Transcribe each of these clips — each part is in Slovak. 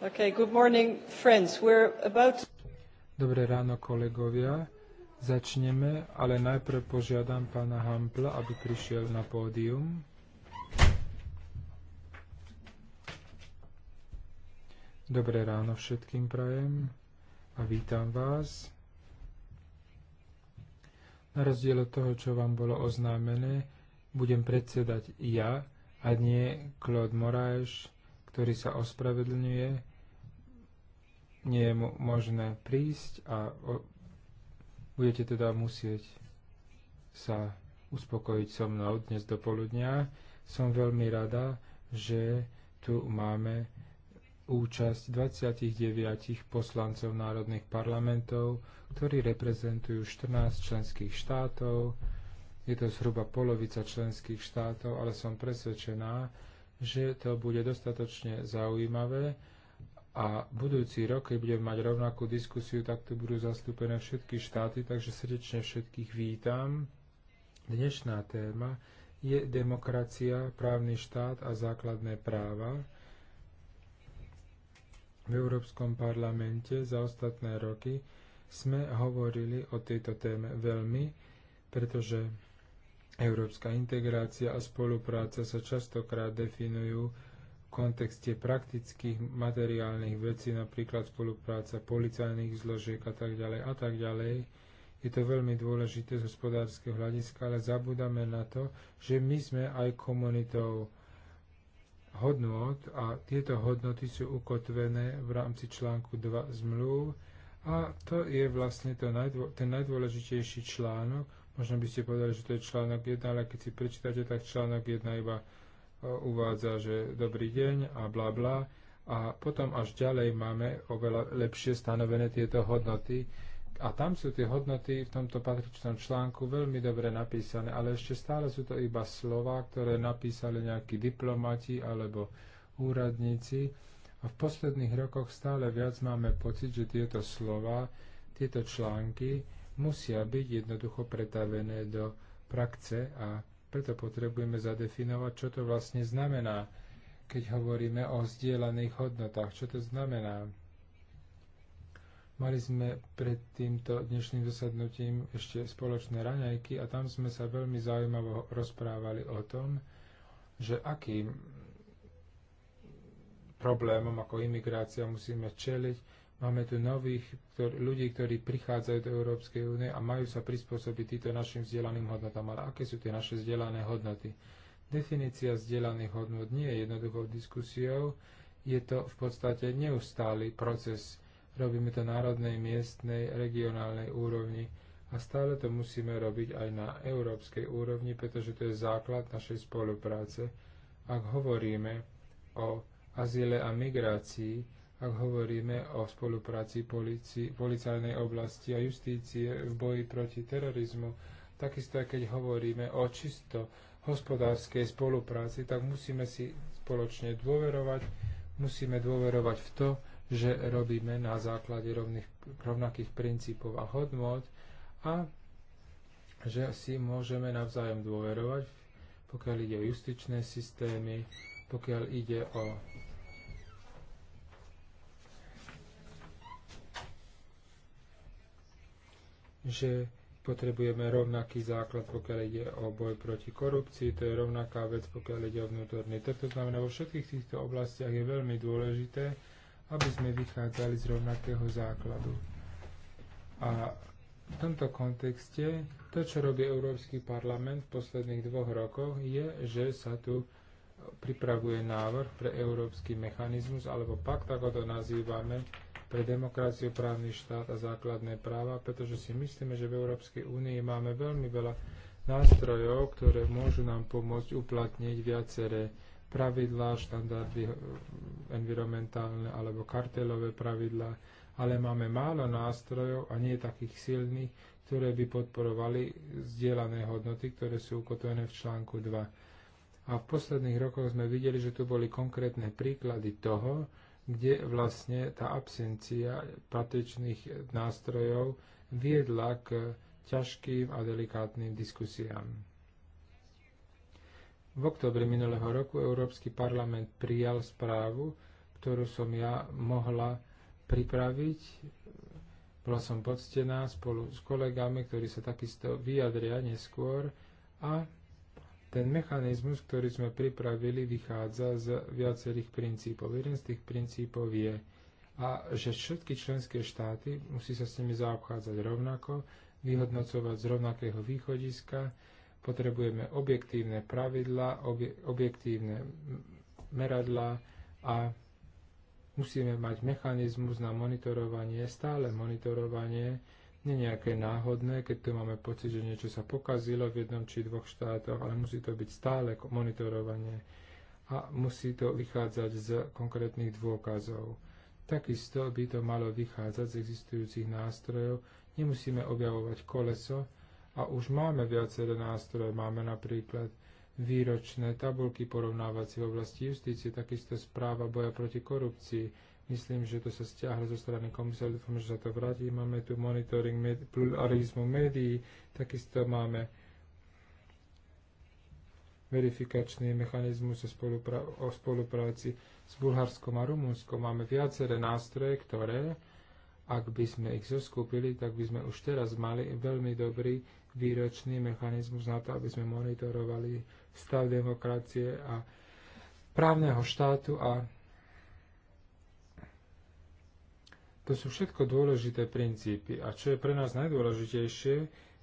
Okay, good morning, friends. We're about... Dobré ráno, kolegovia. Začneme, ale najprv požiadam pána Hampla, aby prišiel na pódium. Dobré ráno všetkým prajem a vítam vás. Na rozdiel od toho, čo vám bolo oznámené, budem predsedať ja a nie Claude Moraes, ktorý sa ospravedlňuje nie je možné prísť a o, budete teda musieť sa uspokojiť so mnou dnes do poludnia. Som veľmi rada, že tu máme účasť 29 poslancov národných parlamentov, ktorí reprezentujú 14 členských štátov. Je to zhruba polovica členských štátov, ale som presvedčená, že to bude dostatočne zaujímavé a budúci rok, keď budeme mať rovnakú diskusiu, tak tu budú zastúpené všetky štáty, takže srdečne všetkých vítam. Dnešná téma je demokracia, právny štát a základné práva. V Európskom parlamente za ostatné roky sme hovorili o tejto téme veľmi, pretože európska integrácia a spolupráca sa častokrát definujú kontexte praktických materiálnych vecí, napríklad spolupráca policajných zložiek a tak ďalej a tak ďalej. Je to veľmi dôležité z hospodárskeho hľadiska, ale zabúdame na to, že my sme aj komunitou hodnot a tieto hodnoty sú ukotvené v rámci článku 2 zmluv a to je vlastne to najdô, ten najdôležitejší článok. Možno by ste povedali, že to je článok 1, ale keď si prečítate, tak článok 1 iba uvádza, že dobrý deň a bla bla. A potom až ďalej máme oveľa lepšie stanovené tieto hodnoty. A tam sú tie hodnoty v tomto patričnom článku veľmi dobre napísané, ale ešte stále sú to iba slova, ktoré napísali nejakí diplomati alebo úradníci. A v posledných rokoch stále viac máme pocit, že tieto slova, tieto články musia byť jednoducho pretavené do praxe a preto potrebujeme zadefinovať, čo to vlastne znamená, keď hovoríme o zdieľaných hodnotách. Čo to znamená? Mali sme pred týmto dnešným zasadnutím ešte spoločné raňajky a tam sme sa veľmi zaujímavo rozprávali o tom, že akým problémom ako imigrácia musíme čeliť, Máme tu nových ktor- ľudí, ktorí prichádzajú do Európskej únie a majú sa prispôsobiť týmto našim vzdelaným hodnotám. Ale aké sú tie naše vzdelané hodnoty? Definícia vzdelaných hodnot nie je jednoduchou diskusiou, je to v podstate neustály proces. Robíme to národnej, miestnej, regionálnej úrovni a stále to musíme robiť aj na európskej úrovni, pretože to je základ našej spolupráce. Ak hovoríme o azile a migrácii, ak hovoríme o spolupráci polici, policajnej oblasti a justície v boji proti terorizmu, takisto aj keď hovoríme o čisto hospodárskej spolupráci, tak musíme si spoločne dôverovať, musíme dôverovať v to, že robíme na základe rovných, rovnakých princípov a hodnot a že si môžeme navzájom dôverovať, pokiaľ ide o justičné systémy, pokiaľ ide o že potrebujeme rovnaký základ, pokiaľ ide o boj proti korupcii, to je rovnaká vec, pokiaľ ide o vnútorný trh. To znamená, vo všetkých týchto oblastiach je veľmi dôležité, aby sme vychádzali z rovnakého základu. A v tomto kontexte to, čo robí Európsky parlament v posledných dvoch rokoch, je, že sa tu pripravuje návrh pre európsky mechanizmus alebo pak, tak ho to nazývame, pre demokraciu, právny štát a základné práva, pretože si myslíme, že v Európskej únii máme veľmi veľa nástrojov, ktoré môžu nám pomôcť uplatniť viaceré pravidlá, štandardy eh, environmentálne alebo kartelové pravidlá, ale máme málo nástrojov a nie takých silných, ktoré by podporovali zdieľané hodnoty, ktoré sú ukotvené v článku 2. A v posledných rokoch sme videli, že tu boli konkrétne príklady toho, kde vlastne tá absencia patričných nástrojov viedla k ťažkým a delikátnym diskusiám. V oktobri minulého roku Európsky parlament prijal správu, ktorú som ja mohla pripraviť. Bola som poctená spolu s kolegami, ktorí sa takisto vyjadria neskôr a ten mechanizmus, ktorý sme pripravili, vychádza z viacerých princípov. Jeden z tých princípov je, a že všetky členské štáty musí sa s nimi zaobchádzať rovnako, vyhodnocovať z rovnakého východiska, potrebujeme objektívne pravidla, obje, objektívne meradla a musíme mať mechanizmus na monitorovanie, stále monitorovanie nie nejaké náhodné, keď tu máme pocit, že niečo sa pokazilo v jednom či dvoch štátoch, ale musí to byť stále monitorovanie a musí to vychádzať z konkrétnych dôkazov. Takisto by to malo vychádzať z existujúcich nástrojov, nemusíme objavovať koleso a už máme viaceré nástroje, máme napríklad výročné tabulky porovnávacie v oblasti justície, takisto správa boja proti korupcii, Myslím, že to sa stiahlo zo strany komisie, dúfam, že sa to vráti. Máme tu monitoring med- pluralizmu médií, takisto máme verifikačný mechanizmus o, spolupra- o spolupráci s Bulharskom a Rumunskom. Máme viaceré nástroje, ktoré, ak by sme ich zoskupili, tak by sme už teraz mali veľmi dobrý výročný mechanizmus na to, aby sme monitorovali stav demokracie a právneho štátu a To sú všetko dôležité princípy a čo je pre nás najdôležitejšie,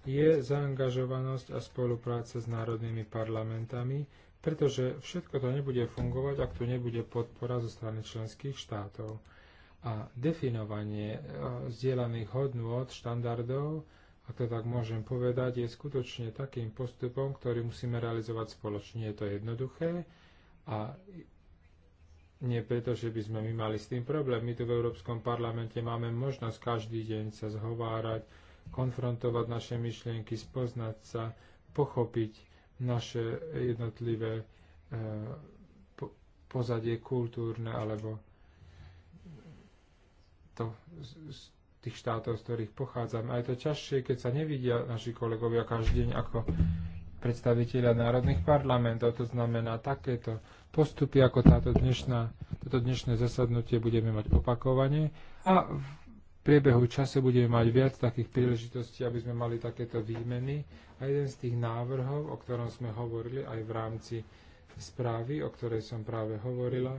je zaangažovanosť a spolupráca s národnými parlamentami, pretože všetko to nebude fungovať, ak tu nebude podpora zo strany členských štátov. A definovanie e, zdieľaných hodnôt, štandardov, ak to tak môžem povedať, je skutočne takým postupom, ktorý musíme realizovať spoločne. Je to jednoduché a nie preto, že by sme my mali s tým problém. My tu v Európskom parlamente máme možnosť každý deň sa zhovárať, konfrontovať naše myšlienky, spoznať sa, pochopiť naše jednotlivé e, pozadie kultúrne alebo to z, z tých štátov, z ktorých pochádzame. A je to ťažšie, keď sa nevidia naši kolegovia každý deň ako predstaviteľa národných parlamentov. To znamená, takéto Postupy ako táto dnešná, toto dnešné zasadnutie budeme mať opakovane a v priebehu času budeme mať viac takých príležitostí, aby sme mali takéto výmeny. A jeden z tých návrhov, o ktorom sme hovorili aj v rámci správy, o ktorej som práve hovorila,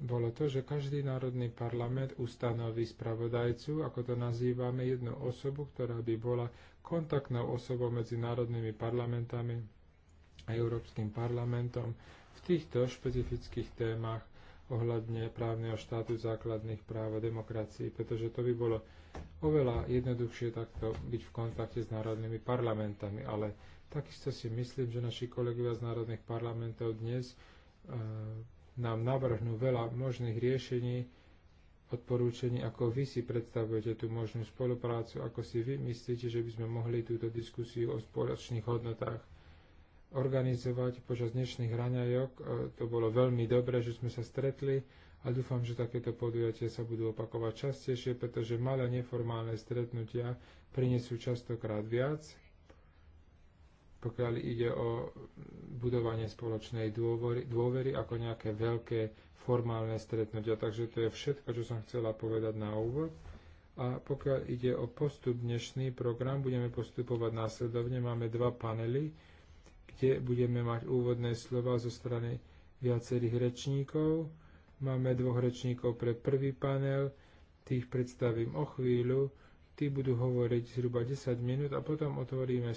bolo to, že každý národný parlament ustanoví spravodajcu, ako to nazývame, jednu osobu, ktorá by bola kontaktnou osobou medzi národnými parlamentami a Európskym parlamentom v týchto špecifických témach ohľadne právneho štátu, základných práv a demokracií, pretože to by bolo oveľa jednoduchšie takto byť v kontakte s národnými parlamentami. Ale takisto si myslím, že naši kolegovia z národných parlamentov dnes e, nám navrhnú veľa možných riešení, odporúčení, ako vy si predstavujete tú možnú spoluprácu, ako si vy myslíte, že by sme mohli túto diskusiu o spoločných hodnotách organizovať počas dnešných raňajok. E, to bolo veľmi dobré, že sme sa stretli a dúfam, že takéto podujatia sa budú opakovať častejšie, pretože malé neformálne stretnutia prinesú častokrát viac, pokiaľ ide o budovanie spoločnej dôvory, dôvery ako nejaké veľké formálne stretnutia. Takže to je všetko, čo som chcela povedať na úvod. A pokiaľ ide o postup dnešný program, budeme postupovať následovne. Máme dva panely kde budeme mať úvodné slova zo strany viacerých rečníkov. Máme dvoch rečníkov pre prvý panel, tých predstavím o chvíľu, tí budú hovoriť zhruba 10 minút a potom otvoríme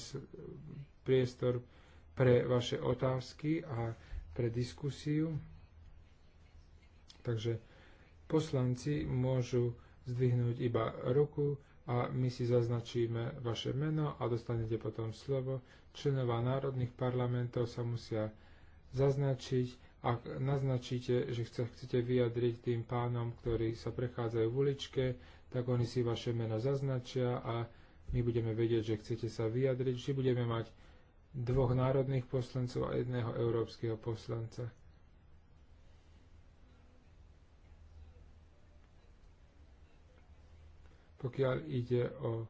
priestor pre vaše otázky a pre diskusiu. Takže poslanci môžu zdvihnúť iba ruku, a my si zaznačíme vaše meno a dostanete potom slovo. Členová národných parlamentov sa musia zaznačiť. Ak naznačíte, že chcete vyjadriť tým pánom, ktorí sa prechádzajú v uličke, tak oni si vaše meno zaznačia a my budeme vedieť, že chcete sa vyjadriť. Vždy budeme mať dvoch národných poslancov a jedného európskeho poslanca. Pokiaľ ide o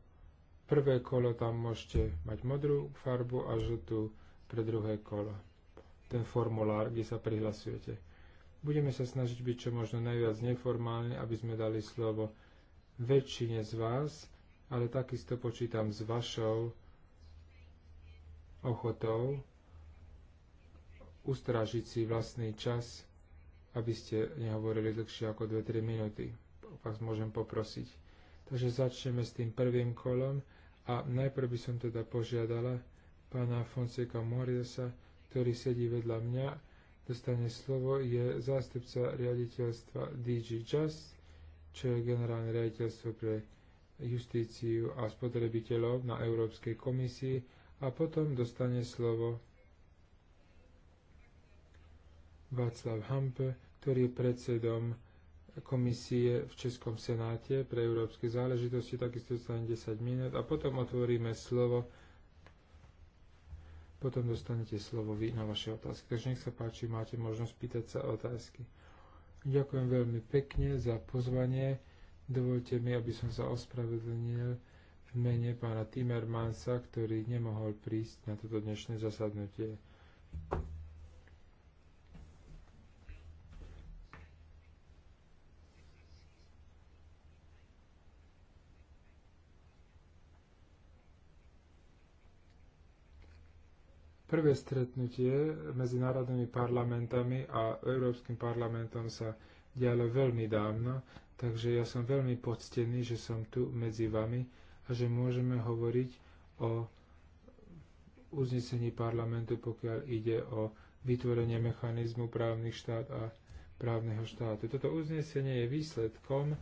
prvé kolo, tam môžete mať modrú farbu a žltú pre druhé kolo. Ten formulár, kde sa prihlasujete. Budeme sa snažiť byť čo možno najviac neformálne, aby sme dali slovo väčšine z vás, ale takisto počítam s vašou ochotou ustražiť si vlastný čas, aby ste nehovorili dlhšie ako 2-3 minúty. Vás môžem poprosiť. Takže začneme s tým prvým kolom a najprv by som teda požiadala pána Fonseca Moriasa, ktorý sedí vedľa mňa, dostane slovo, je zástupca riaditeľstva DG Just, čo je generálne riaditeľstvo pre justíciu a spotrebiteľov na Európskej komisii a potom dostane slovo Václav Hampe, ktorý je predsedom komisie v Českom senáte pre európske záležitosti, takisto dostane 10 minút a potom otvoríme slovo potom dostanete slovo vy na vaše otázky. Takže nech sa páči, máte možnosť pýtať sa otázky. Ďakujem veľmi pekne za pozvanie. Dovolte mi, aby som sa ospravedlnil v mene pána Timmermansa, ktorý nemohol prísť na toto dnešné zasadnutie. Prvé stretnutie medzi národnými parlamentami a Európskym parlamentom sa dialo veľmi dávno, takže ja som veľmi poctený, že som tu medzi vami a že môžeme hovoriť o uznesení parlamentu, pokiaľ ide o vytvorenie mechanizmu právnych štát a právneho štátu. Toto uznesenie je výsledkom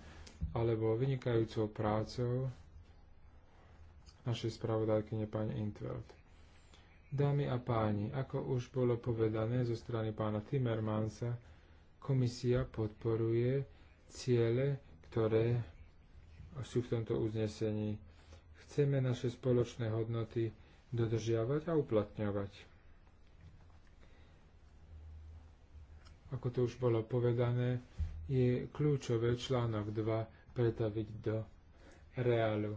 alebo vynikajúcou prácou našej spravodajkyne pani Intveld. Dámy a páni, ako už bolo povedané zo strany pána Timmermansa, komisia podporuje ciele, ktoré sú v tomto uznesení. Chceme naše spoločné hodnoty dodržiavať a uplatňovať. Ako to už bolo povedané, je kľúčové článok 2 pretaviť do reálu.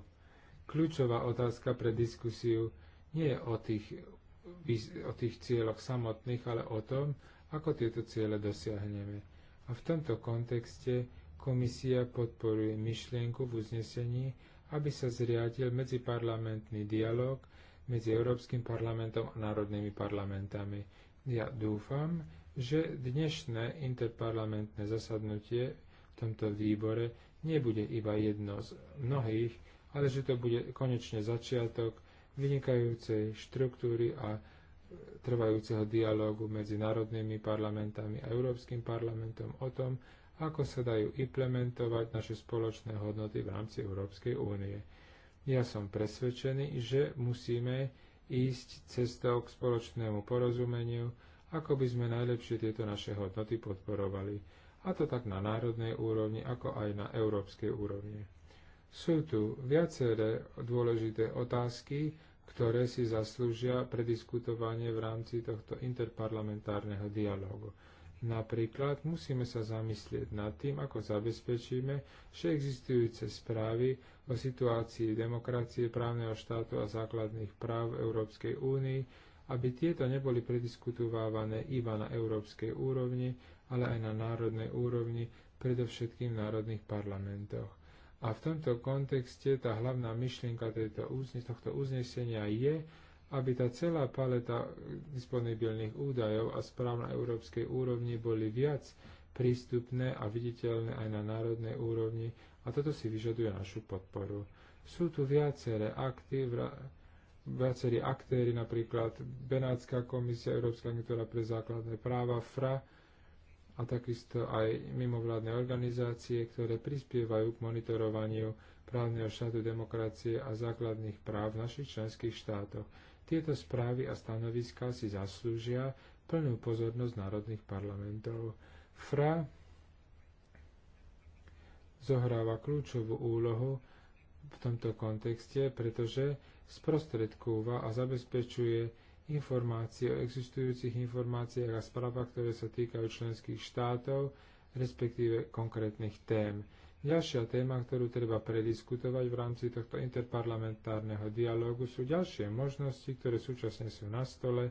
Kľúčová otázka pre diskusiu nie je o tých o tých cieľoch samotných, ale o tom, ako tieto ciele dosiahneme. A v tomto kontexte komisia podporuje myšlienku v uznesení, aby sa zriadil medziparlamentný dialog medzi Európskym parlamentom a národnými parlamentami. Ja dúfam, že dnešné interparlamentné zasadnutie v tomto výbore nebude iba jedno z mnohých, ale že to bude konečne začiatok vynikajúcej štruktúry a trvajúceho dialógu medzi národnými parlamentami a Európskym parlamentom o tom, ako sa dajú implementovať naše spoločné hodnoty v rámci Európskej únie. Ja som presvedčený, že musíme ísť cestou k spoločnému porozumeniu, ako by sme najlepšie tieto naše hodnoty podporovali, a to tak na národnej úrovni, ako aj na európskej úrovni. Sú tu viaceré dôležité otázky, ktoré si zaslúžia prediskutovanie v rámci tohto interparlamentárneho dialógu. Napríklad musíme sa zamyslieť nad tým, ako zabezpečíme, že existujúce správy o situácii demokracie, právneho štátu a základných práv v Európskej únii, aby tieto neboli prediskutovávané iba na európskej úrovni, ale aj na národnej úrovni, predovšetkým v národných parlamentoch. A v tomto kontexte tá hlavná myšlienka tejto, tohto uznesenia je, aby tá celá paleta disponibilných údajov a správ na európskej úrovni boli viac prístupné a viditeľné aj na národnej úrovni a toto si vyžaduje našu podporu. Sú tu viaceré akty, viacerí aktéry, napríklad Benátska komisia, Európska agentúra pre základné práva, FRA, a takisto aj mimovládne organizácie, ktoré prispievajú k monitorovaniu právneho štátu demokracie a základných práv v našich členských štátoch. Tieto správy a stanoviská si zaslúžia plnú pozornosť národných parlamentov. FRA zohráva kľúčovú úlohu v tomto kontexte, pretože sprostredkúva a zabezpečuje informácie o existujúcich informáciách a správach, ktoré sa týkajú členských štátov, respektíve konkrétnych tém. Ďalšia téma, ktorú treba prediskutovať v rámci tohto interparlamentárneho dialógu, sú ďalšie možnosti, ktoré súčasne sú na stole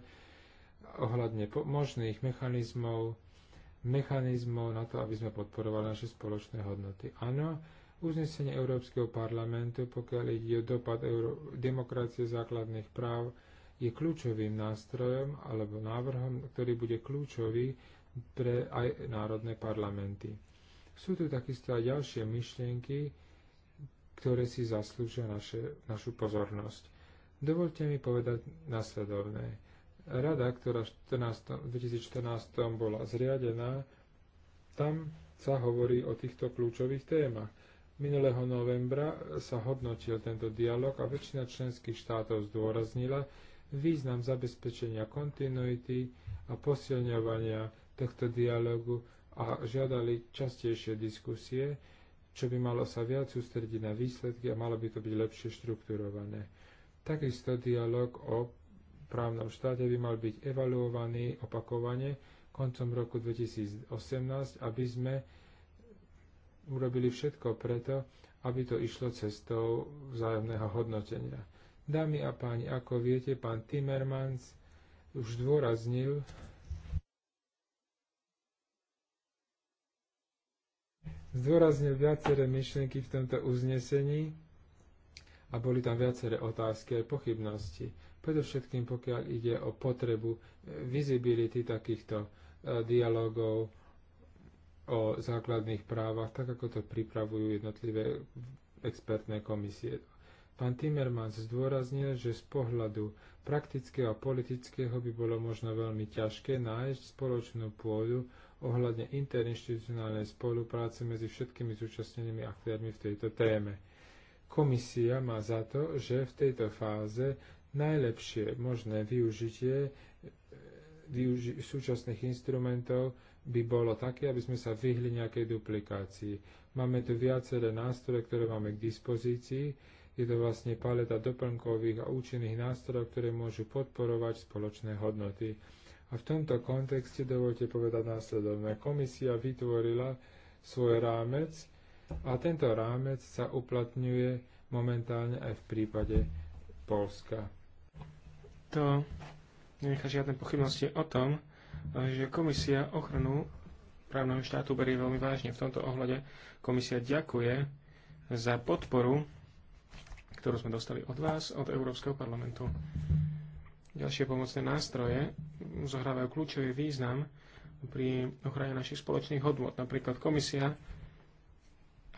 ohľadne možných mechanizmov, mechanizmov na to, aby sme podporovali naše spoločné hodnoty. Áno, uznesenie Európskeho parlamentu, pokiaľ ide o dopad euro- demokracie základných práv, je kľúčovým nástrojom alebo návrhom, ktorý bude kľúčový pre aj národné parlamenty. Sú tu takisto aj ďalšie myšlienky, ktoré si zaslúžia naše, našu pozornosť. Dovolte mi povedať nasledovné. Rada, ktorá v 2014 bola zriadená, tam sa hovorí o týchto kľúčových témach. Minulého novembra sa hodnotil tento dialog a väčšina členských štátov zdôraznila, význam zabezpečenia kontinuity a posilňovania tohto dialogu a žiadali častejšie diskusie, čo by malo sa viac sústrediť na výsledky a malo by to byť lepšie štrukturované. Takisto dialog o právnom štáte by mal byť evaluovaný opakovane koncom roku 2018, aby sme urobili všetko preto, aby to išlo cestou vzájomného hodnotenia. Dámy a páni, ako viete, pán Timmermans už dôraznil, zdôraznil viaceré myšlienky v tomto uznesení a boli tam viaceré otázky aj pochybnosti. Predovšetkým pokiaľ ide o potrebu eh, visibility takýchto eh, dialogov o základných právach, tak ako to pripravujú jednotlivé expertné komisie Pán Timmermans zdôraznil, že z pohľadu praktického a politického by bolo možno veľmi ťažké nájsť spoločnú pôdu ohľadne interinstitucionálnej spolupráce medzi všetkými zúčastnenými aktérmi v tejto téme. Komisia má za to, že v tejto fáze najlepšie možné využitie e, využi- súčasných instrumentov by bolo také, aby sme sa vyhli nejakej duplikácii. Máme tu viaceré nástroje, ktoré máme k dispozícii, je to vlastne paleta doplnkových a účinných nástrojov, ktoré môžu podporovať spoločné hodnoty. A v tomto kontexte dovolte povedať následovné. Komisia vytvorila svoj rámec a tento rámec sa uplatňuje momentálne aj v prípade Polska. To nenechá žiadne pochybnosti o tom, že komisia ochranu právneho štátu berie veľmi vážne. V tomto ohľade komisia ďakuje za podporu ktorú sme dostali od vás, od Európskeho parlamentu. Ďalšie pomocné nástroje zohrávajú kľúčový význam pri ochrane našich spoločných hodnot. Napríklad komisia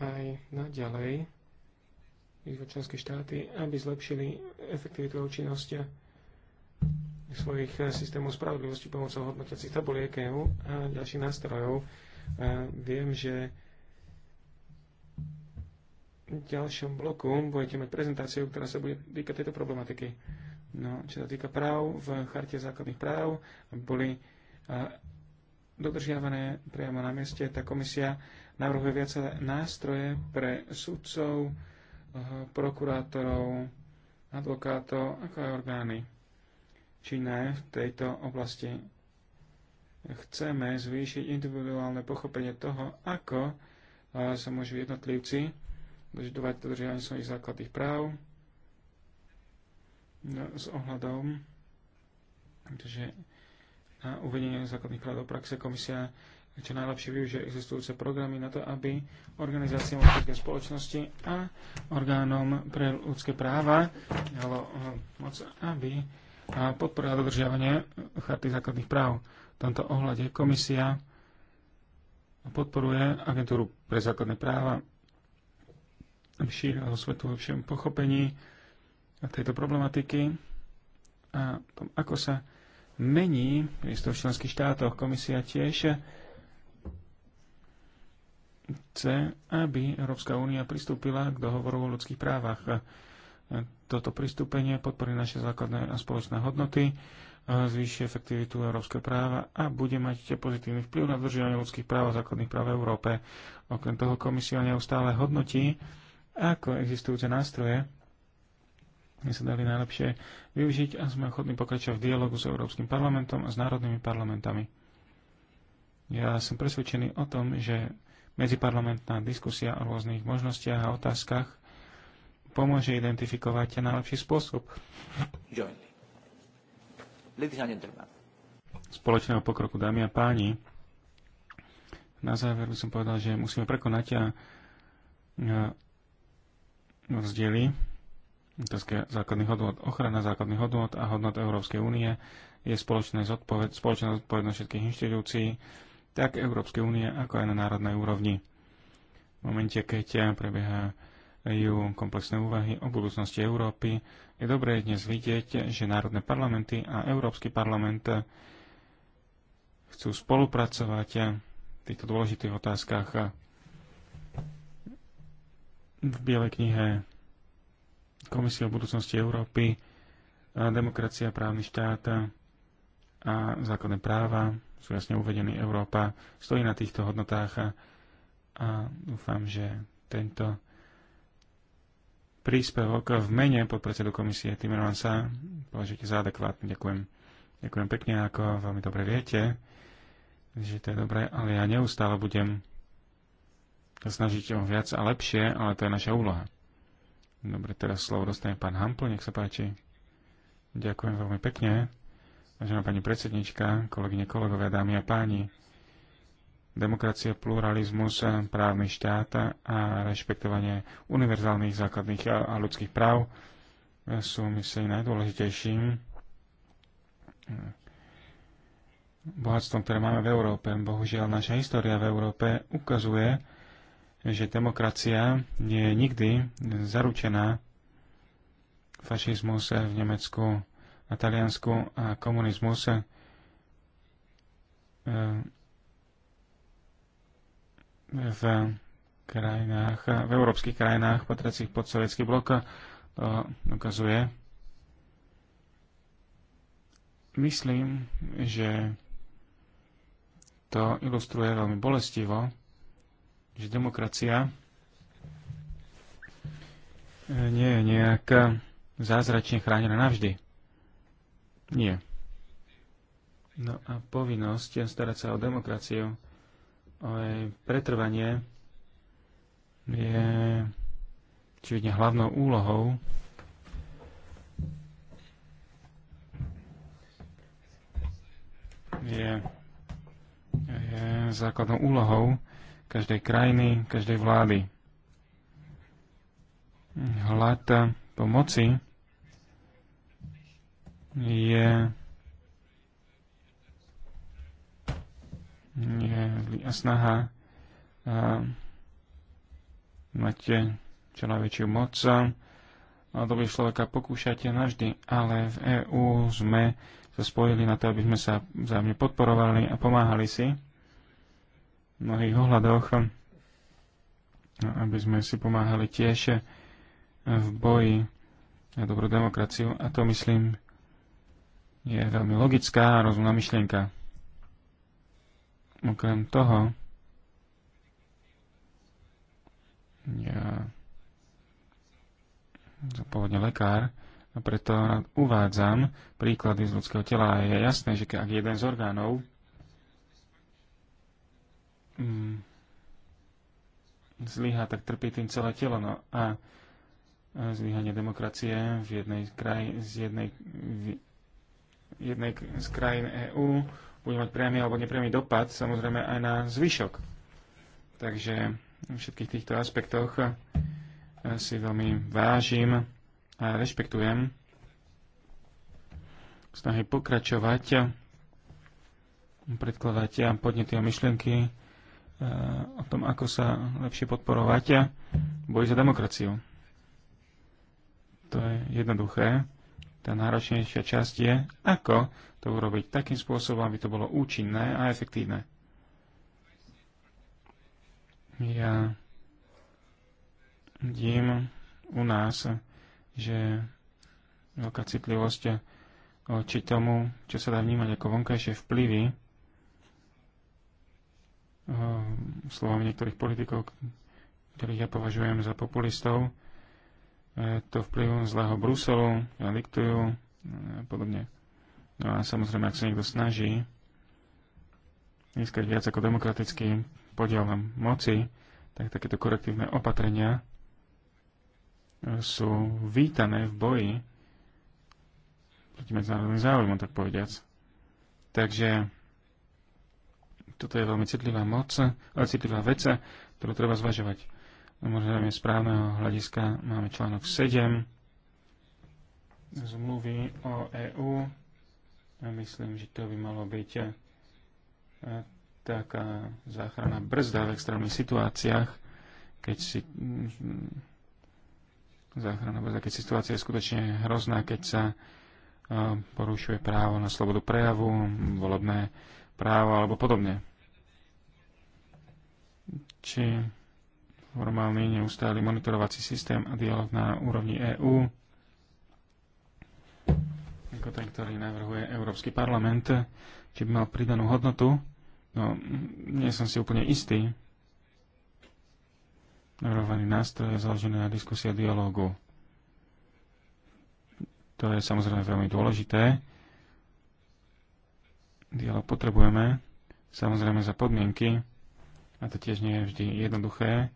aj naďalej vyzva členské štáty, aby zlepšili efektivitu a účinnosť svojich systémov spravodlivosti pomocou hodnotiacich tabuliek EU a ďalších nástrojov. A viem, že v ďalšom bloku budete mať prezentáciu, ktorá sa bude týkať tejto problematiky. No, čo sa týka práv, v charte základných práv boli a, dodržiavané priamo na mieste. Tá komisia navrhuje viaceré nástroje pre sudcov, prokurátorov, advokátov, ako aj orgány. či ne v tejto oblasti chceme zvýšiť individuálne pochopenie toho, ako sa môžu jednotlivci dožadovať dodržiavanie svojich základných práv no, s ohľadom, že na uvedenie základných práv do praxe komisia čo najlepšie využije existujúce programy na to, aby organizáciám občianskej spoločnosti a orgánom pre ľudské práva dalo eh, moc, aby eh, podporila dodržiavanie charty základných práv. V tomto ohľade komisia podporuje agentúru pre základné práva šíri osvetu o všem pochopení tejto problematiky a tom, ako sa mení v členských štátoch. Komisia tiež chce, aby Európska únia pristúpila k dohovoru o ľudských právach. Toto pristúpenie podporí naše základné a spoločné hodnoty, zvýši efektivitu európskeho práva a bude mať pozitívny vplyv na dodržiavanie ľudských práv a základných práv v Európe. Okrem toho komisia neustále hodnotí ako existujúce nástroje my sa dali najlepšie využiť a sme ochotní pokračovať v dialogu s Európskym parlamentom a s národnými parlamentami. Ja som presvedčený o tom, že medziparlamentná diskusia o rôznych možnostiach a otázkach pomôže identifikovať najlepší spôsob spoločného pokroku, dámy a páni. Na záver by som povedal, že musíme prekonať a rozdiely základných hodnot, ochrana základných hodnot a hodnot Európskej únie je spoločná zodpoved, spoločná zodpovednosť všetkých inštitúcií, tak Európskej únie, ako aj na národnej úrovni. V momente, keď prebiehajú komplexné úvahy o budúcnosti Európy, je dobré dnes vidieť, že národné parlamenty a Európsky parlament chcú spolupracovať v týchto dôležitých otázkach v Bielej knihe Komisie o budúcnosti Európy, demokracia, právny štát a základné práva sú jasne uvedení. Európa stojí na týchto hodnotách a, a dúfam, že tento príspevok v mene podpredsedu komisie Timmermansa považujete za adekvátny. Ďakujem. Ďakujem pekne, ako veľmi dobre viete, že to je dobré, ale ja neustále budem snažiť o viac a lepšie, ale to je naša úloha. Dobre, teraz slovo dostane pán Hampl, nech sa páči. Ďakujem veľmi pekne. Vážená pani predsednička, kolegyne, kolegovia, dámy a páni. Demokracia, pluralizmus, právny štát a rešpektovanie univerzálnych základných a ľudských práv sú, myslím, najdôležitejším bohatstvom, ktoré máme v Európe. Bohužiaľ, naša história v Európe ukazuje, že demokracia nie je nikdy zaručená. Fašizmus v Nemecku a Taliansku a komunizmus eh, v krajinách, v európskych krajinách patriacich pod sovietský blok eh, ukazuje. Myslím, že to ilustruje veľmi bolestivo že demokracia eh, nie je nejaká eh, zázračne chránená navždy. Nie. No a povinnosť starať sa o demokraciu, o jej pretrvanie je čiže hlavnou úlohou je, je základnou úlohou každej krajiny, každej vlády. Hlad pomoci je, je a snaha a, mať čo najväčšiu moc a doby človeka pokúšate navždy, ale v EÚ sme sa spojili na to, aby sme sa vzájomne podporovali a pomáhali si mnohých ohľadoch, no, aby sme si pomáhali tiež v boji na dobrú demokraciu. A to, myslím, je veľmi logická a rozumná myšlienka. Okrem toho, ja som pôvodne lekár a preto uvádzam príklady z ľudského tela. Je jasné, že ak jeden z orgánov Mm. Zlyha, tak trpí tým celé telo. No a zlyhanie demokracie v jednej kraj, z jednej, v jednej z krajín EÚ bude mať priamy alebo nepriamy dopad samozrejme aj na zvyšok. Takže v všetkých týchto aspektoch e, si veľmi vážim a rešpektujem snahy pokračovať, predkladať podnety a myšlienky o tom, ako sa lepšie podporovať a boj za demokraciu. To je jednoduché. Tá náročnejšia časť je, ako to urobiť takým spôsobom, aby to bolo účinné a efektívne. Ja vidím u nás, že veľká citlivosť oči tomu, čo sa dá vnímať ako vonkajšie vplyvy, Ehm, slovom niektorých politikov, ktorých ja považujem za populistov, e, to vplyvom zlého Bruselu, ja diktujú a e, podobne. No a samozrejme, ak sa niekto snaží získať viac ako demokratický podiel na moci, tak takéto korektívne opatrenia e, sú vítané v boji proti medzinárodným záujmom, tak povediac. Takže toto je veľmi citlivá moc, citlivá vec, ktorú treba zvažovať. Samozrejme, správneho hľadiska máme článok 7 zmluvy o EÚ. A myslím, že to by malo byť eh, taká záchrana brzda v extrémnych situáciách, keď si mm, záchrana brzda, keď situácia je skutočne hrozná, keď sa eh, porušuje právo na slobodu prejavu, volebné právo alebo podobne. Či formálny neustály monitorovací systém a dialog na úrovni EÚ, ako ten, ktorý navrhuje Európsky parlament, či by mal pridanú hodnotu, no nie som si úplne istý. Navrhovaný nástroj je založený na diskusie a dialógu. To je samozrejme veľmi dôležité, dialog potrebujeme, samozrejme za podmienky, a to tiež nie je vždy jednoduché,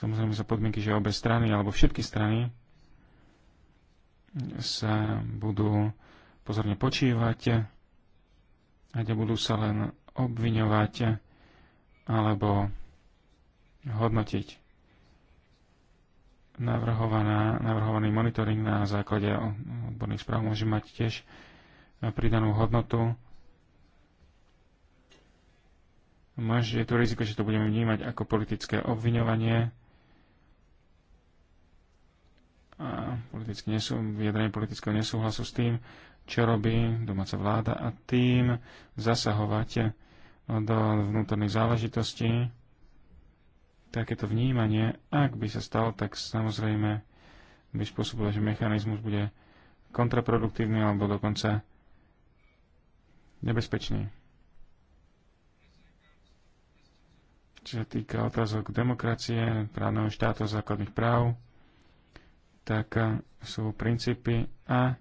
samozrejme za podmienky, že obe strany, alebo všetky strany, sa budú pozorne počívať a budú sa len obviňovať alebo hodnotiť. Navrhovaná, navrhovaný monitoring na základe odborných správ môže mať tiež pridanú hodnotu Máš, je tu riziko, že to budeme vnímať ako politické obviňovanie a politické nesú, vyjadrenie politického nesúhlasu s tým, čo robí domáca vláda a tým zasahovať do vnútorných záležitostí. Takéto vnímanie, ak by sa stalo, tak samozrejme by spôsobilo, že mechanizmus bude kontraproduktívny alebo dokonca nebezpečný. čo sa týka otázok demokracie, právneho štátu, základných práv, tak eh, sú princípy a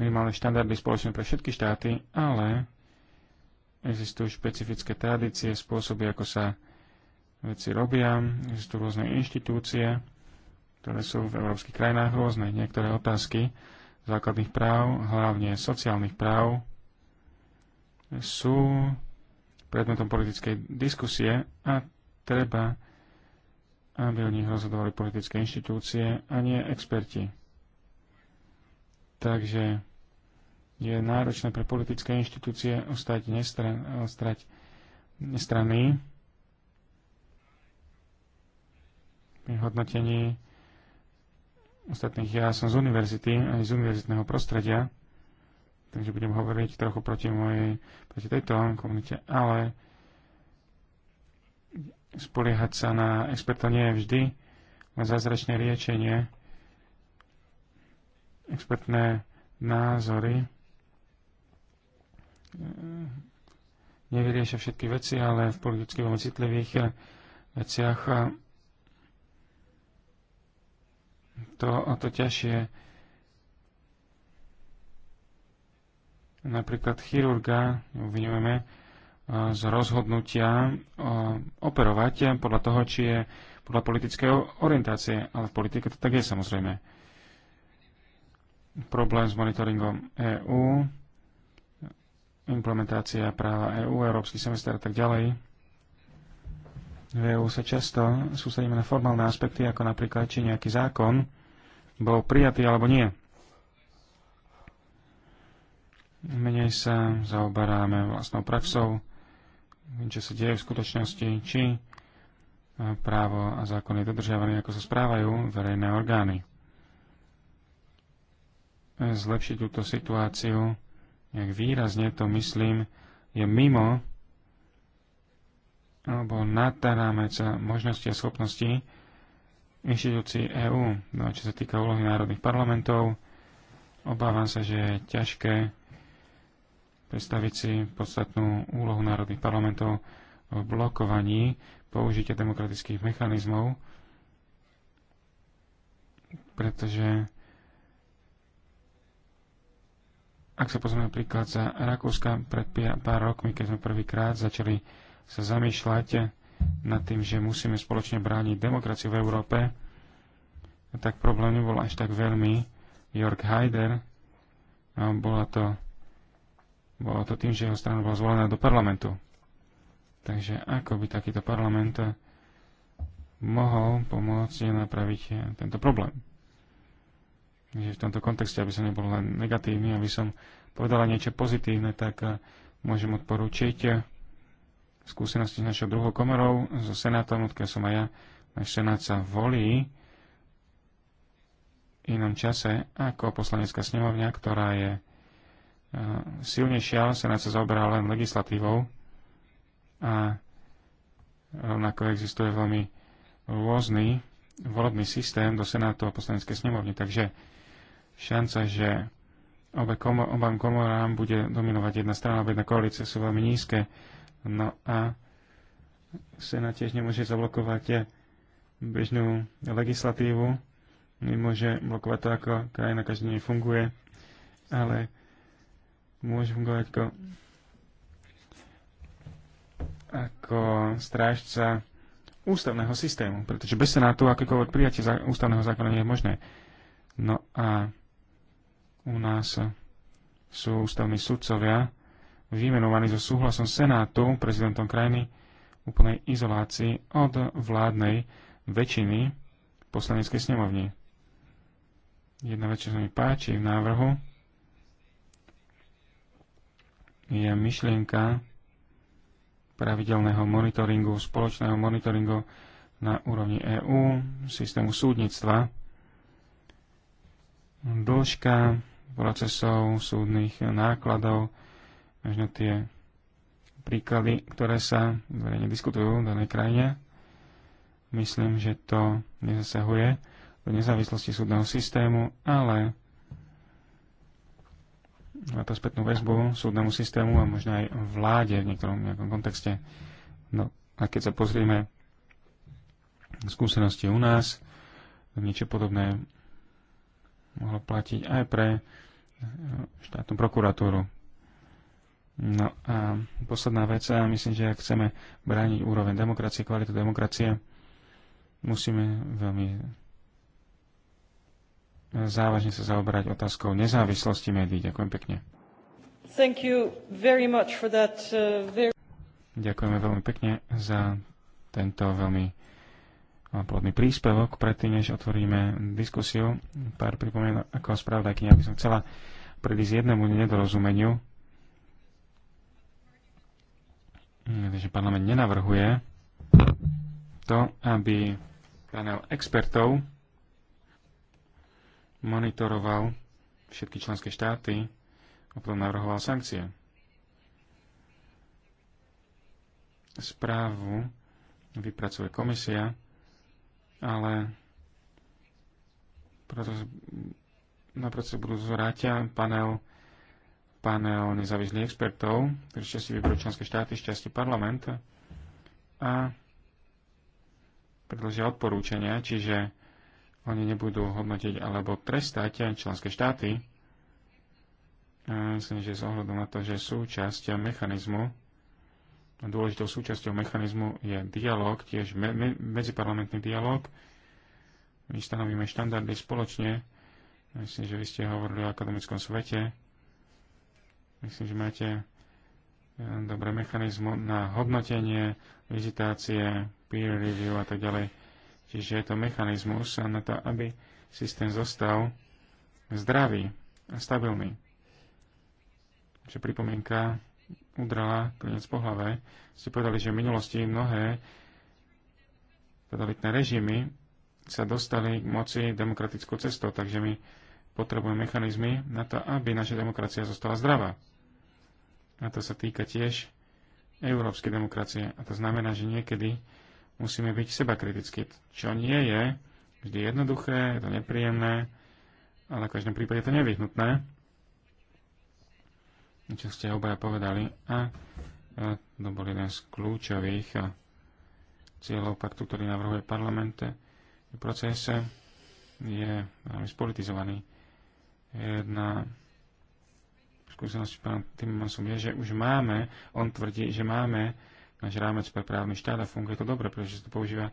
minimálne štandardy spoločné pre všetky štáty, ale existujú špecifické tradície, spôsoby, ako sa veci robia, existujú rôzne inštitúcie, ktoré sú v európskych krajinách rôzne. Niektoré otázky základných práv, hlavne sociálnych práv, sú predmetom politickej diskusie a treba, aby o nich rozhodovali politické inštitúcie a nie experti. Takže je náročné pre politické inštitúcie ostať, nestran, nestranný pri hodnotení ostatných. Ja som z univerzity, aj z univerzitného prostredia, takže budem hovoriť trochu proti mojej, proti tejto komunite, ale spoliehať sa na experta nie je vždy len zázračné riečenie. Expertné názory eh, nevyriešia všetky veci, ale v politicky veľmi citlivých eh, veciach eh, to o to ťažšie napríklad chirurga obvinujeme e, z rozhodnutia e, operovať podľa toho, či je podľa politickej orientácie, ale v politike to tak je samozrejme. Problém s monitoringom EÚ, implementácia práva EÚ, Európsky semester a tak ďalej. V EÚ sa často sústredíme na formálne aspekty, ako napríklad, či nejaký zákon bol prijatý alebo nie menej sa zaoberáme vlastnou praxou, čo sa deje v skutočnosti, či e, právo a zákon je dodržiavané, ako sa správajú verejné orgány. E, zlepšiť túto situáciu, jak výrazne to myslím, je mimo alebo nad rámec možnosti a schopnosti inštitúcií EÚ. No a čo sa týka úlohy národných parlamentov, obávam sa, že je ťažké predstaviť si podstatnú úlohu národných parlamentov v blokovaní použitia demokratických mechanizmov, pretože ak sa pozrieme napríklad za Rakúska pred pár rokmi, keď sme prvýkrát začali sa zamýšľať nad tým, že musíme spoločne brániť demokraciu v Európe, tak problém nebol až tak veľmi Jörg Haider, bola to bolo to tým, že jeho strana bola zvolená do parlamentu. Takže ako by takýto parlament mohol pomôcť napraviť tento problém. Takže v tomto kontexte, aby som nebol len negatívny, aby som povedala niečo pozitívne, tak eh, môžem odporučiť eh, skúsenosti s našou druhou komorou, so senátom, odkiaľ som aj ja. Náš senát sa volí v inom čase ako poslanecká snemovňa, ktorá je silnejšia, Senát sa zaoberá len legislatívou a rovnako existuje veľmi rôzny volebný systém do Senátu a poslaneckej snemovne, takže šanca, že obe komor, obám komorám bude dominovať jedna strana, obe jedna koalícia sú veľmi nízke. No a Senát tiež nemôže zablokovať bežnú legislatívu, nemôže blokovať to, ako krajina každý deň funguje, ale Môžem govať ako, ako strážca ústavného systému, pretože bez Senátu akékoľvek prijatie ústavného zákona nie je možné. No a u nás sú ústavní sudcovia vymenovaní so súhlasom Senátu prezidentom krajiny úplnej izolácii od vládnej väčšiny poslaneckej snemovni. Jedna vec, čo sa mi páči v návrhu, je myšlienka pravidelného monitoringu, spoločného monitoringu na úrovni EÚ, systému súdnictva, dĺžka procesov, súdnych nákladov, možno tie príklady, ktoré sa verejne diskutujú v danej krajine. Myslím, že to nezasahuje do nezávislosti súdneho systému, ale na to spätnú väzbu súdnemu systému a možno aj vláde v niektorom nejakom kontexte. No a keď sa pozrieme skúsenosti u nás, niečo podobné mohlo platiť aj pre eh, štátnu prokuratúru. No a posledná vec, a myslím, že ak chceme brániť úroveň demokracie, kvalitu demokracie, musíme veľmi závažne sa zaoberať otázkou nezávislosti médií. Ďakujem pekne. Thank you very much for that, uh, very... Ďakujeme veľmi pekne za tento veľmi no, plodný príspevok. Predtým, než otvoríme diskusiu, pár pripomienok ako spravodajkynia, aby som chcela predísť jednému nedorozumeniu. Takže parlament nenavrhuje to, aby panel expertov monitoroval všetky členské štáty a potom navrhoval sankcie. Správu vypracuje komisia, ale na proces budú zvrátia panel, panel nezávislých expertov, ktorí časti vyberú členské štáty, šťastie parlament a predložia odporúčania, čiže oni nebudú hodnotiť alebo trestať členské štáty. A myslím, že s ohľadom na to, že súčasť mechanizmu, dôležitou súčasťou mechanizmu je dialog, tiež me- me- medziparlamentný dialog. My stanovíme štandardy spoločne. Myslím, že vy ste hovorili o akademickom svete. Myslím, že máte e, dobré mechanizmu na hodnotenie, vizitácie, peer review a tak ďalej. Čiže je to mechanizmus na to, aby systém zostal zdravý a stabilný. Čiže pripomienka udrala klinec po hlave. Ste povedali, že v minulosti mnohé totalitné režimy sa dostali k moci demokratickou cestou, takže my potrebujeme mechanizmy na to, aby naša demokracia zostala zdravá. A to sa týka tiež európskej demokracie. A to znamená, že niekedy musíme byť seba kriticky, čo nie je vždy jednoduché, je to nepríjemné, ale v každom prípade je to nevyhnutné, čo ste obaja povedali. A, a e, to bol jeden z kľúčových a, e, cieľov paktu, ktorý navrhuje parlament. E, procese je veľmi spolitizovaný. Jedna skúsenosť pána Timmansom je, že už máme, on tvrdí, že máme náš rámec pre právny štát a funguje to dobre, pretože sa to používa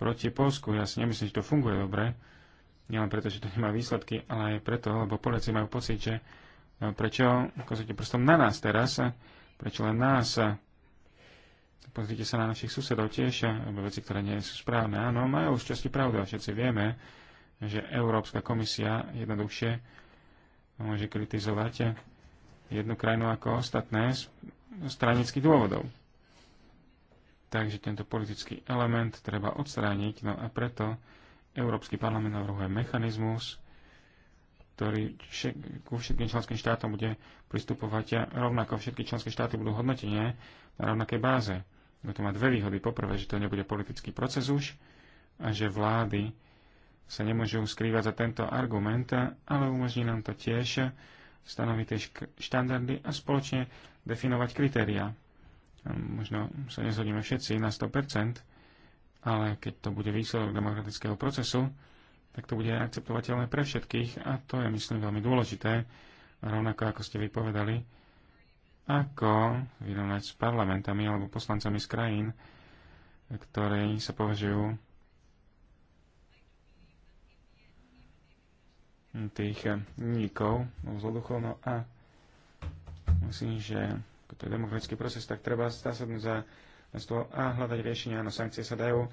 proti Polsku. Ja si nemyslím, že to funguje dobre, nielen preto, že to nemá výsledky, ale aj preto, lebo Poliaci majú pocit, že no, prečo ukazujete prstom na nás teraz, prečo len nás. Pozrite sa na našich susedov tiež, veci, ktoré nie sú správne. Áno, majú už časti pravdu a všetci vieme, že Európska komisia jednoduchšie môže kritizovať jednu krajinu ako ostatné z stranických dôvodov. Takže tento politický element treba odstrániť, no a preto Európsky parlament navrhuje mechanizmus, ktorý všet, ku všetkým členským štátom bude pristupovať a rovnako všetky členské štáty budú hodnotenie na rovnakej báze. No to má dve výhody. Poprvé, že to nebude politický proces už a že vlády sa nemôžu skrývať za tento argument, ale umožní nám to tiež stanoviť tie štandardy a spoločne definovať kritériá možno sa nezhodneme všetci na 100%, ale keď to bude výsledok demokratického procesu, tak to bude akceptovateľné pre všetkých a to je, myslím, veľmi dôležité, rovnako ako ste vypovedali, ako vyrovnať s parlamentami alebo poslancami z krajín, ktoré sa považujú tých níkov, no, no a myslím, že to je demokratický proces, tak treba zasadnúť za stôl a hľadať riešenia. Áno, sankcie sa dajú,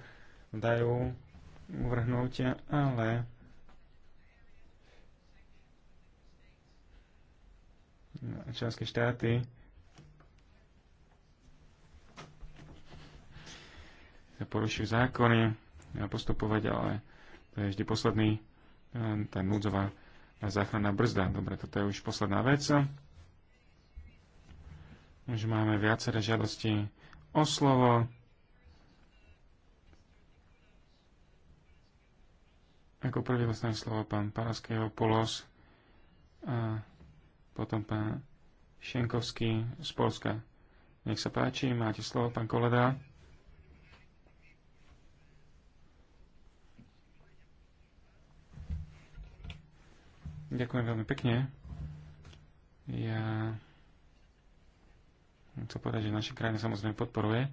dajú uvrhnúť, ale členské štáty sa porušujú zákony a postupovať, ale to je vždy posledný, eh, tá núdzová záchranná brzda. Dobre, toto je už posledná vec. Už máme viaceré žiadosti o slovo. Ako prvý dostane slovo pán Paraského Polos a potom pán Šenkovský z Polska. Nech sa páči, máte slovo, pán Koleda. Ďakujem veľmi pekne. Ja chcem povedať, že naša krajina samozrejme podporuje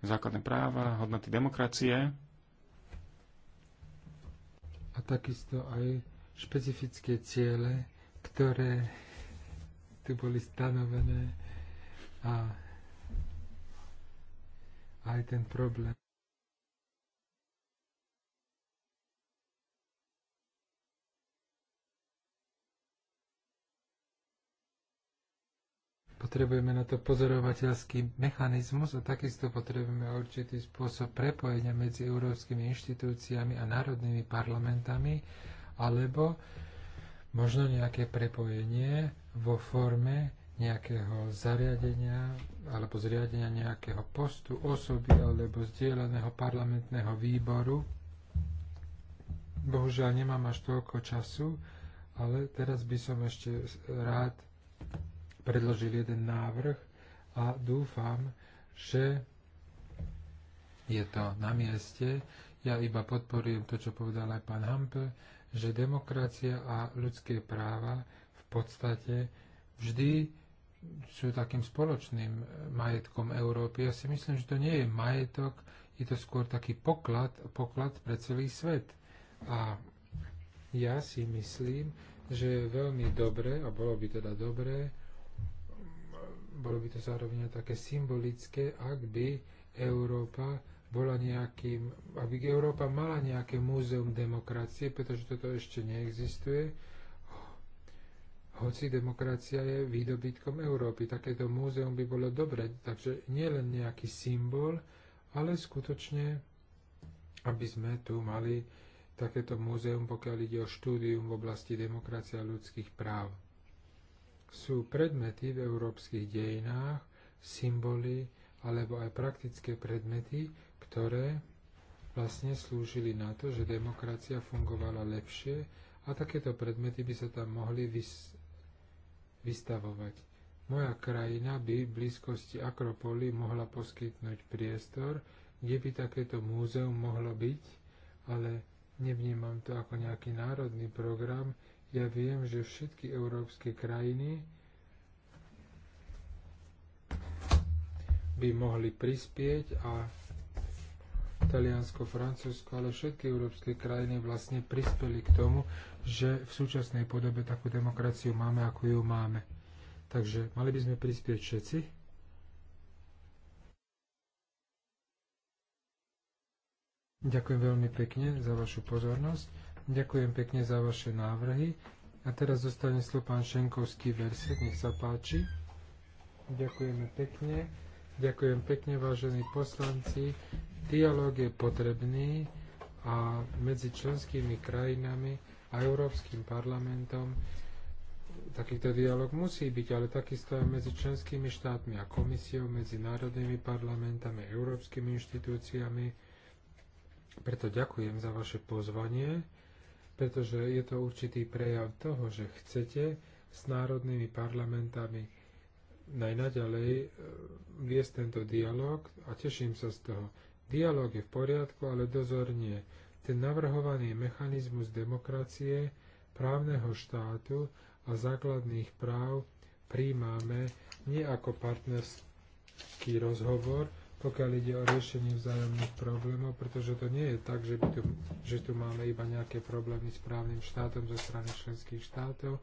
základné práva, hodnoty demokracie. A takisto aj špecifické ciele, ktoré tu boli stanovené a aj ten problém Potrebujeme na to pozorovateľský mechanizmus a takisto potrebujeme určitý spôsob prepojenia medzi európskymi inštitúciami a národnými parlamentami, alebo možno nejaké prepojenie vo forme nejakého zariadenia alebo zriadenia nejakého postu osoby alebo zdieľaného parlamentného výboru. Bohužiaľ nemám až toľko času, ale teraz by som ešte rád predložil jeden návrh a dúfam, že je to na mieste. Ja iba podporujem to, čo povedal aj pán Hampel, že demokracia a ľudské práva v podstate vždy sú takým spoločným majetkom Európy. Ja si myslím, že to nie je majetok, je to skôr taký poklad, poklad pre celý svet. A ja si myslím, že je veľmi dobré, a bolo by teda dobré, bolo by to zároveň také symbolické, ak by Európa bola nejakým, aby Európa mala nejaké múzeum demokracie, pretože toto ešte neexistuje, hoci demokracia je výdobytkom Európy. Takéto múzeum by bolo dobre, takže nie len nejaký symbol, ale skutočne, aby sme tu mali takéto múzeum, pokiaľ ide o štúdium v oblasti demokracia a ľudských práv sú predmety v európskych dejinách, symboly alebo aj praktické predmety, ktoré vlastne slúžili na to, že demokracia fungovala lepšie a takéto predmety by sa tam mohli vys- vystavovať. Moja krajina by v blízkosti Akropoly mohla poskytnúť priestor, kde by takéto múzeum mohlo byť, ale nevnímam to ako nejaký národný program, ja viem, že všetky európske krajiny by mohli prispieť a Taliansko, Francúzsko, ale všetky európske krajiny vlastne prispeli k tomu, že v súčasnej podobe takú demokraciu máme, ako ju máme. Takže mali by sme prispieť všetci. Ďakujem veľmi pekne za vašu pozornosť. Ďakujem pekne za vaše návrhy. A teraz zostane slovo pán Šenkovský verset, nech sa páči. Ďakujeme pekne. Ďakujem pekne, vážení poslanci. Dialóg je potrebný a medzi členskými krajinami a Európskym parlamentom takýto dialog musí byť, ale takisto aj medzi členskými štátmi a komisiou, medzi národnými parlamentami, európskymi inštitúciami. Preto ďakujem za vaše pozvanie pretože je to určitý prejav toho, že chcete s národnými parlamentami najnaďalej e, viesť tento dialog a teším sa z toho. Dialóg je v poriadku, ale dozor nie. Ten navrhovaný mechanizmus demokracie, právneho štátu a základných práv príjmame nie ako partnerský rozhovor, pokiaľ ide o riešenie vzájomných problémov, pretože to nie je tak, že, by tu, že tu máme iba nejaké problémy s právnym štátom zo strany členských štátov,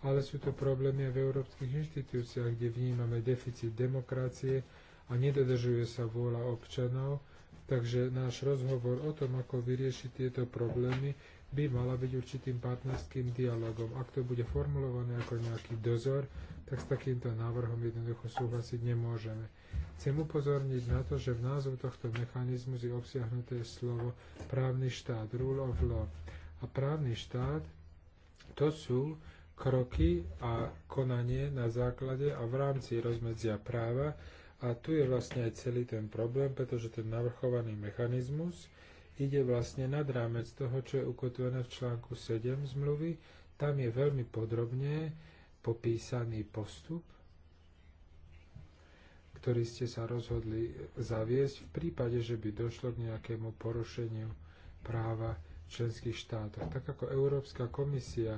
ale sú to problémy aj v európskych inštitúciách, kde vnímame deficit demokracie a nedodržuje sa vôľa občanov. Takže náš rozhovor o tom, ako vyriešiť tieto problémy, by mala byť určitým partnerským dialogom. Ak to bude formulované ako nejaký dozor, tak s takýmto návrhom jednoducho súhlasiť nemôžeme. Chcem upozorniť na to, že v názvu tohto mechanizmu je obsiahnuté slovo právny štát, rule of law. A právny štát to sú kroky a konanie na základe a v rámci rozmedzia práva. A tu je vlastne aj celý ten problém, pretože ten navrchovaný mechanizmus ide vlastne nad rámec toho, čo je ukotvené v článku 7 zmluvy. Tam je veľmi podrobne popísaný postup, ktorý ste sa rozhodli zaviesť v prípade, že by došlo k nejakému porušeniu práva členských štátov. Tak ako Európska komisia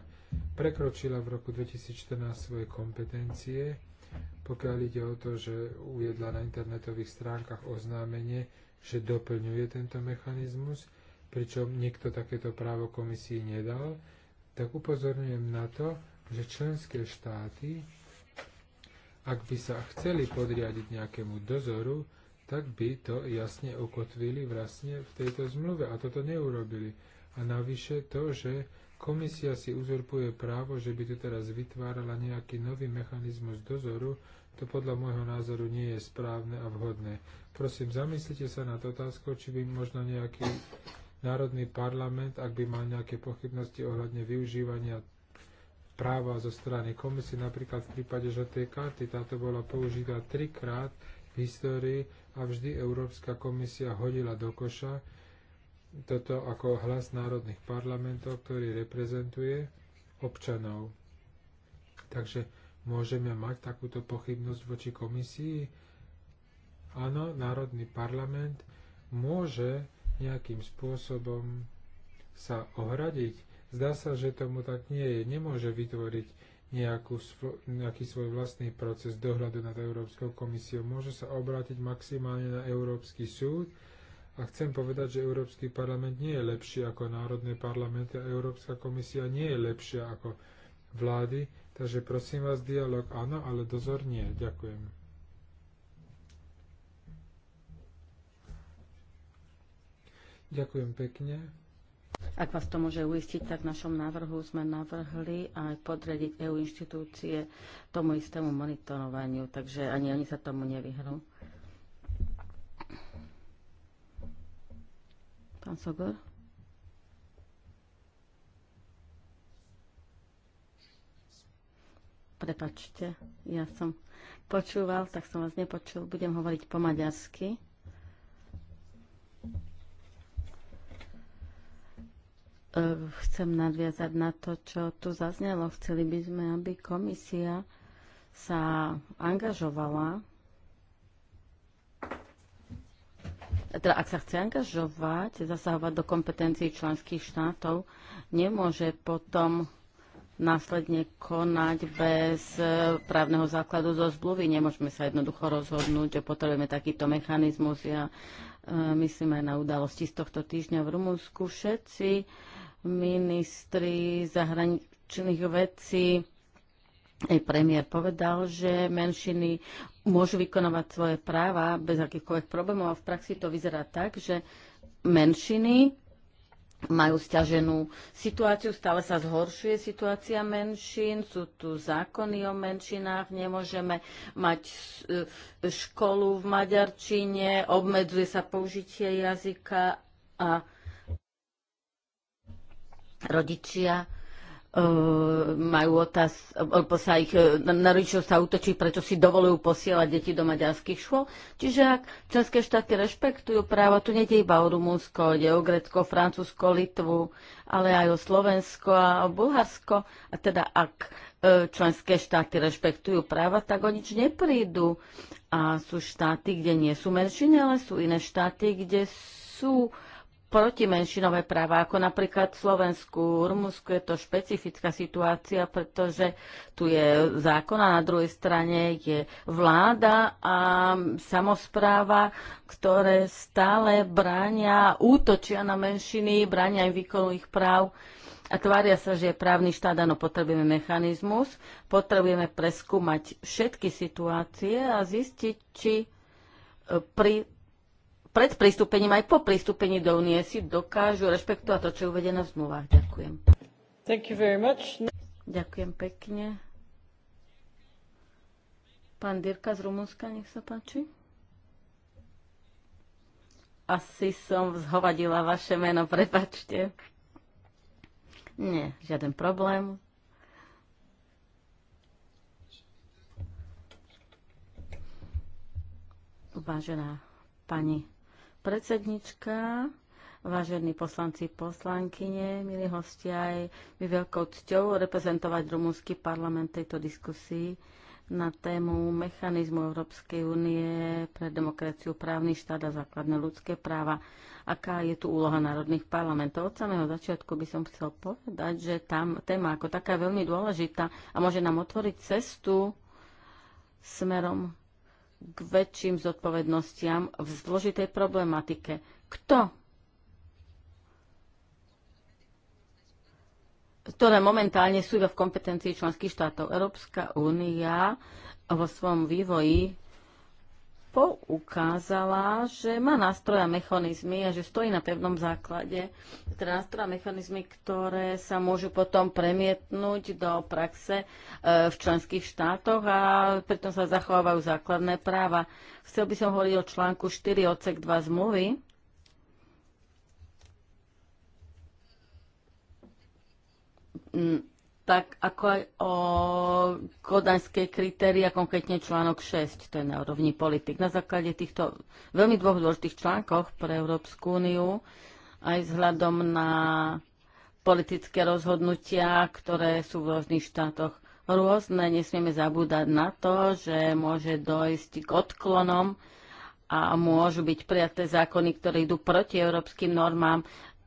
prekročila v roku 2014 svoje kompetencie, pokiaľ ide o to, že uviedla na internetových stránkach oznámenie, že doplňuje tento mechanizmus, pričom niekto takéto právo komisii nedal, tak upozorňujem na to, že členské štáty, ak by sa chceli podriadiť nejakému dozoru, tak by to jasne ukotvili vlastne v tejto zmluve a toto neurobili. A navyše to, že komisia si uzurpuje právo, že by tu teraz vytvárala nejaký nový mechanizmus dozoru, to podľa môjho názoru nie je správne a vhodné. Prosím, zamyslite sa nad otázkou, či by možno nejaký národný parlament, ak by mal nejaké pochybnosti ohľadne využívania práva zo strany komisie, napríklad v prípade žltej karty, táto bola použitá trikrát v histórii a vždy Európska komisia hodila do koša toto ako hlas národných parlamentov, ktorý reprezentuje občanov. Takže Môžeme mať takúto pochybnosť voči komisii? Áno, Národný parlament môže nejakým spôsobom sa ohradiť. Zdá sa, že tomu tak nie je. Nemôže vytvoriť nejakú, nejaký svoj vlastný proces dohľadu nad Európskou komisiou. Môže sa obrátiť maximálne na Európsky súd, a chcem povedať, že Európsky parlament nie je lepší ako národné parlamenty a Európska komisia nie je lepšia ako vlády Takže prosím vás, dialog áno, ale dozor nie. Ďakujem. Ďakujem pekne. Ak vás to môže uistiť, tak v našom návrhu sme navrhli aj podrediť EU inštitúcie tomu istému monitorovaniu, takže ani oni sa tomu nevyhrú. Pán Sogor? Prepačte, ja som počúval, tak som vás nepočul. Budem hovoriť po maďarsky. E, chcem nadviazať na to, čo tu zaznelo. Chceli by sme, aby komisia sa angažovala, teda ak sa chce angažovať, zasahovať do kompetencií členských štátov, nemôže potom následne konať bez e, právneho základu zo zmluvy. Nemôžeme sa jednoducho rozhodnúť, že potrebujeme takýto mechanizmus. Ja e, myslím aj na udalosti z tohto týždňa v Rumunsku. Všetci ministri zahraničných vecí aj premiér povedal, že menšiny môžu vykonovať svoje práva bez akýchkoľvek problémov a v praxi to vyzerá tak, že menšiny majú stiaženú situáciu, stále sa zhoršuje situácia menšín, sú tu zákony o menšinách, nemôžeme mať e, školu v maďarčine, obmedzuje sa použitie jazyka a rodičia E, majú otáz, alebo sa ich, e, na rodičov sa útočí, prečo si dovolujú posielať deti do maďarských škôl. Čiže ak členské štáty rešpektujú práva, tu nejde iba o Rumúnsko, ide o Grecko, Francúzsko, Litvu, ale aj o Slovensko a o Bulharsko. A teda ak e, členské štáty rešpektujú práva, tak o nič neprídu. A sú štáty, kde nie sú menšiny, ale sú iné štáty, kde sú protimenšinové práva, ako napríklad v Slovensku, Rumunsku je to špecifická situácia, pretože tu je zákon a na druhej strane je vláda a samozpráva, ktoré stále bránia, útočia na menšiny, bránia im výkonu ich práv a tvária sa, že je právny štát, áno, potrebujeme mechanizmus, potrebujeme preskúmať všetky situácie a zistiť, či pri pred pristúpením aj po pristúpení do únie si dokážu rešpektovať to, čo je uvedené v zmluvách. Ďakujem. Thank you very much. Ďakujem pekne. Pán Dirka z Rumunska, nech sa páči. Asi som zhovadila vaše meno, prepačte. Nie, žiaden problém. Vážená pani predsednička, vážení poslanci, poslankyne, milí hostia, aj mi veľkou cťou reprezentovať rumúnsky parlament tejto diskusii na tému mechanizmu Európskej únie pre demokraciu, právny štát a základné ľudské práva. Aká je tu úloha národných parlamentov? Od samého začiatku by som chcel povedať, že tam téma ako taká je veľmi dôležitá a môže nám otvoriť cestu smerom k väčším zodpovednostiam v zložitej problematike. Kto? ktoré momentálne sú iba v kompetencii členských štátov. Európska únia vo svojom vývoji poukázala, že má nástroje a mechanizmy a že stojí na pevnom základe. Teda nástroje a mechanizmy, ktoré sa môžu potom premietnúť do praxe e, v členských štátoch a pritom sa zachovávajú základné práva. Chcel by som hovoriť o článku 4 odsek 2 zmluvy, Mm tak ako aj o kodaňské kritéria, konkrétne článok 6, to je na úrovni politik. Na základe týchto veľmi dvoch dôležitých článkoch pre Európsku úniu, aj vzhľadom na politické rozhodnutia, ktoré sú v rôznych štátoch rôzne, nesmieme zabúdať na to, že môže dojsť k odklonom a môžu byť prijaté zákony, ktoré idú proti európskym normám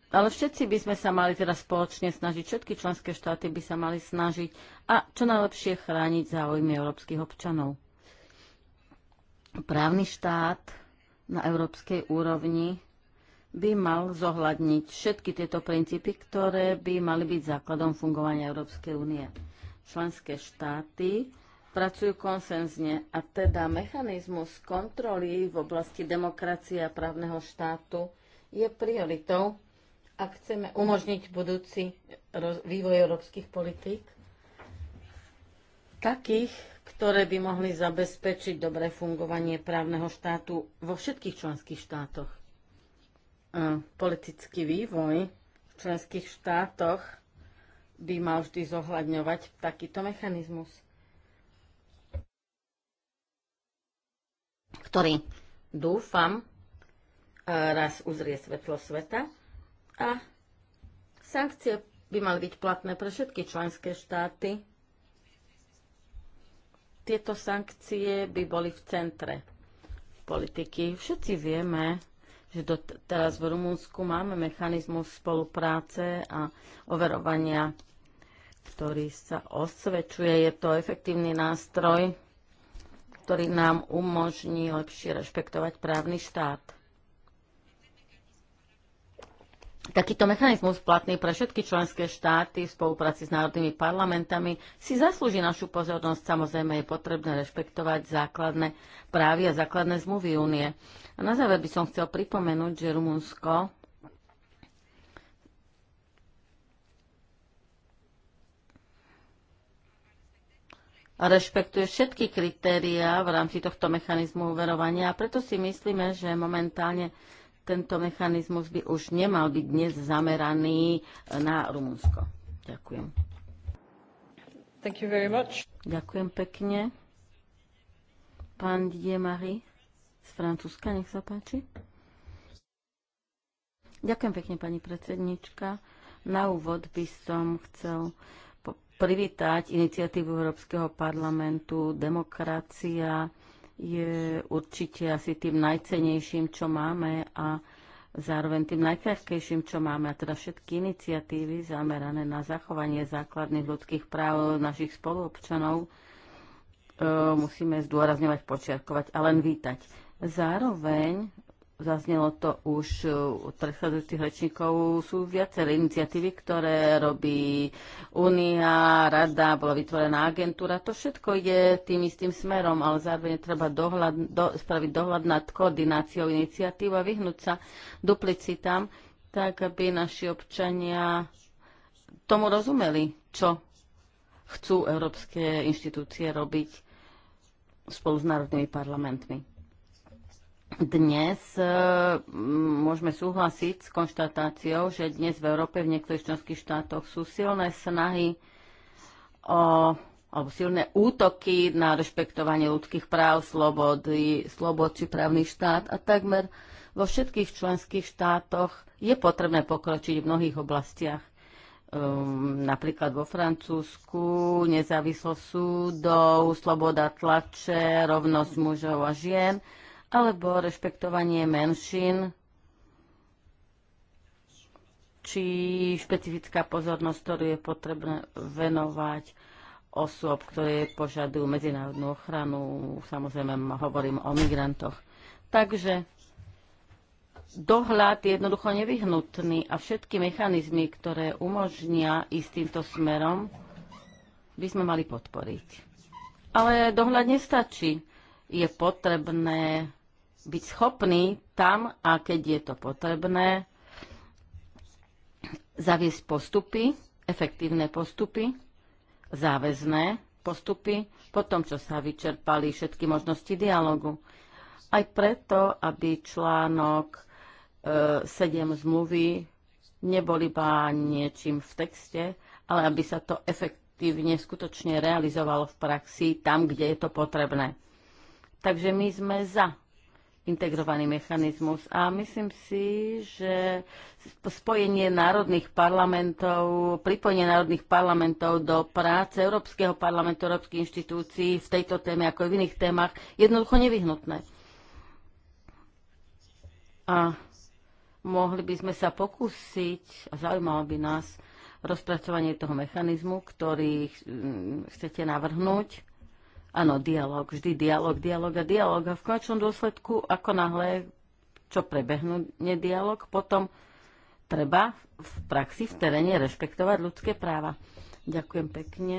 ale všetci by sme sa mali teda spoločne snažiť, všetky členské štáty by sa mali snažiť a čo najlepšie chrániť záujmy európskych občanov. Právny štát na európskej úrovni by mal zohľadniť všetky tieto princípy, ktoré by mali byť základom fungovania Európskej únie. Členské štáty pracujú konsenzne a teda mechanizmus kontroly v oblasti demokracie a právneho štátu je prioritou ak chceme umožniť budúci vývoj európskych politík, takých, ktoré by mohli zabezpečiť dobré fungovanie právneho štátu vo všetkých členských štátoch. Politický vývoj v členských štátoch by mal vždy zohľadňovať takýto mechanizmus, ktorý, dúfam, raz uzrie svetlo sveta a sankcie by mali byť platné pre všetky členské štáty. Tieto sankcie by boli v centre politiky. Všetci vieme, že do, teraz v Rumunsku máme mechanizmus spolupráce a overovania, ktorý sa osvedčuje. Je to efektívny nástroj, ktorý nám umožní lepšie rešpektovať právny štát. Takýto mechanizmus platný pre všetky členské štáty v spolupráci s národnými parlamentami si zaslúži našu pozornosť. Samozrejme je potrebné rešpektovať základné právy a základné zmluvy únie. A na záver by som chcel pripomenúť, že Rumunsko a rešpektuje všetky kritériá v rámci tohto mechanizmu uverovania a preto si myslíme, že momentálne tento mechanizmus by už nemal byť dnes zameraný e, na Rumunsko. Ďakujem. Thank you very much. Ďakujem pekne. Pán Didier Marie z Francúzska, nech sa páči. Ďakujem pekne, pani predsednička. Na úvod by som chcel privítať iniciatívu Európskeho parlamentu Demokracia je určite asi tým najcenejším, čo máme a zároveň tým najkrajskejším, čo máme, a teda všetky iniciatívy zamerané na zachovanie základných ľudských práv našich spoluobčanov e, musíme zdôrazňovať, počiarkovať a len vítať. Zároveň zaznelo to už e, od predchádzajúcich rečníkov, sú viaceré iniciatívy, ktoré robí Únia, Rada, bola vytvorená agentúra. To všetko ide tým istým smerom, ale zároveň treba dohľad, do, spraviť dohľad nad koordináciou iniciatív a vyhnúť sa duplicitám, tak aby naši občania tomu rozumeli, čo chcú európske inštitúcie robiť spolu s národnými parlamentmi. Dnes e, môžeme súhlasiť s konštatáciou, že dnes v Európe v niektorých členských štátoch sú silné snahy o alebo silné útoky na rešpektovanie ľudských práv, slobody, slobod či právny štát a takmer vo všetkých členských štátoch je potrebné pokročiť v mnohých oblastiach. Um, napríklad vo Francúzsku nezávislosť súdov, sloboda tlače, rovnosť mužov a žien – alebo rešpektovanie menšín, či špecifická pozornosť, ktorú je potrebné venovať osôb, ktoré požadujú medzinárodnú ochranu. Samozrejme, hovorím o migrantoch. Takže dohľad je jednoducho nevyhnutný a všetky mechanizmy, ktoré umožnia ísť týmto smerom, by sme mali podporiť. Ale dohľad nestačí. Je potrebné byť schopní tam, a keď je to potrebné, zaviesť postupy, efektívne postupy, záväzné postupy, po tom, čo sa vyčerpali všetky možnosti dialogu. Aj preto, aby článok e, 7 zmluvy nebol iba niečím v texte, ale aby sa to efektívne skutočne realizovalo v praxi tam, kde je to potrebné. Takže my sme za integrovaný mechanizmus. A myslím si, že spojenie národných parlamentov, pripojenie národných parlamentov do práce Európskeho parlamentu, Európskych inštitúcií v tejto téme ako aj v iných témach jednoducho nevyhnutné. A mohli by sme sa pokúsiť, a zaujímalo by nás, rozpracovanie toho mechanizmu, ktorý chcete navrhnúť Áno, dialog, vždy dialog, dialog a dialog. A v končnom dôsledku, ako náhle, čo prebehnú dialog, potom treba v praxi, v teréne rešpektovať ľudské práva. Ďakujem pekne.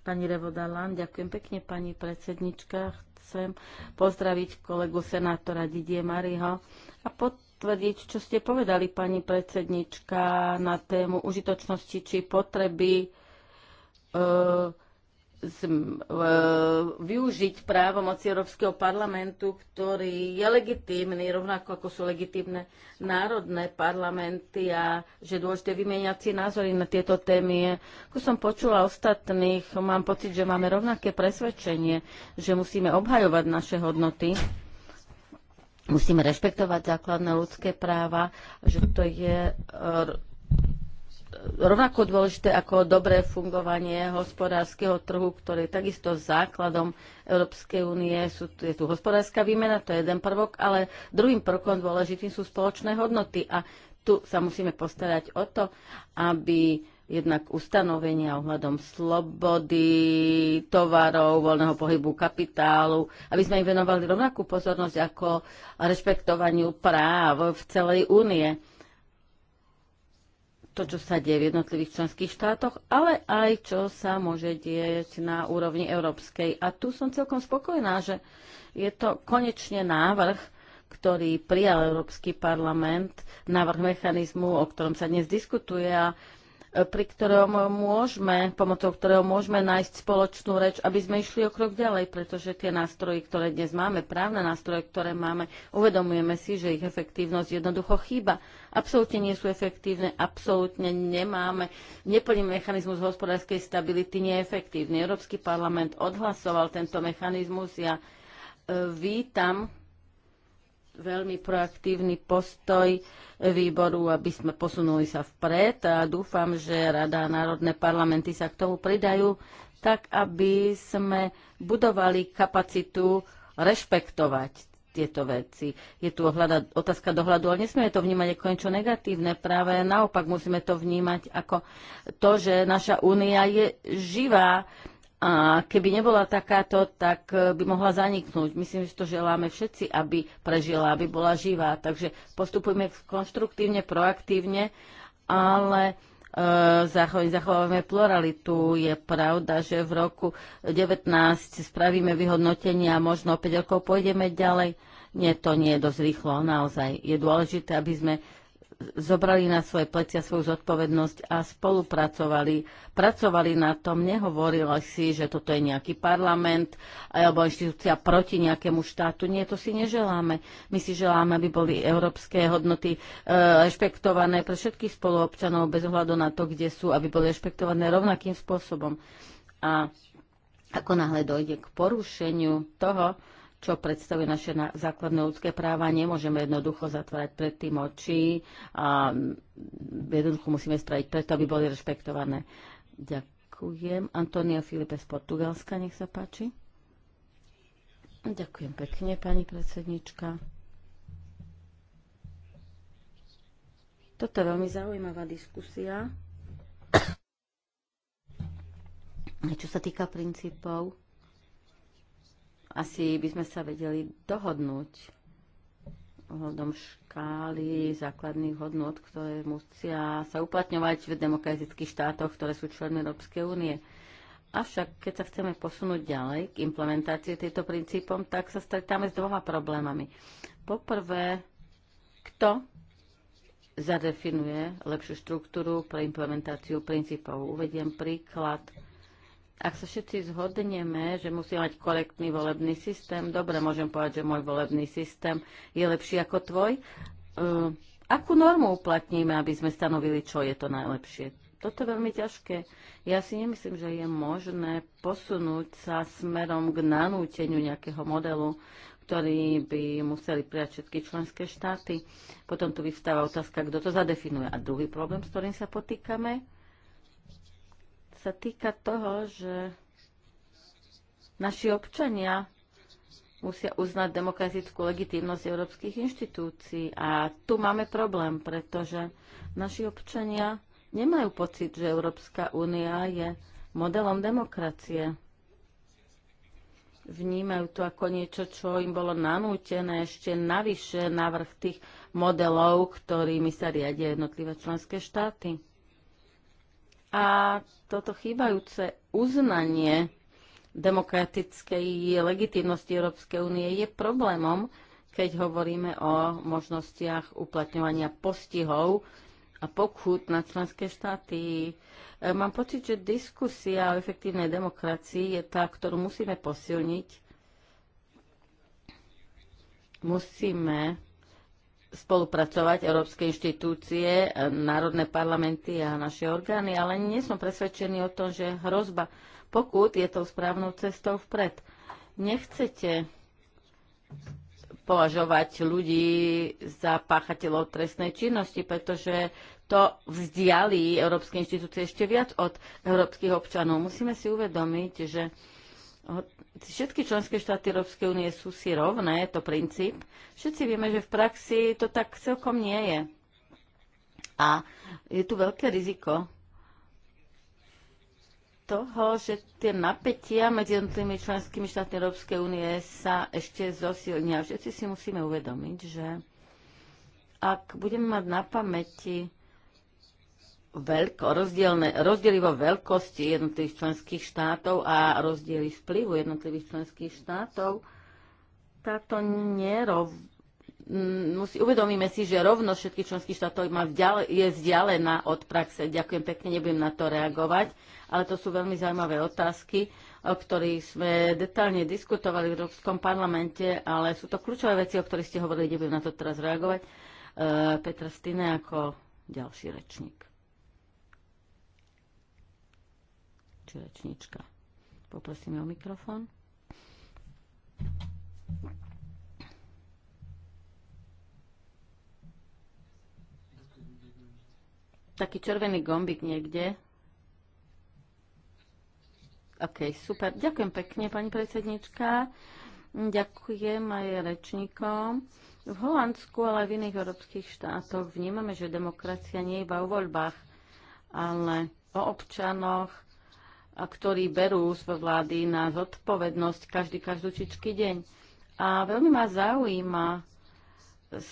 Pani Revodalan, ďakujem pekne, pani predsednička. Chcem pozdraviť kolegu senátora Didie Mariho a potom potvrdiť, čo ste povedali, pani predsednička, na tému užitočnosti či potreby e, z, e, využiť právomoci Európskeho parlamentu, ktorý je legitímny, rovnako ako sú legitímne národné parlamenty a že dôležité vymieňať si názory na tieto témy. Ako som počula ostatných, mám pocit, že máme rovnaké presvedčenie, že musíme obhajovať naše hodnoty musíme rešpektovať základné ľudské práva, že to je e, rovnako dôležité ako dobré fungovanie hospodárskeho trhu, ktorý je takisto základom Európskej únie. Sú, je tu hospodárska výmena, to je jeden prvok, ale druhým prvkom dôležitým sú spoločné hodnoty a tu sa musíme postarať o to, aby jednak ustanovenia ohľadom slobody tovarov, voľného pohybu kapitálu, aby sme im venovali rovnakú pozornosť ako rešpektovaniu práv v celej únie. To, čo sa deje v jednotlivých členských štátoch, ale aj čo sa môže dieť na úrovni európskej. A tu som celkom spokojná, že je to konečne návrh, ktorý prijal Európsky parlament, návrh mechanizmu, o ktorom sa dnes diskutuje a pri ktorom môžeme, pomocou ktorého môžeme nájsť spoločnú reč, aby sme išli o krok ďalej, pretože tie nástroje, ktoré dnes máme, právne nástroje, ktoré máme, uvedomujeme si, že ich efektívnosť jednoducho chýba. Absolútne nie sú efektívne, absolútne nemáme, neplný mechanizmus hospodárskej stability, nie je efektívny. Európsky parlament odhlasoval tento mechanizmus, ja e, vítam veľmi proaktívny postoj výboru, aby sme posunuli sa vpred a dúfam, že Rada a národné parlamenty sa k tomu pridajú, tak aby sme budovali kapacitu rešpektovať tieto veci. Je tu ohľada, otázka dohľadu, ale nesmieme to vnímať ako niečo negatívne. Práve naopak musíme to vnímať ako to, že naša únia je živá, a keby nebola takáto, tak e, by mohla zaniknúť. Myslím, že to želáme všetci, aby prežila, aby bola živá. Takže postupujme konštruktívne, proaktívne, ale e, zachovávame pluralitu. Je pravda, že v roku 19 spravíme vyhodnotenie a možno 5 rokov pôjdeme ďalej. Nie, to nie je dosť rýchlo, naozaj. Je dôležité, aby sme zobrali na svoje plecia svoju zodpovednosť a spolupracovali. Pracovali na tom, nehovorilo si, že toto je nejaký parlament alebo inštitúcia proti nejakému štátu. Nie, to si neželáme. My si želáme, aby boli európske hodnoty e, rešpektované pre všetkých spoluobčanov bez ohľadu na to, kde sú, aby boli rešpektované rovnakým spôsobom. A ako náhle dojde k porušeniu toho, čo predstavuje naše základné ľudské práva. Nemôžeme jednoducho zatvárať pred tým oči a jednoducho musíme spraviť preto, aby boli rešpektované. Ďakujem. Antonio Filipe z Portugalska, nech sa páči. Ďakujem pekne, pani predsednička. Toto je veľmi zaujímavá diskusia. Čo sa týka princípov, asi by sme sa vedeli dohodnúť ohľadom škály základných hodnot, ktoré musia sa uplatňovať v demokratických štátoch, ktoré sú členy Európskej únie. Avšak, keď sa chceme posunúť ďalej k implementácii týchto princípom, tak sa stretáme s dvoma problémami. Poprvé, kto zadefinuje lepšiu štruktúru pre implementáciu princípov. Uvediem príklad ak sa všetci zhodneme, že musí mať korektný volebný systém, dobre, môžem povedať, že môj volebný systém je lepší ako tvoj. Uh, akú normu uplatníme, aby sme stanovili, čo je to najlepšie? Toto je veľmi ťažké. Ja si nemyslím, že je možné posunúť sa smerom k nanúteniu nejakého modelu, ktorý by museli prijať všetky členské štáty. Potom tu vyvstáva otázka, kto to zadefinuje. A druhý problém, s ktorým sa potýkame, sa týka toho, že naši občania musia uznať demokratickú legitimnosť európskych inštitúcií. A tu máme problém, pretože naši občania nemajú pocit, že Európska únia je modelom demokracie. Vnímajú to ako niečo, čo im bolo nanútené ešte navyše navrh tých modelov, ktorými sa riadia jednotlivé členské štáty. A toto chýbajúce uznanie demokratickej legitimnosti Európskej únie je problémom, keď hovoríme o možnostiach uplatňovania postihov a pokút na členské štáty. E, mám pocit, že diskusia o efektívnej demokracii je tá, ktorú musíme posilniť. Musíme spolupracovať európske inštitúcie, národné parlamenty a naše orgány, ale nie som presvedčený o tom, že hrozba pokut je tou správnou cestou vpred. Nechcete považovať ľudí za páchateľov trestnej činnosti, pretože to vzdialí európske inštitúcie ešte viac od európskych občanov. Musíme si uvedomiť, že Všetky členské štáty Európskej únie sú si rovné, je to princíp. Všetci vieme, že v praxi to tak celkom nie je. A je tu veľké riziko toho, že tie napätia medzi jednotlivými členskými štátmi Európskej únie sa ešte zosilnia. Všetci si musíme uvedomiť, že ak budeme mať na pamäti veľko, rozdielne, rozdiely vo veľkosti jednotlivých členských štátov a rozdiely vplyvu jednotlivých členských štátov, táto nerov... Musí, uvedomíme si, že rovnosť všetkých členských štátov má vďale, je vzdialená od praxe. Ďakujem pekne, nebudem na to reagovať, ale to sú veľmi zaujímavé otázky, o ktorých sme detálne diskutovali v Európskom parlamente, ale sú to kľúčové veci, o ktorých ste hovorili, nebudem na to teraz reagovať. Uh, Petra Stine ako ďalší rečník. či rečnička. Poprosím o mikrofón. Taký červený gombik niekde. OK, super. Ďakujem pekne, pani predsednička. Ďakujem aj rečníkom. V Holandsku, ale aj v iných európskych štátoch vnímame, že demokracia nie je iba o voľbách, ale o občanoch, a ktorí berú svoj vlády na zodpovednosť každý každúčičký deň. A veľmi ma zaujíma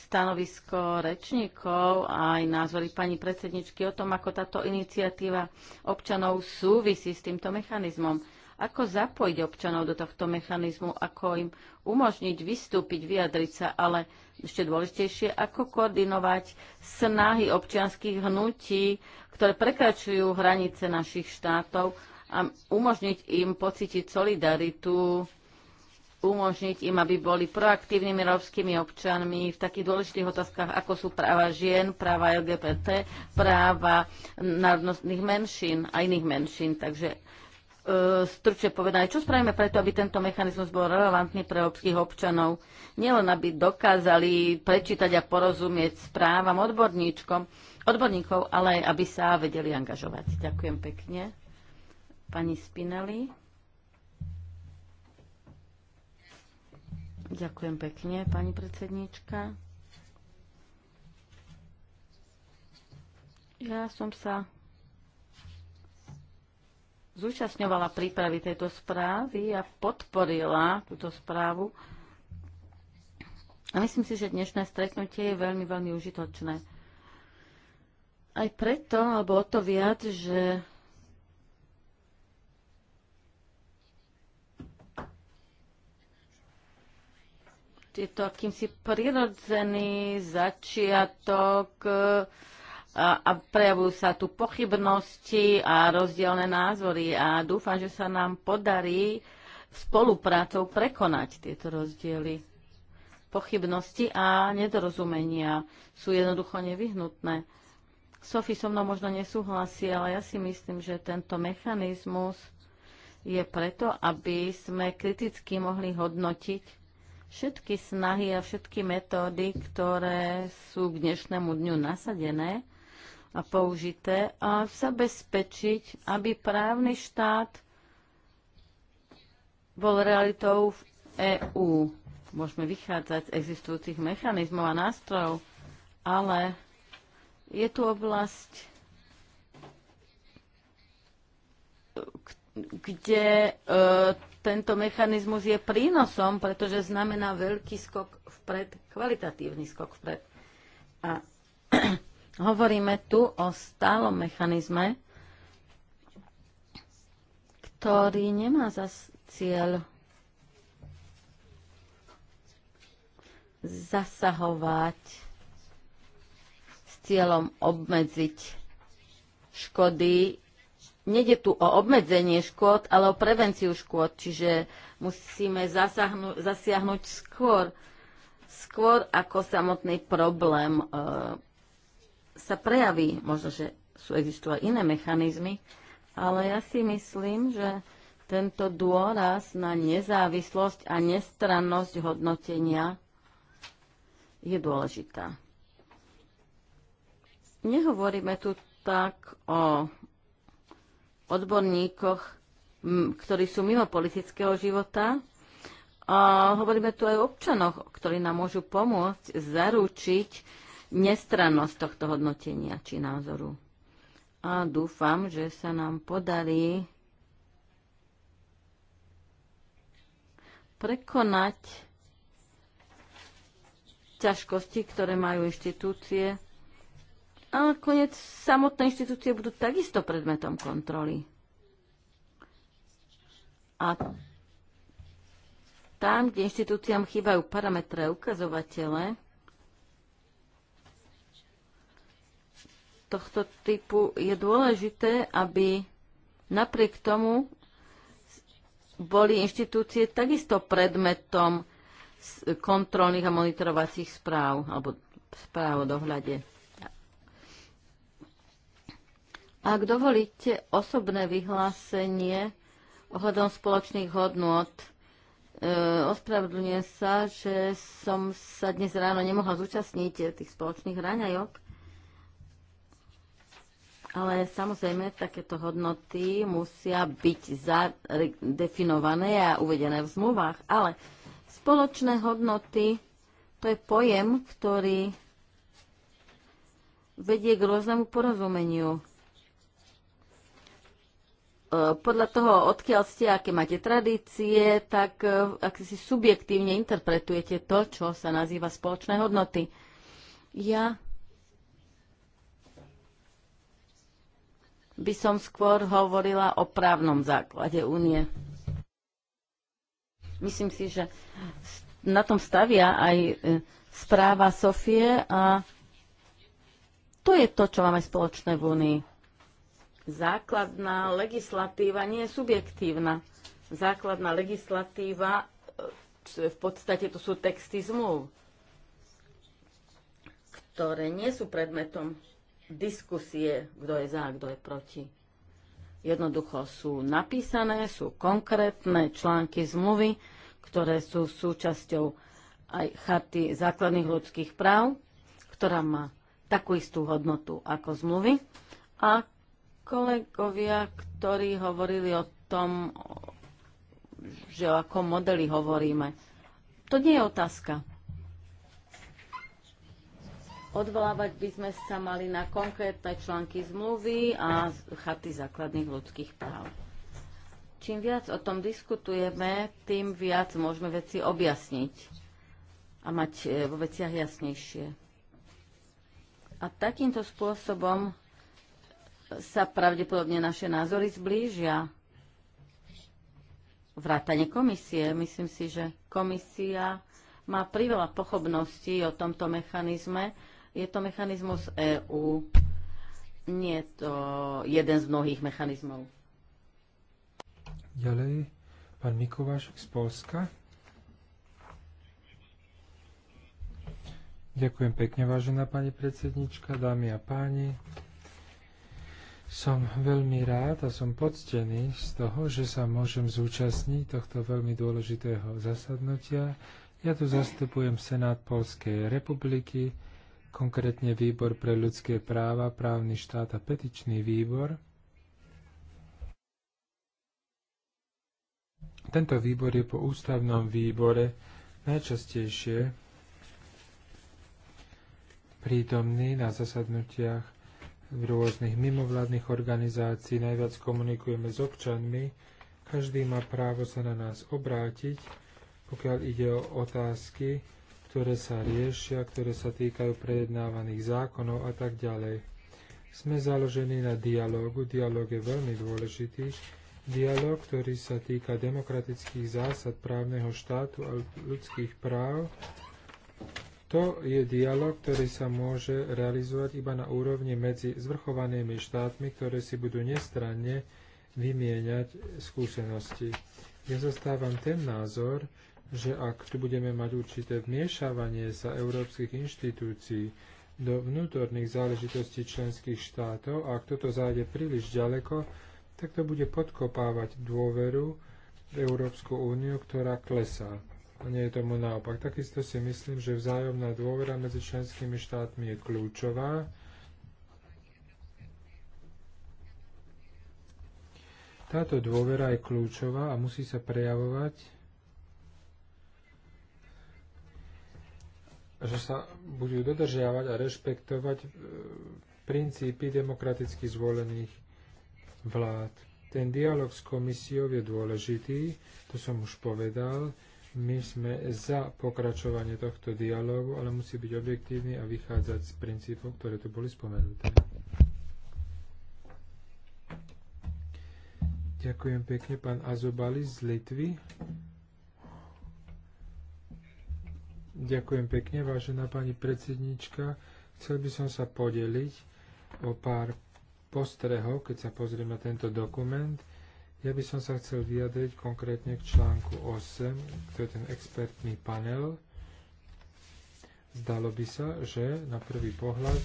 stanovisko rečníkov a aj názory pani predsedničky o tom, ako táto iniciatíva občanov súvisí s týmto mechanizmom. Ako zapojiť občanov do tohto mechanizmu, ako im umožniť vystúpiť, vyjadriť sa, ale ešte dôležitejšie, ako koordinovať snahy občianských hnutí, ktoré prekračujú hranice našich štátov a umožniť im pocítiť solidaritu, umožniť im, aby boli proaktívnymi rovskými občanmi v takých dôležitých otázkach, ako sú práva žien, práva LGBT, práva národnostných menšín a iných menšín. Takže e, stručne povedané, čo spravíme preto, aby tento mechanizmus bol relevantný pre európskych občanov? Nielen, aby dokázali prečítať a porozumieť správam odborníčkom, odborníkov, ale aj, aby sa vedeli angažovať. Ďakujem pekne. Pani Spinelli. Ďakujem pekne, pani predsedníčka. Ja som sa zúčastňovala prípravy tejto správy a podporila túto správu. A myslím si, že dnešné stretnutie je veľmi, veľmi užitočné. Aj preto, alebo o to viac, že je to akýmsi prirodzený začiatok e, a, a prejavujú sa tu pochybnosti a rozdielne názory a dúfam, že sa nám podarí spoluprácou prekonať tieto rozdiely. Pochybnosti a nedorozumenia sú jednoducho nevyhnutné. Sofi so mnou možno nesúhlasí, ale ja si myslím, že tento mechanizmus je preto, aby sme kriticky mohli hodnotiť všetky snahy a všetky metódy, ktoré sú k dnešnému dňu nasadené a použité, a zabezpečiť, aby právny štát bol realitou v EÚ. Môžeme vychádzať z existujúcich mechanizmov a nástrojov, ale je tu oblasť, kde e, tento mechanizmus je prínosom, pretože znamená veľký skok vpred, kvalitatívny skok vpred. A hovoríme tu o stálom mechanizme, ktorý nemá za cieľ zasahovať s cieľom obmedziť škody Nede tu o obmedzenie škôd, ale o prevenciu škôd, čiže musíme zasiahnuť skôr, skôr ako samotný problém e, sa prejaví. Možno, že sú existujú aj iné mechanizmy, ale ja si myslím, že tento dôraz na nezávislosť a nestrannosť hodnotenia je dôležitá. Nehovoríme tu tak o odborníkoch, ktorí sú mimo politického života. A hovoríme tu aj o občanoch, ktorí nám môžu pomôcť zaručiť nestrannosť tohto hodnotenia či názoru. A dúfam, že sa nám podarí prekonať ťažkosti, ktoré majú inštitúcie a nakoniec samotné inštitúcie budú takisto predmetom kontroly. A tam, kde inštitúciám chýbajú parametre a ukazovatele tohto typu, je dôležité, aby napriek tomu boli inštitúcie takisto predmetom kontrolných a monitorovacích správ alebo správ o dohľade. Ak dovolíte osobné vyhlásenie ohľadom spoločných hodnôt, e, ospravedlňujem sa, že som sa dnes ráno nemohla zúčastniť tých spoločných raňajok, ale samozrejme takéto hodnoty musia byť zadefinované a uvedené v zmluvách. Ale spoločné hodnoty to je pojem, ktorý vedie k rôznemu porozumeniu podľa toho, odkiaľ ste, aké máte tradície, tak e, ak si subjektívne interpretujete to, čo sa nazýva spoločné hodnoty. Ja by som skôr hovorila o právnom základe únie. Myslím si, že na tom stavia aj e, správa Sofie a to je to, čo máme spoločné v únii základná legislatíva nie je subjektívna. Základná legislatíva, e, v podstate to sú texty zmluv, ktoré nie sú predmetom diskusie, kto je za, kto je proti. Jednoducho sú napísané, sú konkrétne články zmluvy, ktoré sú súčasťou aj charty základných ľudských práv, ktorá má takú istú hodnotu ako zmluvy a Kolegovia, ktorí hovorili o tom, že o akom modeli hovoríme, to nie je otázka. Odvolávať by sme sa mali na konkrétne články zmluvy a chaty základných ľudských práv. Čím viac o tom diskutujeme, tým viac môžeme veci objasniť a mať e, vo veciach jasnejšie. A takýmto spôsobom sa pravdepodobne naše názory zblížia. Vrátanie komisie. Myslím si, že komisia má priveľa pochopností o tomto mechanizme. Je to mechanizmus EÚ. Nie je to jeden z mnohých mechanizmov. Ďalej, pán Mikováš z Polska. Ďakujem pekne, vážená pani predsednička, dámy a páni. Som veľmi rád a som poctený z toho, že sa môžem zúčastniť tohto veľmi dôležitého zasadnutia. Ja tu zastupujem Senát Polskej republiky, konkrétne Výbor pre ľudské práva, právny štát a petičný výbor. Tento výbor je po ústavnom výbore najčastejšie prítomný na zasadnutiach rôznych mimovládnych organizácií, najviac komunikujeme s občanmi. Každý má právo sa na nás obrátiť, pokiaľ ide o otázky, ktoré sa riešia, ktoré sa týkajú prejednávaných zákonov a tak ďalej. Sme založení na dialógu, dialóg je veľmi dôležitý, dialóg, ktorý sa týka demokratických zásad právneho štátu a ľudských práv to je dialog, ktorý sa môže realizovať iba na úrovni medzi zvrchovanými štátmi, ktoré si budú nestranne vymieňať skúsenosti. Ja zastávam ten názor, že ak tu budeme mať určité vmiešavanie sa európskych inštitúcií do vnútorných záležitostí členských štátov a ak toto zájde príliš ďaleko, tak to bude podkopávať dôveru v Európsku úniu, ktorá klesá. A nie je tomu naopak. Takisto si myslím, že vzájomná dôvera medzi členskými štátmi je kľúčová. Táto dôvera je kľúčová a musí sa prejavovať, že sa budú dodržiavať a rešpektovať e, princípy demokraticky zvolených vlád. Ten dialog s komisiou je dôležitý, to som už povedal. My sme za pokračovanie tohto dialógu, ale musí byť objektívny a vychádzať z princípov, ktoré tu boli spomenuté. Ďakujem pekne, pán Azobali z Litvy. Ďakujem pekne, vážená pani predsednička. Chcel by som sa podeliť o pár postrehov, keď sa pozrieme na tento dokument. Ja by som sa chcel vyjadriť konkrétne k článku 8, to je ten expertný panel. Zdalo by sa, že na prvý pohľad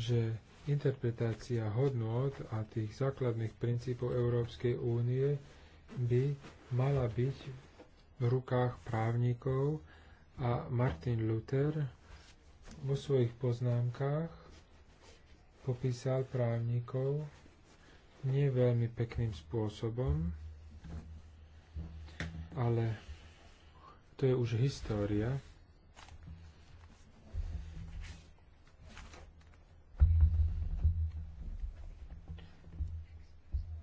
že interpretácia hodnot a tých základných princípov Európskej únie by mala byť v rukách právnikov a Martin Luther vo svojich poznámkach popísal právnikov nie veľmi pekným spôsobom, ale to je už história.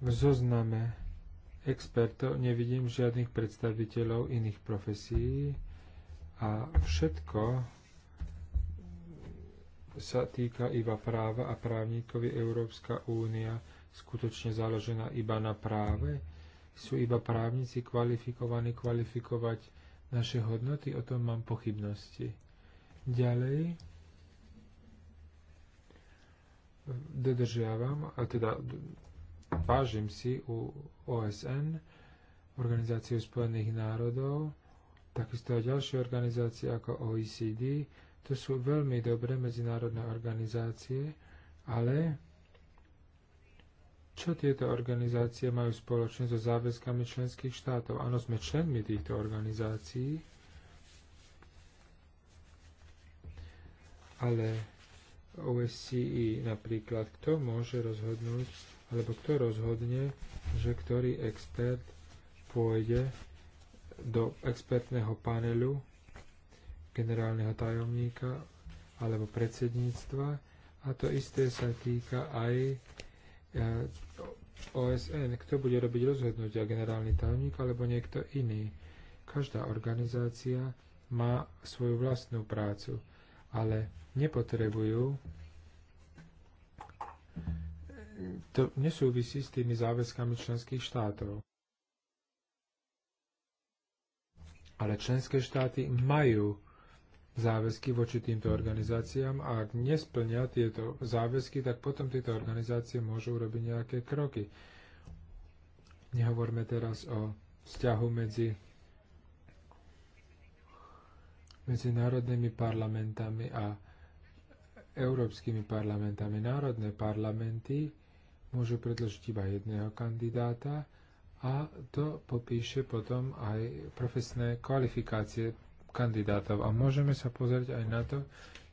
V zozname expertov nevidím žiadnych predstaviteľov iných profesí a všetko sa týka iba práva a je Európska únia skutočne založená iba na práve? Sú iba právnici kvalifikovaní kvalifikovať naše hodnoty? O tom mám pochybnosti. Ďalej dodržiavam, a teda vážim si u OSN, Organizáciu spojených národov, takisto aj ďalšie organizácie ako OECD, to sú veľmi dobré medzinárodné organizácie, ale čo tieto organizácie majú spoločne so záväzkami členských štátov? Áno, sme členmi týchto organizácií, ale OSCE napríklad, kto môže rozhodnúť, alebo kto rozhodne, že ktorý expert pôjde do expertného panelu generálneho tajomníka alebo predsedníctva. A to isté sa týka aj e, OSN. Kto bude robiť rozhodnutia, generálny tajomník alebo niekto iný? Každá organizácia má svoju vlastnú prácu, ale nepotrebujú to nesúvisí s tými záväzkami členských štátov. Ale členské štáty majú záväzky voči týmto organizáciám a ak nesplnia tieto záväzky, tak potom tieto organizácie môžu urobiť nejaké kroky. Nehovorme teraz o vzťahu medzi medzi národnými parlamentami a európskymi parlamentami. Národné parlamenty môžu predložiť iba jedného kandidáta a to popíše potom aj profesné kvalifikácie kandidátov. A môžeme sa pozrieť aj na to,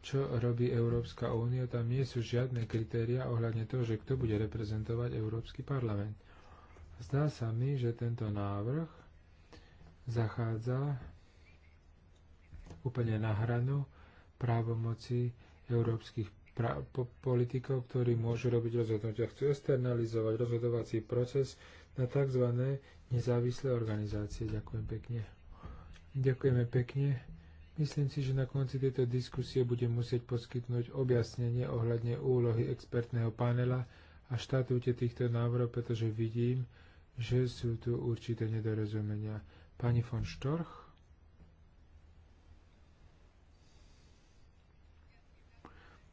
čo robí Európska únia. Tam nie sú žiadne kritéria ohľadne toho, že kto bude reprezentovať Európsky parlament. Zdá sa mi, že tento návrh zachádza úplne na hranu právomoci európskych pra- po- politikov, ktorí môžu robiť rozhodnutia. Chcú externalizovať rozhodovací proces na tzv. nezávislé organizácie. Ďakujem pekne. Ďakujeme pekne. Myslím si, že na konci tejto diskusie budem musieť poskytnúť objasnenie ohľadne úlohy expertného panela a štatúte týchto návrhov, pretože vidím, že sú tu určité nedorozumenia. Pani von Storch?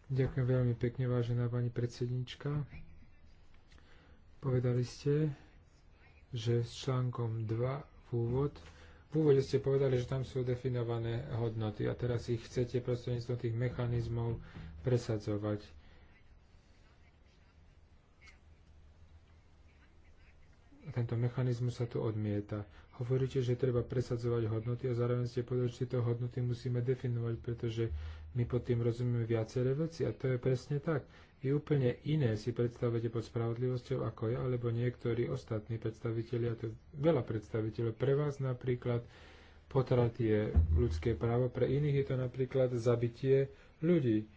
Ďakujem veľmi pekne, vážená pani predsednička. Povedali ste, že s článkom 2 v úvod v úvode ste povedali, že tam sú definované hodnoty a teraz ich chcete prostredníctvom tých mechanizmov presadzovať. Tento mechanizmus sa tu odmieta hovoríte, že treba presadzovať hodnoty a zároveň ste povedali, že tieto hodnoty musíme definovať, pretože my pod tým rozumieme viaceré veci a to je presne tak. Vy úplne iné si predstavujete pod spravodlivosťou ako ja, alebo niektorí ostatní predstavitelia, to veľa predstaviteľov. Pre vás napríklad potrat je ľudské právo, pre iných je to napríklad zabitie ľudí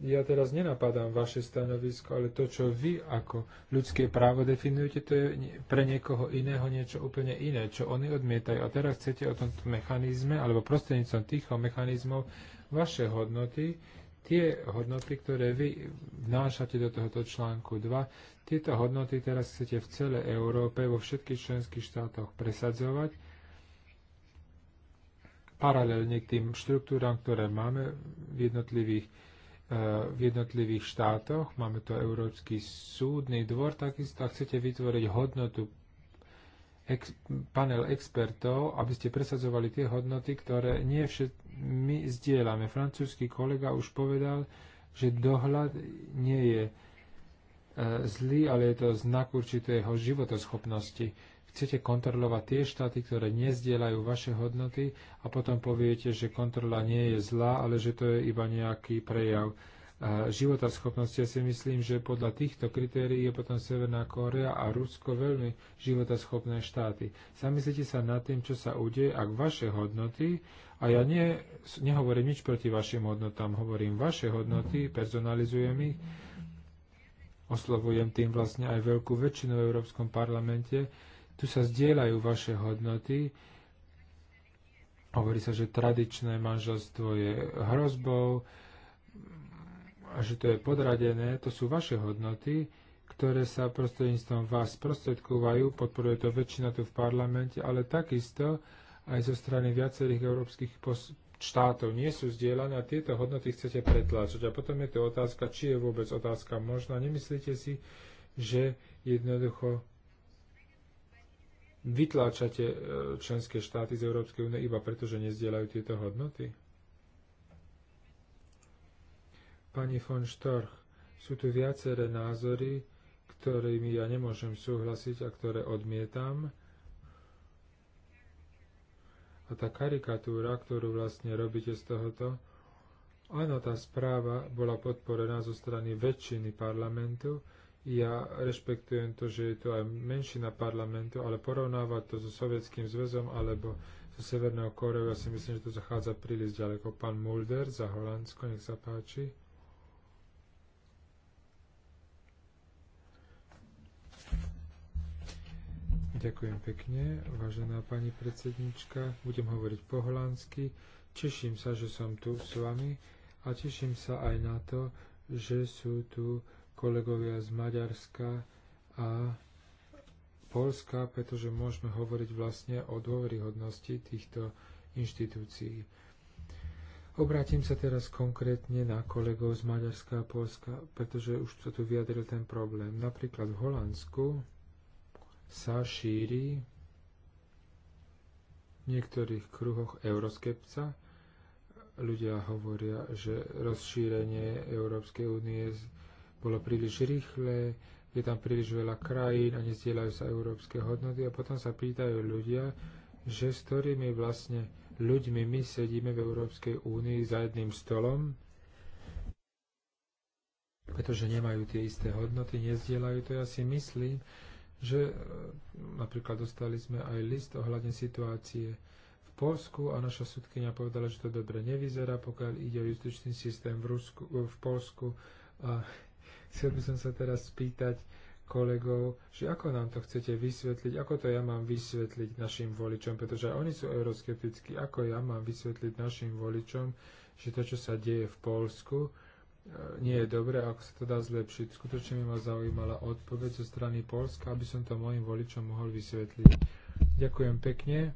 ja teraz nenapadám vaše stanovisko, ale to, čo vy ako ľudské právo definujete, to je pre niekoho iného niečo úplne iné, čo oni odmietajú. A teraz chcete o tomto mechanizme, alebo prostrednícom týchto mechanizmov, vaše hodnoty, tie hodnoty, ktoré vy vnášate do tohoto článku 2, tieto hodnoty teraz chcete v celej Európe, vo všetkých členských štátoch presadzovať, paralelne k tým štruktúram, ktoré máme v jednotlivých Eh, v jednotlivých štátoch. Máme tu Európsky súdny dvor, takisto ak chcete vytvoriť hodnotu ex, panel expertov, aby ste presadzovali tie hodnoty, ktoré nie všet, my zdieľame. Francúzsky kolega už povedal, že dohľad nie je e, zlý, ale je to znak určitého životoschopnosti chcete kontrolovať tie štáty, ktoré nezdielajú vaše hodnoty a potom poviete, že kontrola nie je zlá, ale že to je iba nejaký prejav života schopnosti. Ja si myslím, že podľa týchto kritérií je potom Severná Kórea a Rusko veľmi životaschopné štáty. Zamyslite sa nad tým, čo sa udeje, ak vaše hodnoty, a ja nie, nehovorím nič proti vašim hodnotám, hovorím vaše hodnoty, personalizujem ich, oslovujem tým vlastne aj veľkú väčšinu v Európskom parlamente, tu sa zdieľajú vaše hodnoty. Hovorí sa, že tradičné manželstvo je hrozbou, a že to je podradené. To sú vaše hodnoty, ktoré sa prostredníctvom vás prostredkovajú, podporuje to väčšina tu v parlamente, ale takisto aj zo strany viacerých európskych štátov nie sú zdieľané a tieto hodnoty chcete pretláčať. A potom je to otázka, či je vôbec otázka možná. Nemyslíte si, že jednoducho vytláčate e, členské štáty z Európskej únie iba preto, že nezdieľajú tieto hodnoty? Pani von Storch, sú tu viaceré názory, ktorými ja nemôžem súhlasiť a ktoré odmietam. A tá karikatúra, ktorú vlastne robíte z tohoto, áno, tá správa bola podporená zo strany väčšiny parlamentu, ja rešpektujem to, že je tu aj menšina parlamentu, ale porovnávať to so Sovietským zväzom alebo so Severnou Koreou, ja si myslím, že to zachádza príliš ďaleko. Pán Mulder za Holandsko, nech sa páči. Ďakujem pekne, vážená pani predsednička. Budem hovoriť po holandsky. Teším sa, že som tu s vami a teším sa aj na to, že sú tu kolegovia z Maďarska a Polska, pretože môžeme hovoriť vlastne o dôveryhodnosti týchto inštitúcií. Obrátim sa teraz konkrétne na kolegov z Maďarska a Polska, pretože už to tu vyjadril ten problém. Napríklad v Holandsku sa šíri v niektorých kruhoch euroskepca. Ľudia hovoria, že rozšírenie Európskej únie bolo príliš rýchle, je tam príliš veľa krajín a nezdieľajú sa európske hodnoty a potom sa pýtajú ľudia, že s ktorými vlastne ľuďmi my sedíme v Európskej únii za jedným stolom, pretože nemajú tie isté hodnoty, nezdieľajú to. Ja si myslím, že e, napríklad dostali sme aj list ohľadne situácie v Polsku a naša sudkynia povedala, že to dobre nevyzerá, pokiaľ ide o justičný systém v, Rusku, v Polsku a Chcel by som sa teraz spýtať kolegov, že ako nám to chcete vysvetliť, ako to ja mám vysvetliť našim voličom, pretože aj oni sú euroskeptickí, ako ja mám vysvetliť našim voličom, že to, čo sa deje v Polsku, e, nie je dobré, ako sa to dá zlepšiť. Skutočne mi ma zaujímala odpoveď zo strany Polska, aby som to mojim voličom mohol vysvetliť. Ďakujem pekne.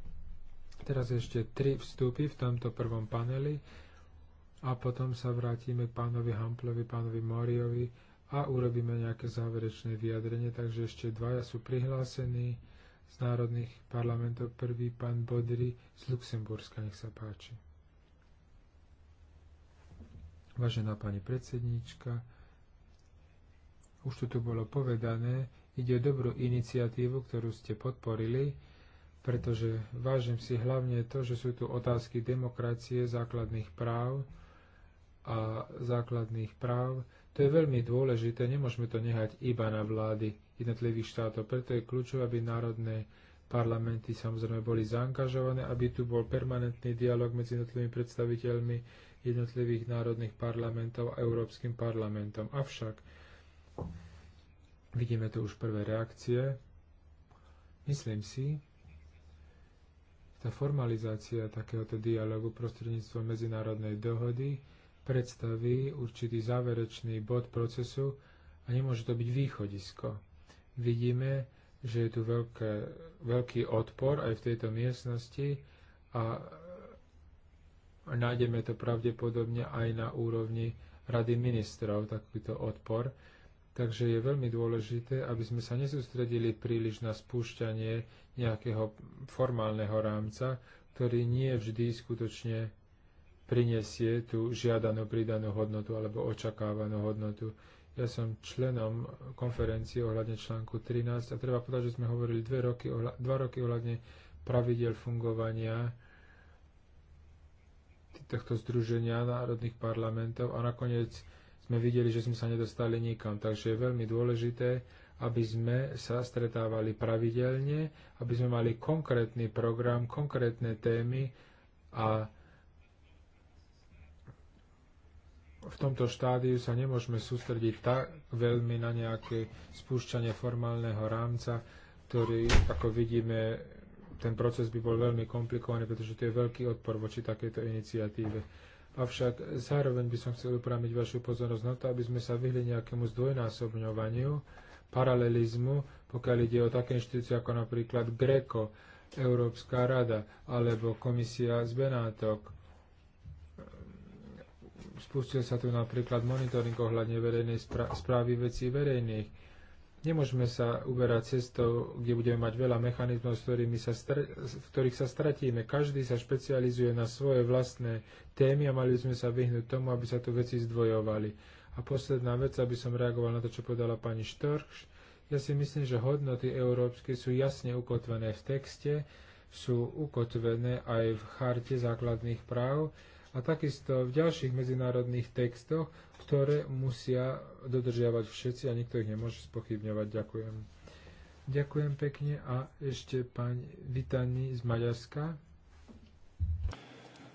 Teraz ešte tri vstupy v tomto prvom paneli a potom sa vrátime k pánovi Hamplovi, pánovi Moriovi a urobíme nejaké záverečné vyjadrenie. Takže ešte dvaja sú prihlásení z národných parlamentov. Prvý pán Bodry z Luxemburska, nech sa páči. Vážená pani predsedníčka, už to tu bolo povedané, ide o dobrú iniciatívu, ktorú ste podporili, pretože vážim si hlavne to, že sú tu otázky demokracie, základných práv a základných práv, to je veľmi dôležité, nemôžeme to nehať iba na vlády jednotlivých štátov, preto je kľúčové, aby národné parlamenty samozrejme boli zaangažované, aby tu bol permanentný dialog medzi jednotlivými predstaviteľmi jednotlivých národných parlamentov a Európskym parlamentom. Avšak vidíme tu už prvé reakcie. Myslím si, tá formalizácia takéhoto dialogu prostredníctvom medzinárodnej dohody predstaví určitý záverečný bod procesu a nemôže to byť východisko. Vidíme, že je tu veľké, veľký odpor aj v tejto miestnosti a nájdeme to pravdepodobne aj na úrovni Rady ministrov, takýto odpor. Takže je veľmi dôležité, aby sme sa nesústredili príliš na spúšťanie nejakého formálneho rámca, ktorý nie vždy skutočne prinesie tú žiadanú pridanú hodnotu alebo očakávanú hodnotu. Ja som členom konferencie ohľadne článku 13 a treba povedať, že sme hovorili dve roky, dva roky ohľadne pravidel fungovania tohto združenia národných parlamentov a nakoniec sme videli, že sme sa nedostali nikam. Takže je veľmi dôležité, aby sme sa stretávali pravidelne, aby sme mali konkrétny program, konkrétne témy a v tomto štádiu sa nemôžeme sústrediť tak veľmi na nejaké spúšťanie formálneho rámca, ktorý, ako vidíme, ten proces by bol veľmi komplikovaný, pretože to je veľký odpor voči takejto iniciatíve. Avšak zároveň by som chcel upramiť vašu pozornosť na to, aby sme sa vyhli nejakému zdvojnásobňovaniu, paralelizmu, pokiaľ ide o také inštitúcie ako napríklad GRECO, Európska rada alebo komisia z Benátok spustil sa tu napríklad monitoring ohľadne verejnej správy vecí verejných. Nemôžeme sa uberať cestou, kde budeme mať veľa mechanizmov, s ktorými sa v ktorých sa stratíme. Každý sa špecializuje na svoje vlastné témy a mali by sme sa vyhnúť tomu, aby sa tu veci zdvojovali. A posledná vec, aby som reagoval na to, čo podala pani Štorš. Ja si myslím, že hodnoty európske sú jasne ukotvené v texte, sú ukotvené aj v charte základných práv a takisto v ďalších medzinárodných textoch, ktoré musia dodržiavať všetci a nikto ich nemôže spochybňovať. Ďakujem. Ďakujem pekne a ešte pani Vitani z Maďarska.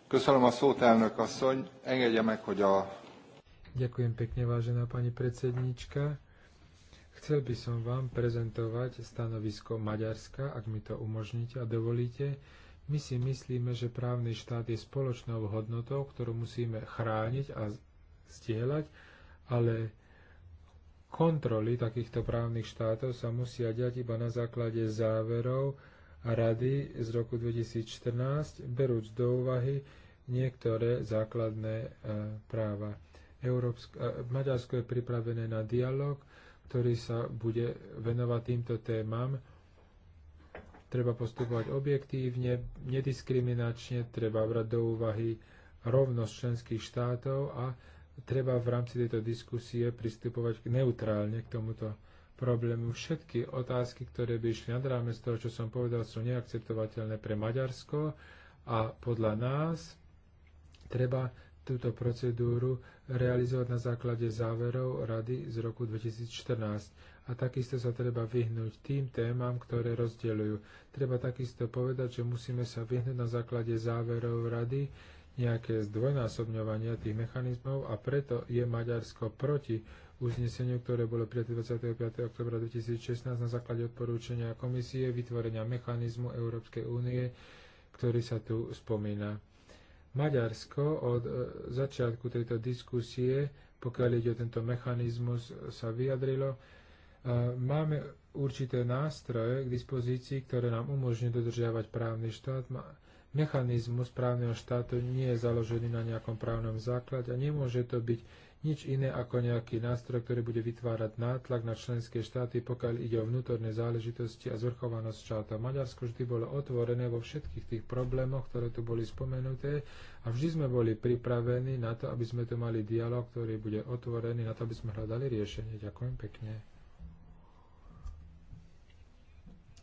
Köszönöm a szót, elnök asszony. Engedje meg, hogy a... Ďakujem pekne, vážená pani predsednička. Chcel by som vám prezentovať stanovisko Maďarska, ak mi to umožníte a dovolíte my si myslíme, že právny štát je spoločnou hodnotou, ktorú musíme chrániť a stieľať, ale kontroly takýchto právnych štátov sa musia diať iba na základe záverov a rady z roku 2014, berúc do úvahy niektoré základné e, práva. Európsk- e, Maďarsko je pripravené na dialog, ktorý sa bude venovať týmto témam Treba postupovať objektívne, nediskriminačne, treba brať do úvahy rovnosť členských štátov a treba v rámci tejto diskusie pristupovať neutrálne k tomuto problému. Všetky otázky, ktoré by išli nad rámec toho, čo som povedal, sú neakceptovateľné pre Maďarsko a podľa nás treba túto procedúru realizovať na základe záverov Rady z roku 2014 a takisto sa treba vyhnúť tým témam, ktoré rozdeľujú. Treba takisto povedať, že musíme sa vyhnúť na základe záverov rady nejaké zdvojnásobňovania tých mechanizmov a preto je Maďarsko proti uzneseniu, ktoré bolo prijaté 25. oktobra 2016 na základe odporúčania komisie vytvorenia mechanizmu Európskej únie, ktorý sa tu spomína. Maďarsko od e, začiatku tejto diskusie, pokiaľ ide o tento mechanizmus, sa vyjadrilo, Máme určité nástroje k dispozícii, ktoré nám umožňujú dodržiavať právny štát. Mechanizmus právneho štátu nie je založený na nejakom právnom základe a nemôže to byť nič iné ako nejaký nástroj, ktorý bude vytvárať nátlak na členské štáty, pokiaľ ide o vnútorné záležitosti a zvrchovanosť štáta. Maďarsko vždy bolo otvorené vo všetkých tých problémoch, ktoré tu boli spomenuté a vždy sme boli pripravení na to, aby sme tu mali dialog, ktorý bude otvorený na to, aby sme hľadali riešenie. Ďakujem pekne.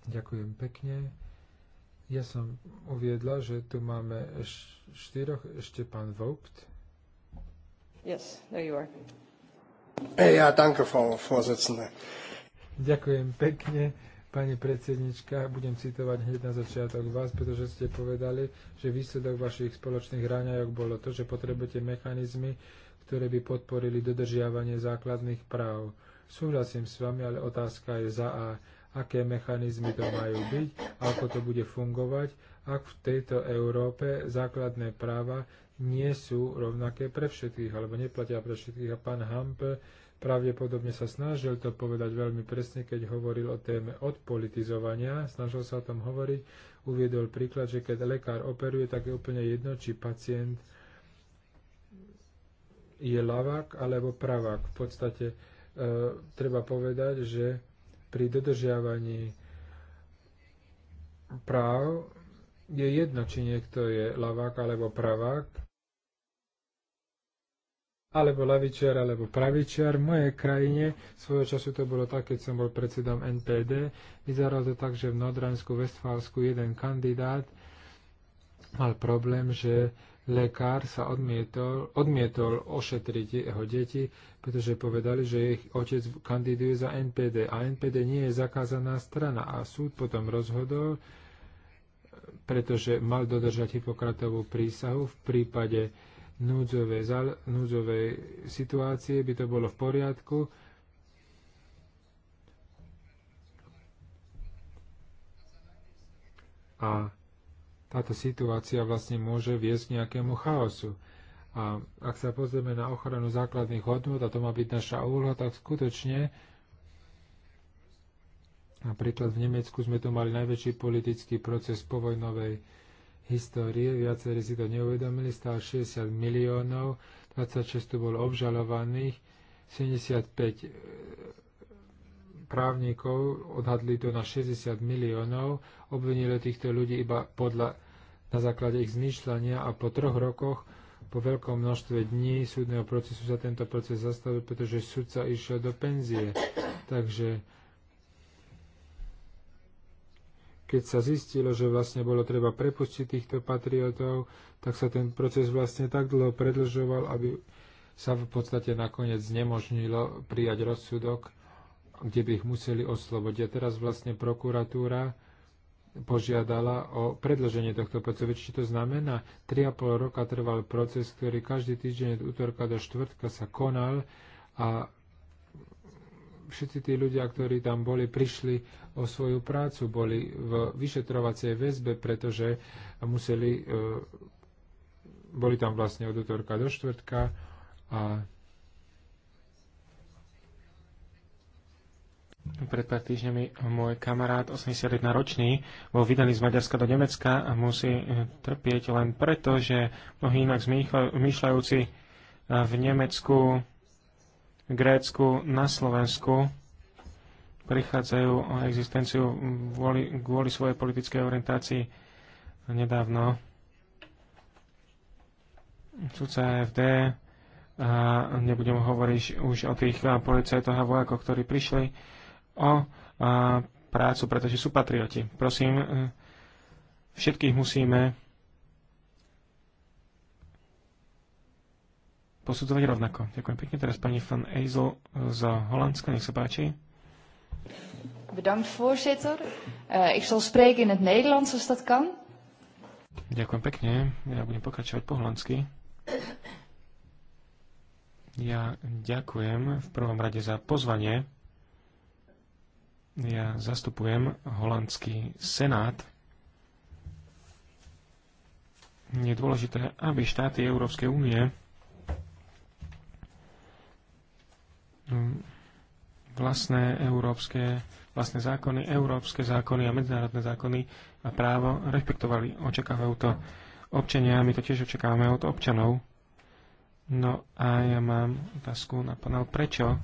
Ďakujem pekne. Ja som uviedla, že tu máme štyroch, ešte pán Vogt. Yes, there you are. Ja, danke, Frau Vorsitzende. Ďakujem pekne, pani predsednička. Budem citovať hneď na začiatok vás, pretože ste povedali, že výsledok vašich spoločných ráňajok bolo to, že potrebujete mechanizmy, ktoré by podporili dodržiavanie základných práv. Súhlasím s vami, ale otázka je za A aké mechanizmy to majú byť, ako to bude fungovať, ak v tejto Európe základné práva nie sú rovnaké pre všetkých, alebo neplatia pre všetkých. A pán Hampe pravdepodobne sa snažil to povedať veľmi presne, keď hovoril o téme odpolitizovania, snažil sa o tom hovoriť, uviedol príklad, že keď lekár operuje, tak je úplne jedno, či pacient je lavák alebo pravák. V podstate e, treba povedať, že pri dodržiavaní práv je jedno, či niekto je lavák alebo pravák, alebo lavičiar alebo pravičiar. V mojej krajine svojho času to bolo tak, keď som bol predsedom NPD. Vyzeralo to tak, že v Nodransku, Westfálsku jeden kandidát mal problém, že lekár sa odmietol, odmietol ošetriť jeho deti, pretože povedali, že ich otec kandiduje za NPD a NPD nie je zakázaná strana a súd potom rozhodol, pretože mal dodržať Hipokratovú prísahu v prípade núdzovej, núdzovej situácie, by to bolo v poriadku, a a tá situácia vlastne môže viesť k nejakému chaosu. A ak sa pozrieme na ochranu základných hodnot, a to má byť naša úloha, tak skutočne Napríklad v Nemecku sme tu mali najväčší politický proces povojnovej histórie, viacerí si to neuvedomili, stále 60 miliónov, 26 tu bolo obžalovaných, 75 e, právnikov odhadli to na 60 miliónov, obvinili týchto ľudí iba podľa na základe ich zmýšľania a po troch rokoch, po veľkom množstve dní súdneho procesu sa tento proces zastavil, pretože sudca išiel do penzie. Takže keď sa zistilo, že vlastne bolo treba prepustiť týchto patriotov, tak sa ten proces vlastne tak dlho predlžoval, aby sa v podstate nakoniec znemožnilo prijať rozsudok, kde by ich museli oslobodiť. A teraz vlastne prokuratúra požiadala o predloženie tohto procesu. Či to znamená, 3,5 roka trval proces, ktorý každý týždeň od útorka do štvrtka sa konal a všetci tí ľudia, ktorí tam boli, prišli o svoju prácu, boli v vyšetrovacej väzbe, pretože museli, e, boli tam vlastne od útorka do štvrtka a Pred pár týždňami môj kamarát, 81-ročný, bol vydaný z Maďarska do Nemecka a musí eh, trpieť len preto, že mnohí inak zmýšľajúci eh, v Nemecku, Grécku, na Slovensku prichádzajú o existenciu kvôli, kvôli svojej politickej orientácii nedávno. Sudca AFD a nebudem hovoriť už o tých eh, policajtoch a vojakoch, ktorí prišli o prácu, pretože sú patrioti. Prosím, e, všetkých musíme posudzovať rovnako. Ďakujem pekne. Teraz pani van Ezel z Holandska, nech sa páči. Bedankt, voorzitter. Uh, ik zal spreken in het Nederlands, als dat kan. Ďakujem pekne. Ja budem pokračovať po holandsky. Ja ďakujem v prvom rade za pozvanie ja zastupujem holandský senát. Je dôležité, aby štáty Európskej únie mm, vlastné európske, vlastné zákony, európske zákony a medzinárodné zákony a právo rešpektovali. Očakávajú to občania, my to tiež očakávame od občanov. No a ja mám otázku na panel, prečo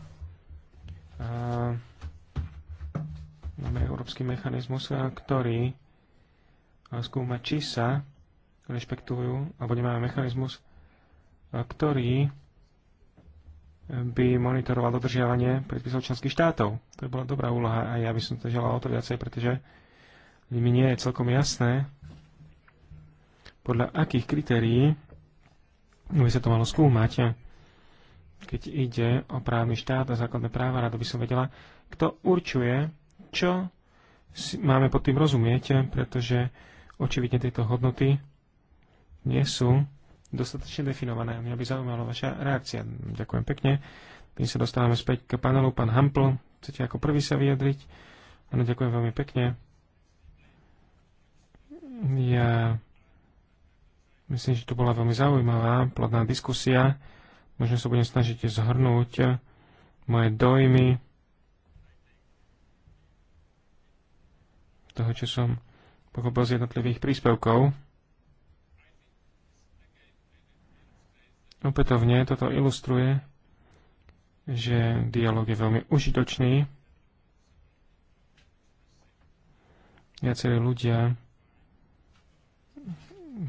a Máme európsky mechanizmus, eh, ktorý eh, skúma, či sa rešpektujú, alebo nemáme mechanizmus, eh, ktorý by monitoroval dodržiavanie predpisov členských štátov. To by bola dobrá úloha a ja by som to želal o to viacej, pretože mi nie je celkom jasné, podľa akých kritérií by sa to malo skúmať. Keď ide o právny štát a základné práva, rada by som vedela, kto určuje, čo máme pod tým rozumieť, pretože očividne tieto hodnoty nie sú dostatočne definované. Mňa by zaujímala vaša reakcia. Ďakujem pekne. Tým sa dostávame späť k panelu. Pán Hampl, chcete ako prvý sa vyjadriť? Áno, ďakujem veľmi pekne. Ja myslím, že to bola veľmi zaujímavá, plodná diskusia. Možno sa budem snažiť zhrnúť moje dojmy toho, čo som pochopil z jednotlivých príspevkov. Opätovne toto ilustruje, že dialog je veľmi užitočný. Viacerí ľudia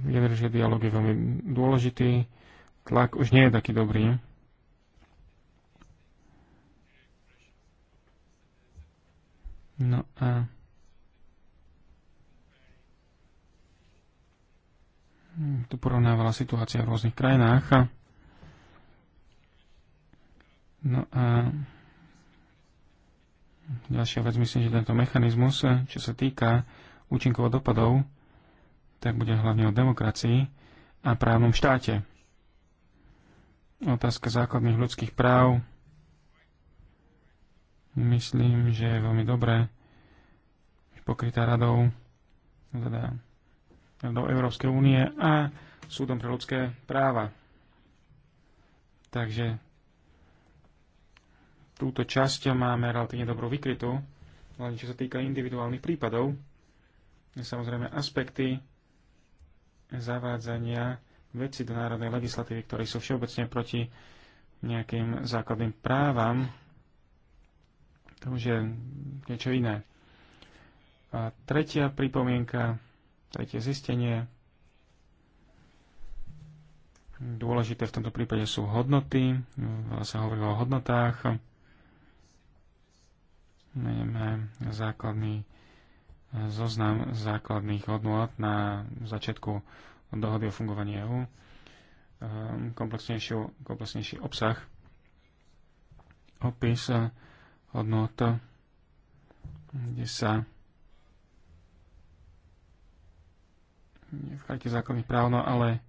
vedeli, že dialog je veľmi dôležitý. Tlak už nie je taký dobrý. No a Hm, tu porovnávala situácia v rôznych krajinách. No a ďalšia vec, myslím, že tento mechanizmus, čo sa týka účinkov dopadov, tak bude hlavne o demokracii a právnom štáte. Otázka základných ľudských práv. Myslím, že je veľmi dobré pokrytá radou, teda do Európskej únie a súdom pre ľudské práva. Takže túto časť máme relatívne dobrú vykrytú, hlavne čo sa týka individuálnych prípadov. Samozrejme aspekty zavádzania veci do národnej legislatívy, ktoré sú všeobecne proti nejakým základným právam, to už je niečo iné. A tretia pripomienka Tretie zistenie. Dôležité v tomto prípade sú hodnoty. Veľa sa hovorilo o hodnotách. Meníme základný zoznam základných hodnot na začiatku dohody o fungovaní EU. Ehm, komplexnejší obsah opis hodnot, kde sa v charte zákonných práv, no ale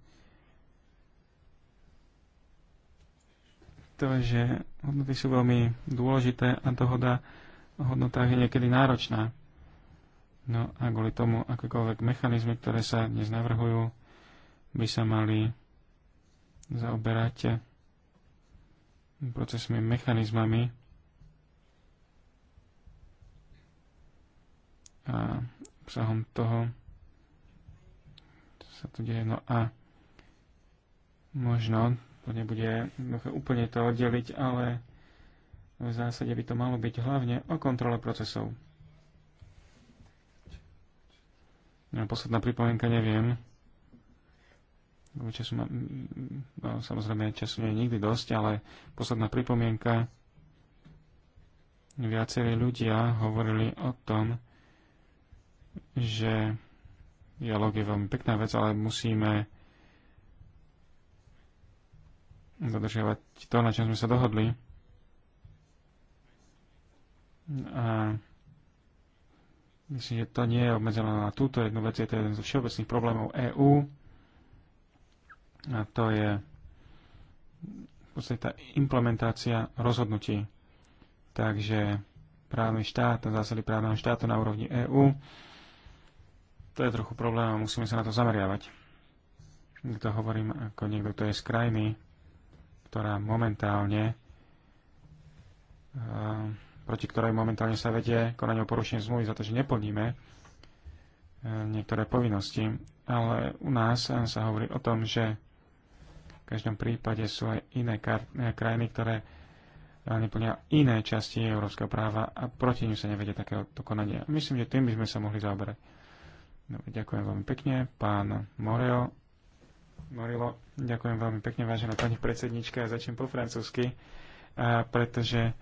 to, že hodnoty sú veľmi dôležité a dohoda o hodnotách je niekedy náročná. No a kvôli tomu akékoľvek mechanizmy, ktoré sa dnes navrhujú, by sa mali zaoberať procesmi, mechanizmami a obsahom toho, sa tu deje. No a možno to nebude úplne to oddeliť, ale v zásade by to malo byť hlavne o kontrole procesov. No, posledná pripomienka, neviem. Času ma, no, samozrejme, času nie je nikdy dosť, ale posledná pripomienka. Viacerí ľudia hovorili o tom, že Dialóg je veľmi pekná vec, ale musíme dodržiavať to, na čom sme sa dohodli. A myslím, že to nie je obmedzené na túto jednu vec, je to jeden zo všeobecných problémov EÚ. A to je v podstate tá implementácia rozhodnutí. Takže právny štát, zásady právneho štátu na úrovni EÚ to je trochu problém a musíme sa na to zameriavať. To hovorím ako niekto, kto je z krajiny, ktorá momentálne eh, proti ktorej momentálne sa vedie konanie o porušení zmluvy za to, že neplníme eh, niektoré povinnosti. Ale u nás sa hovorí o tom, že v každom prípade sú aj iné eh, krajiny, ktoré neplnia iné časti európskeho práva a proti ňu sa nevedie takéto konanie. Myslím, že tým by sme sa mohli zaoberať. Dobre, ďakujem veľmi pekne, pán Morio, Morilo, ďakujem veľmi pekne, vážená pani predsednička. Ja začnem po francúzsky, pretože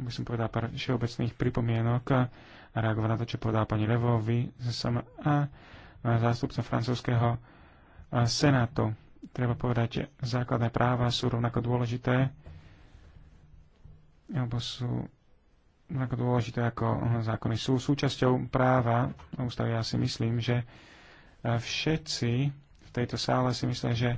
by som povedal pár všeobecných pripomienok a reagovať na to, čo povedala pani Levovi som a zástupca francúzského senátu. Treba povedať, že základné práva sú rovnako dôležité, alebo sú ako dôležité ako zákony sú súčasťou práva ústavy. Ja si myslím, že eh, všetci v tejto sále si myslia, že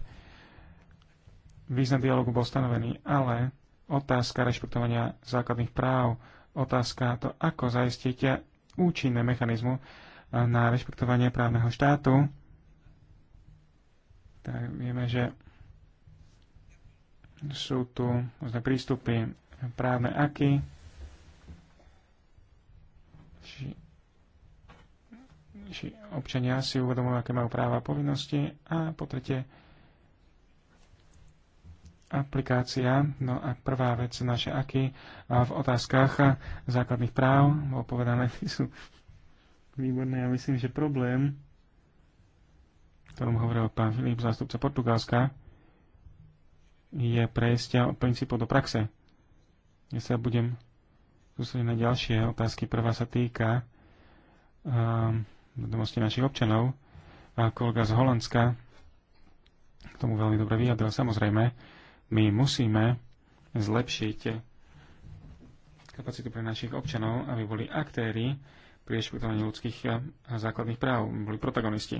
význam dialogu bol stanovený, ale otázka rešpektovania základných práv, otázka to, ako zaistíte účinné mechanizmu eh, na rešpektovanie právneho štátu, tak vieme, že sú tu rôzne prístupy právne aky, či, či občania si uvedomujú, aké majú práva a povinnosti. A po tretie, aplikácia, no a prvá vec naše aký a v otázkach základných práv, bolo povedané, sú výborné. Ja myslím, že problém, ktorom hovoril pán Filip, zástupca Portugalska, je prejsť od princípov do praxe. Ja sa budem sústredím ďalšie otázky. Prvá sa týka ehm, vedomosti našich občanov. A kolega z Holandska k tomu veľmi dobre vyjadril. Samozrejme, my musíme zlepšiť kapacitu pre našich občanov, aby boli aktéri pri rešpektovaní ľudských ehm, a základných práv, boli protagonisti.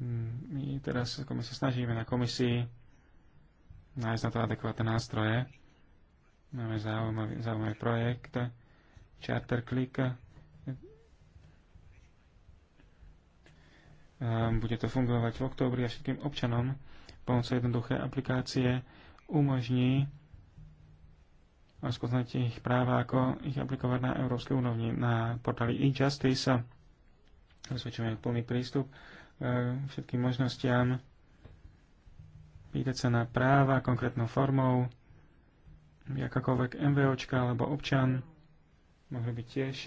Hmm, my teraz ako my sa snažíme na komisii nájsť na to adekvátne nástroje. Máme zaujímavý, zaujímavý projekt Charter Click. Ehm, bude to fungovať v októbri a všetkým občanom pomocou jednoduché aplikácie umožní rozpoznať ich práva, ako ich aplikovať na európskej úrovni. Na portáli e-justice plný prístup ehm, všetkým možnostiam pýtať sa na práva konkrétnou formou, akákoľvek MVOčka alebo občan, mohli byť tiež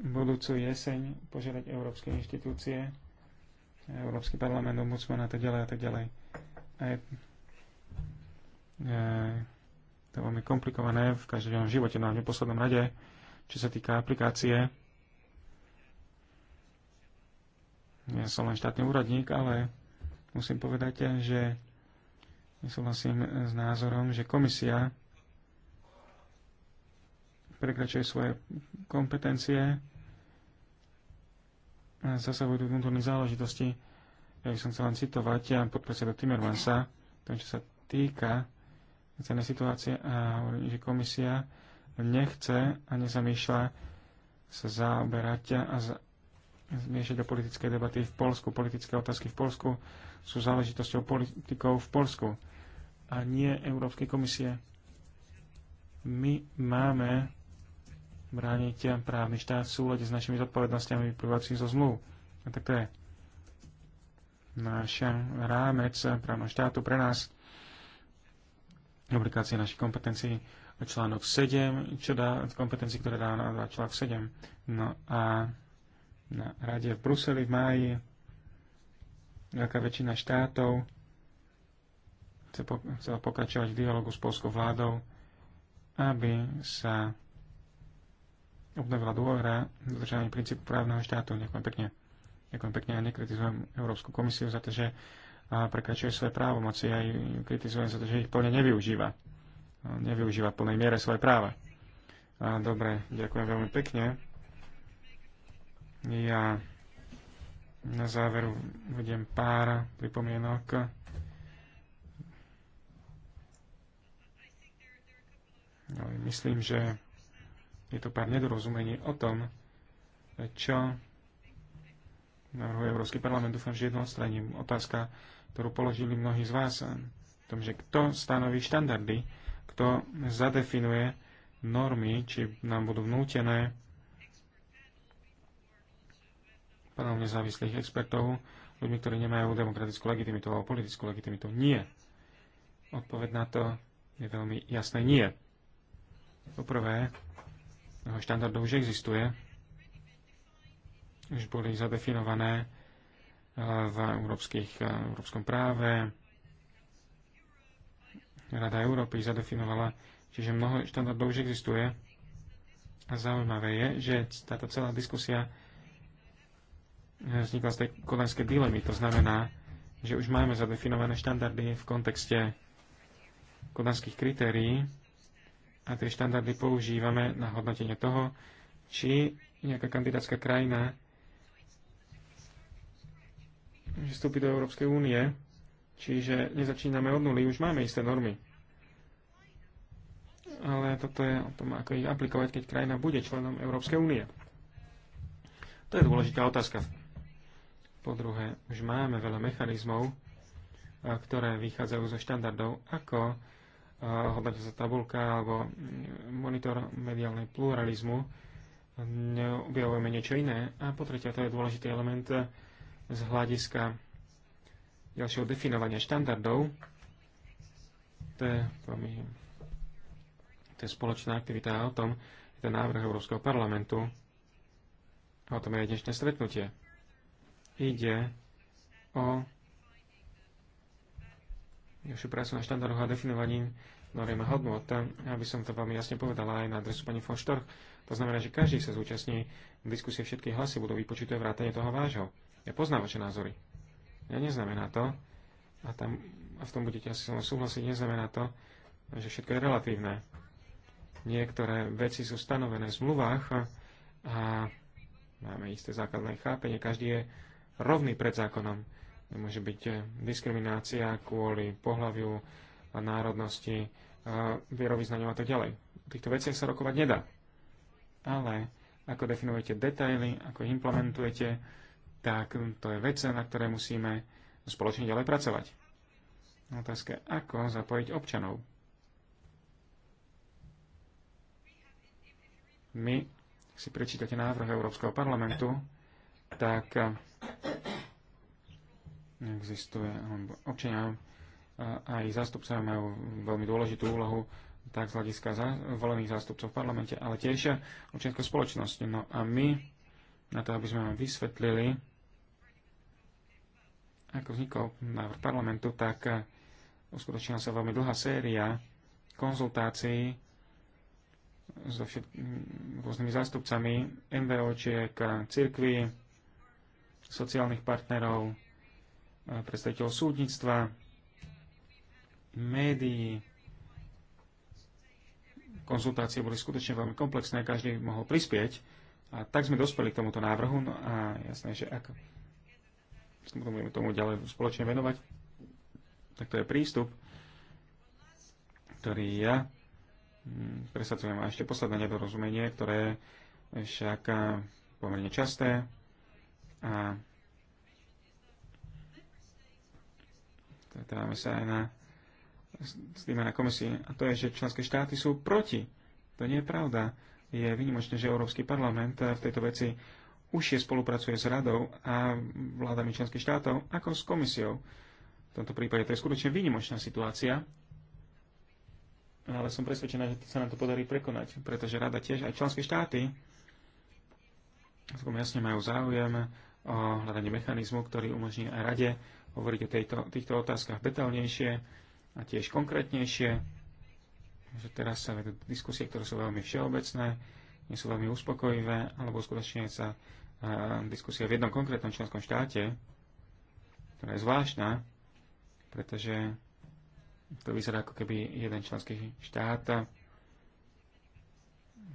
budúcu jeseň požiadať európske inštitúcie, Európsky parlament, ombudsman a tak ďalej a tak ďalej. A je, e, je to veľmi komplikované v každom živote, na no neposlednom rade, čo sa týka aplikácie. Ja som len štátny úradník, ale musím povedať, že nesúhlasím s názorom, že komisia prekračuje svoje kompetencie a zasahujú do vnútorných záležitosti. Ja by som chcel len citovať ja podpredseda Timmermansa, tom, čo sa týka cenej situácie a hovorím, že komisia nechce a nezamýšľa sa zaoberať a zmiešať do politické debaty v Polsku, politické otázky v Polsku sú záležitosťou politikov v Polsku a nie Európskej komisie. My máme brániť právny štát v súlade s našimi zodpovednostiami vyplývajúcimi zo zmluv. A tak to je. Náš rámec právneho štátu pre nás publikácie našich kompetencií článok 7, čo dá kompetencii, ktoré dá na článok 7. No a na rade v Bruseli v máji veľká väčšina štátov chcela pokračovať v dialogu s polskou vládou, aby sa obnovila dôvera dodržanie princípu právneho štátu. Ďakujem pekne. Ďakujem pekne a nekritizujem Európsku komisiu za to, že prekračuje svoje právomoci a ju kritizujem za to, že ich plne nevyužíva. Nevyužíva v plnej miere svoje práva. Dobre, ďakujem veľmi pekne. Ja na záver uvediem pár pripomienok. No, myslím, že je to pár nedorozumení o tom, čo navrhuje Európsky parlament. Dúfam, že jednu odstraním otázka, ktorú položili mnohí z vás, v tom, že kto stanoví štandardy, kto zadefinuje normy, či nám budú vnútené, panel nezávislých expertov, ľuďmi, ktorí nemajú demokratickú legitimitu alebo politickú legitimitu. Nie. Odpoved na to je veľmi jasné nie. Poprvé, jeho štandard už existuje, už boli zadefinované eh, v európskych, eh, európskom práve. Rada Európy zadefinovala, čiže mnoho štandardov už existuje. A zaujímavé je, že táto celá diskusia vznikla z tej kodanskej dilemy. To znamená, že už máme zadefinované štandardy v kontexte kodanských kritérií a tie štandardy používame na hodnotenie toho, či nejaká kandidátska krajina že vstúpi do Európskej únie, čiže nezačíname od nuly, už máme isté normy. Ale toto je o tom, ako ich aplikovať, keď krajina bude členom Európskej únie. To je dôležitá otázka. Po druhé, už máme veľa mechanizmov, ktoré vychádzajú zo štandardov, ako hodnotia sa tabulka alebo monitor mediálnej pluralizmu. Neobjavujeme niečo iné. A po tretie, to je dôležitý element z hľadiska ďalšieho definovania štandardov. To je, to je spoločná aktivita o tom, je to návrh Európskeho parlamentu. O tom je dnešné stretnutie ide o našu prácu na štandardoch a definovaní noriem a hodnot. Aby som to veľmi jasne povedala aj na adresu pani von Štorch, to znamená, že každý sa zúčastní v diskusie všetky hlasy budú vypočuté vrátanie toho vášho. Ja poznám vaše názory. Ja neznamená to, a, tam, a v tom budete asi so súhlasiť, neznamená to, že všetko je relatívne. Niektoré veci sú stanovené v zmluvách a, a máme isté základné chápenie. Každý je rovný pred zákonom. Nemôže byť eh, diskriminácia kvôli pohľaviu, národnosti, eh, vierovýznaniu a tak ďalej. O týchto veciach sa rokovať nedá. Ale ako definujete detaily, ako ich implementujete, tak to je vec, na ktoré musíme spoločne ďalej pracovať. Otázka, ako zapojiť občanov. My si prečítate návrh Európskeho parlamentu, tak eh, existuje, občania aj zástupcov majú veľmi dôležitú úlohu tak z hľadiska volených zástupcov v parlamente, ale tiež občianská spoločnosť. No a my, na to, aby sme vám vysvetlili, ako vznikol návrh parlamentu, tak e, uskutočnila sa veľmi dlhá séria konzultácií so všet... rôznymi zástupcami MVOčiek, cirkvi, sociálnych partnerov, predstaviteľov súdnictva, médií. Konzultácie boli skutočne veľmi komplexné, každý mohol prispieť. A tak sme dospeli k tomuto návrhu. No a jasné, že ak budeme tomu ďalej spoločne venovať, tak to je prístup, ktorý ja hm, presadzujem. A ešte posledné nedorozumenie, ktoré však eh, pomerne časté a trávame sa aj na, s tým aj na komisii, a to je, že členské štáty sú proti. To nie je pravda. Je vynimočné, že Európsky parlament v tejto veci užšie spolupracuje s radou a vládami členských štátov ako s komisiou. V tomto prípade to je skutočne výnimočná situácia, ale som presvedčená, že sa nám to podarí prekonať, pretože rada tiež aj členské štáty jasne majú záujem o hľadanie mechanizmu, ktorý umožní aj rade hovoriť o tejto, týchto otázkach detaľnejšie a tiež konkrétnejšie. Že teraz sa vedú diskusie, ktoré sú veľmi všeobecné, nie sú veľmi uspokojivé, alebo skutočne sa e, diskusia v jednom konkrétnom členskom štáte, ktorá je zvláštna, pretože to vyzerá ako keby jeden členský štát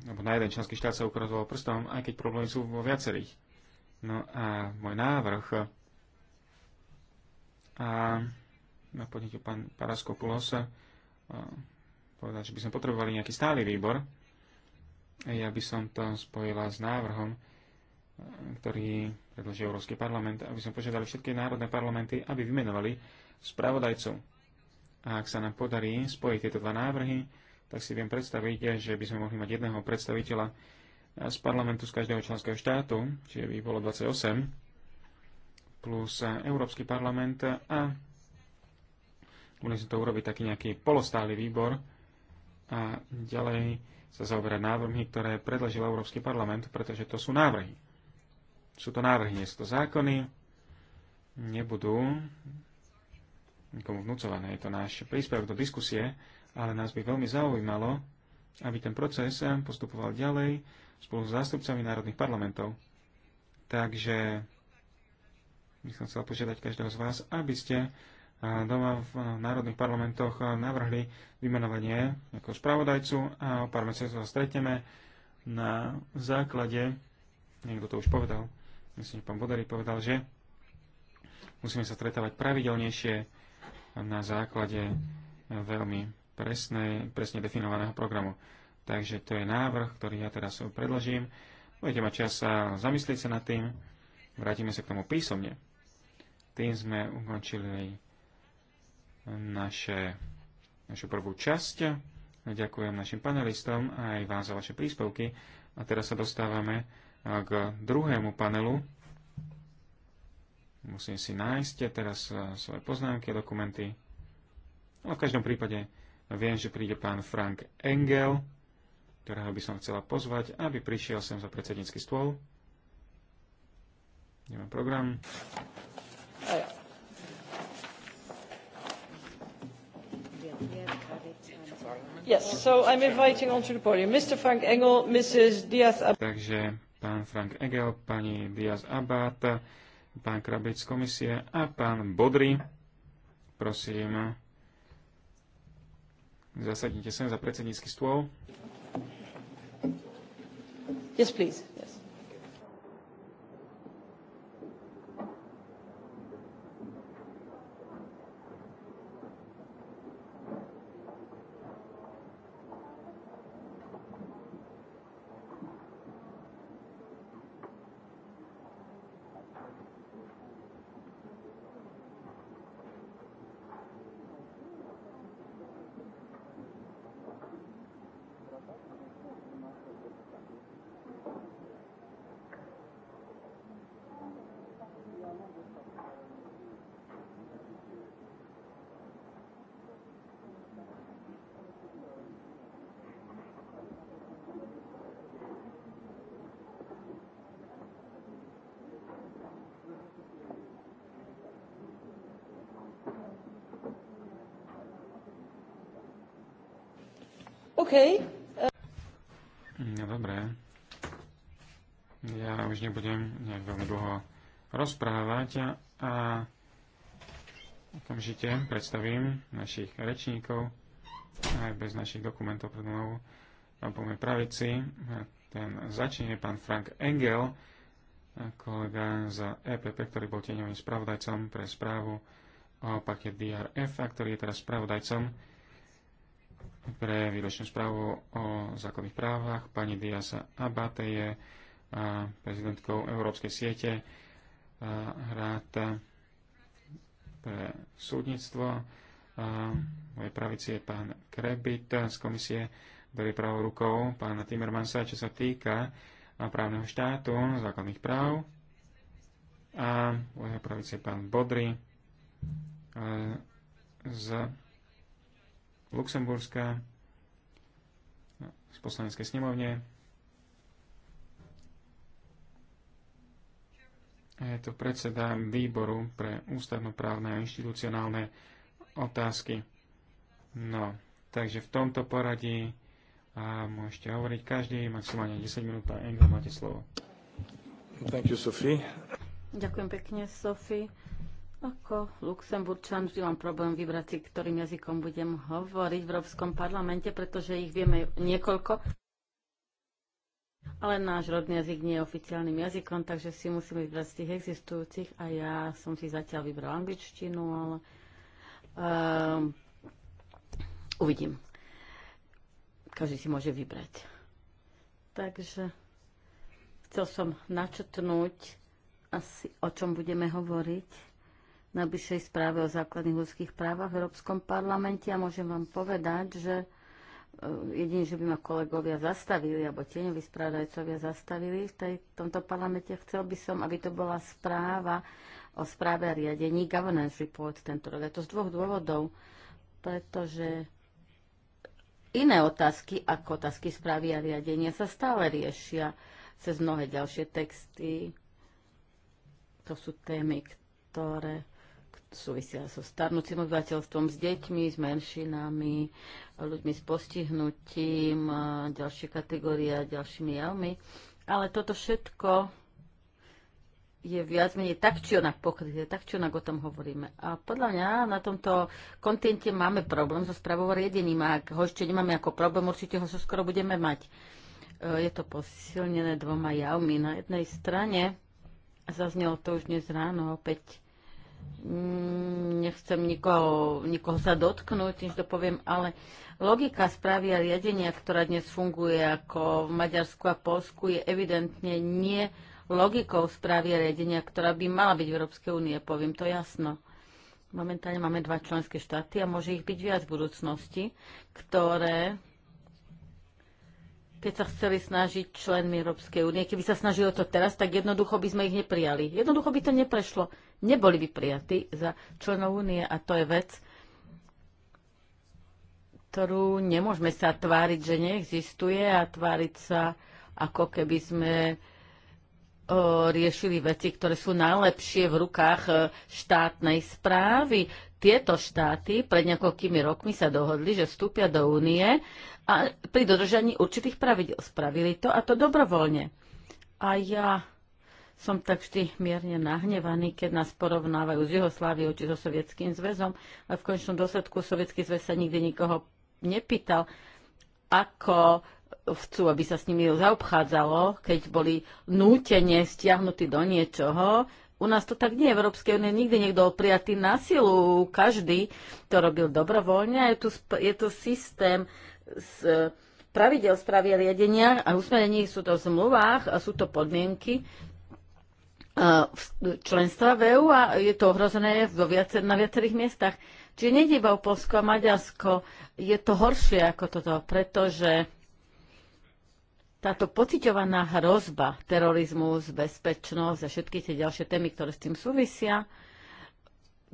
alebo na jeden členský štát sa ukazoval prstom, aj keď problémy sú vo viacerých. No a môj návrh a na podnetie pán Paraskopulos povedal, že by sme potrebovali nejaký stály výbor. Ja by som to spojila s návrhom, ktorý predloží Európsky parlament, aby sme požiadali všetky národné parlamenty, aby vymenovali spravodajcov. A ak sa nám podarí spojiť tieto dva návrhy, tak si viem predstaviť, že by sme mohli mať jedného predstaviteľa z parlamentu z každého členského štátu, čiže by bolo 28 plus Európsky parlament a budeme si to urobiť taký nejaký polostály výbor a ďalej sa zaoberať návrhmi, ktoré predložil Európsky parlament, pretože to sú návrhy. Sú to návrhy, nie sú to zákony, nebudú nikomu vnúcované. Je to náš príspevok do diskusie, ale nás by veľmi zaujímalo, aby ten proces postupoval ďalej spolu s zástupcami národných parlamentov. Takže by som chcel požiadať každého z vás, aby ste doma v národných parlamentoch navrhli vymenovanie ako spravodajcu a o pár mesiacov stretneme na základe, niekto to už povedal, myslím, že pán Bodary povedal, že musíme sa stretávať pravidelnejšie na základe veľmi presnej, presne definovaného programu. Takže to je návrh, ktorý ja teraz predložím. Budete mať čas sa zamyslieť sa nad tým. Vrátime sa k tomu písomne. Tým sme ukončili naše, našu prvú časť. Ďakujem našim panelistom a aj vám za vaše príspevky. A teraz sa dostávame k druhému panelu. Musím si nájsť teraz svoje poznámky a dokumenty. Ale no, v každom prípade viem, že príde pán Frank Engel, ktorého by som chcela pozvať, aby prišiel sem za predsednícky stôl. Nemám program. Voilà. Yes, so I'm inviting onto the podium Mr. Frank Engel, Mrs. Diaz Abad. Takže pán Frank Engel, pani Diaz Abad, pán Krabic z komisie a pán Bodry. Prosím, zasadnite sa za predsednícky stôl. Yes, please. OK. No dobré. Ja už nebudem nejak veľmi dlho rozprávať a okamžite predstavím našich rečníkov aj bez našich dokumentov pred mnou po mojej pravici. Ten začne pán Frank Engel, kolega za EPP, ktorý bol tieňovým spravodajcom pre správu o paket DRF a ktorý je teraz spravodajcom pre výročnú správu o základných právach. Pani Diasa Abate je prezidentkou Európskej siete rád pre súdnictvo. Moje pravici je pán Krebit z komisie, ktorý je pravou rukou pána Timmermansa, čo sa týka právneho štátu, základných práv. A mojej pravici je pán Bodry z Luxemburska no, z poslaneckej snemovne. Je to predseda výboru pre ústavnoprávne a inštitucionálne otázky. No, takže v tomto poradí a môžete hovoriť každý maximálne 10 minút pán Engel máte slovo. Thank you, Sophie. Ďakujem pekne, Sophie. Ako Luxemburčan vždy mám problém vybrať si, ktorým jazykom budem hovoriť v Európskom parlamente, pretože ich vieme niekoľko. Ale náš rodný jazyk nie je oficiálnym jazykom, takže si musíme vybrať z tých existujúcich a ja som si zatiaľ vybral angličtinu, ale um, uvidím. Každý si môže vybrať. Takže chcel som načetnúť asi o čom budeme hovoriť najbližšej správe o základných ľudských právach v Európskom parlamente a môžem vám povedať, že e, jedine, že by ma kolegovia zastavili, alebo tieňoví správdajcovia zastavili v tej, tomto parlamente, chcel by som, aby to bola správa o správe a riadení governance report tento rok. A to z dvoch dôvodov, pretože iné otázky ako otázky správy a riadenia sa stále riešia cez mnohé ďalšie texty. To sú témy, ktoré súvisia so starnúcim obyvateľstvom, s deťmi, s menšinami, ľuďmi s postihnutím, ďalšie kategórie ďalšími javmi. Ale toto všetko je viac menej tak či onak pokryté, tak či onak o tom hovoríme. A podľa mňa na tomto kontinente máme problém so správou riedením a ak ho ešte nemáme ako problém, určite ho so skoro budeme mať. E, je to posilnené dvoma javmi. Na jednej strane, a zaznelo to už dnes ráno opäť, Mm, nechcem nikoho, nikoho sa dotknúť, než to poviem, ale logika správy a riadenia, ktorá dnes funguje ako v Maďarsku a Polsku, je evidentne nie logikou správy a riadenia, ktorá by mala byť v Európskej únie, poviem to jasno. Momentálne máme dva členské štáty a môže ich byť viac v budúcnosti, ktoré keď sa chceli snažiť členmi Európskej únie. Keby sa snažili to teraz, tak jednoducho by sme ich neprijali. Jednoducho by to neprešlo. Neboli by prijatí za členov únie a to je vec, ktorú nemôžeme sa tváriť, že neexistuje a tváriť sa, ako keby sme o, riešili veci, ktoré sú najlepšie v rukách e, štátnej správy. Tieto štáty pred niekoľkými rokmi sa dohodli, že vstúpia do únie a pri dodržaní určitých pravidel. Spravili to a to dobrovoľne. A ja som tak vždy mierne nahnevaný, keď nás porovnávajú s Jugosláviou či so Sovietským zväzom. A v končnom dôsledku Sovietský zväz sa nikdy nikoho nepýtal, ako chcú, aby sa s nimi zaobchádzalo, keď boli nútene stiahnutí do niečoho. U nás to tak nie je. Európskej únie nikdy niekto bol prijatý na silu. Každý to robil dobrovoľne. Je tu, je tu systém z pravidel správy riadenia a usmerení sú to v zmluvách a sú to podmienky eh, členstva v EU a je to ohrozené viacer, na viacerých miestach. Čiže nejde iba o Polsko a Maďarsko, je to horšie ako toto, pretože táto pociťovaná hrozba terorizmus, bezpečnosť a všetky tie ďalšie témy, ktoré s tým súvisia,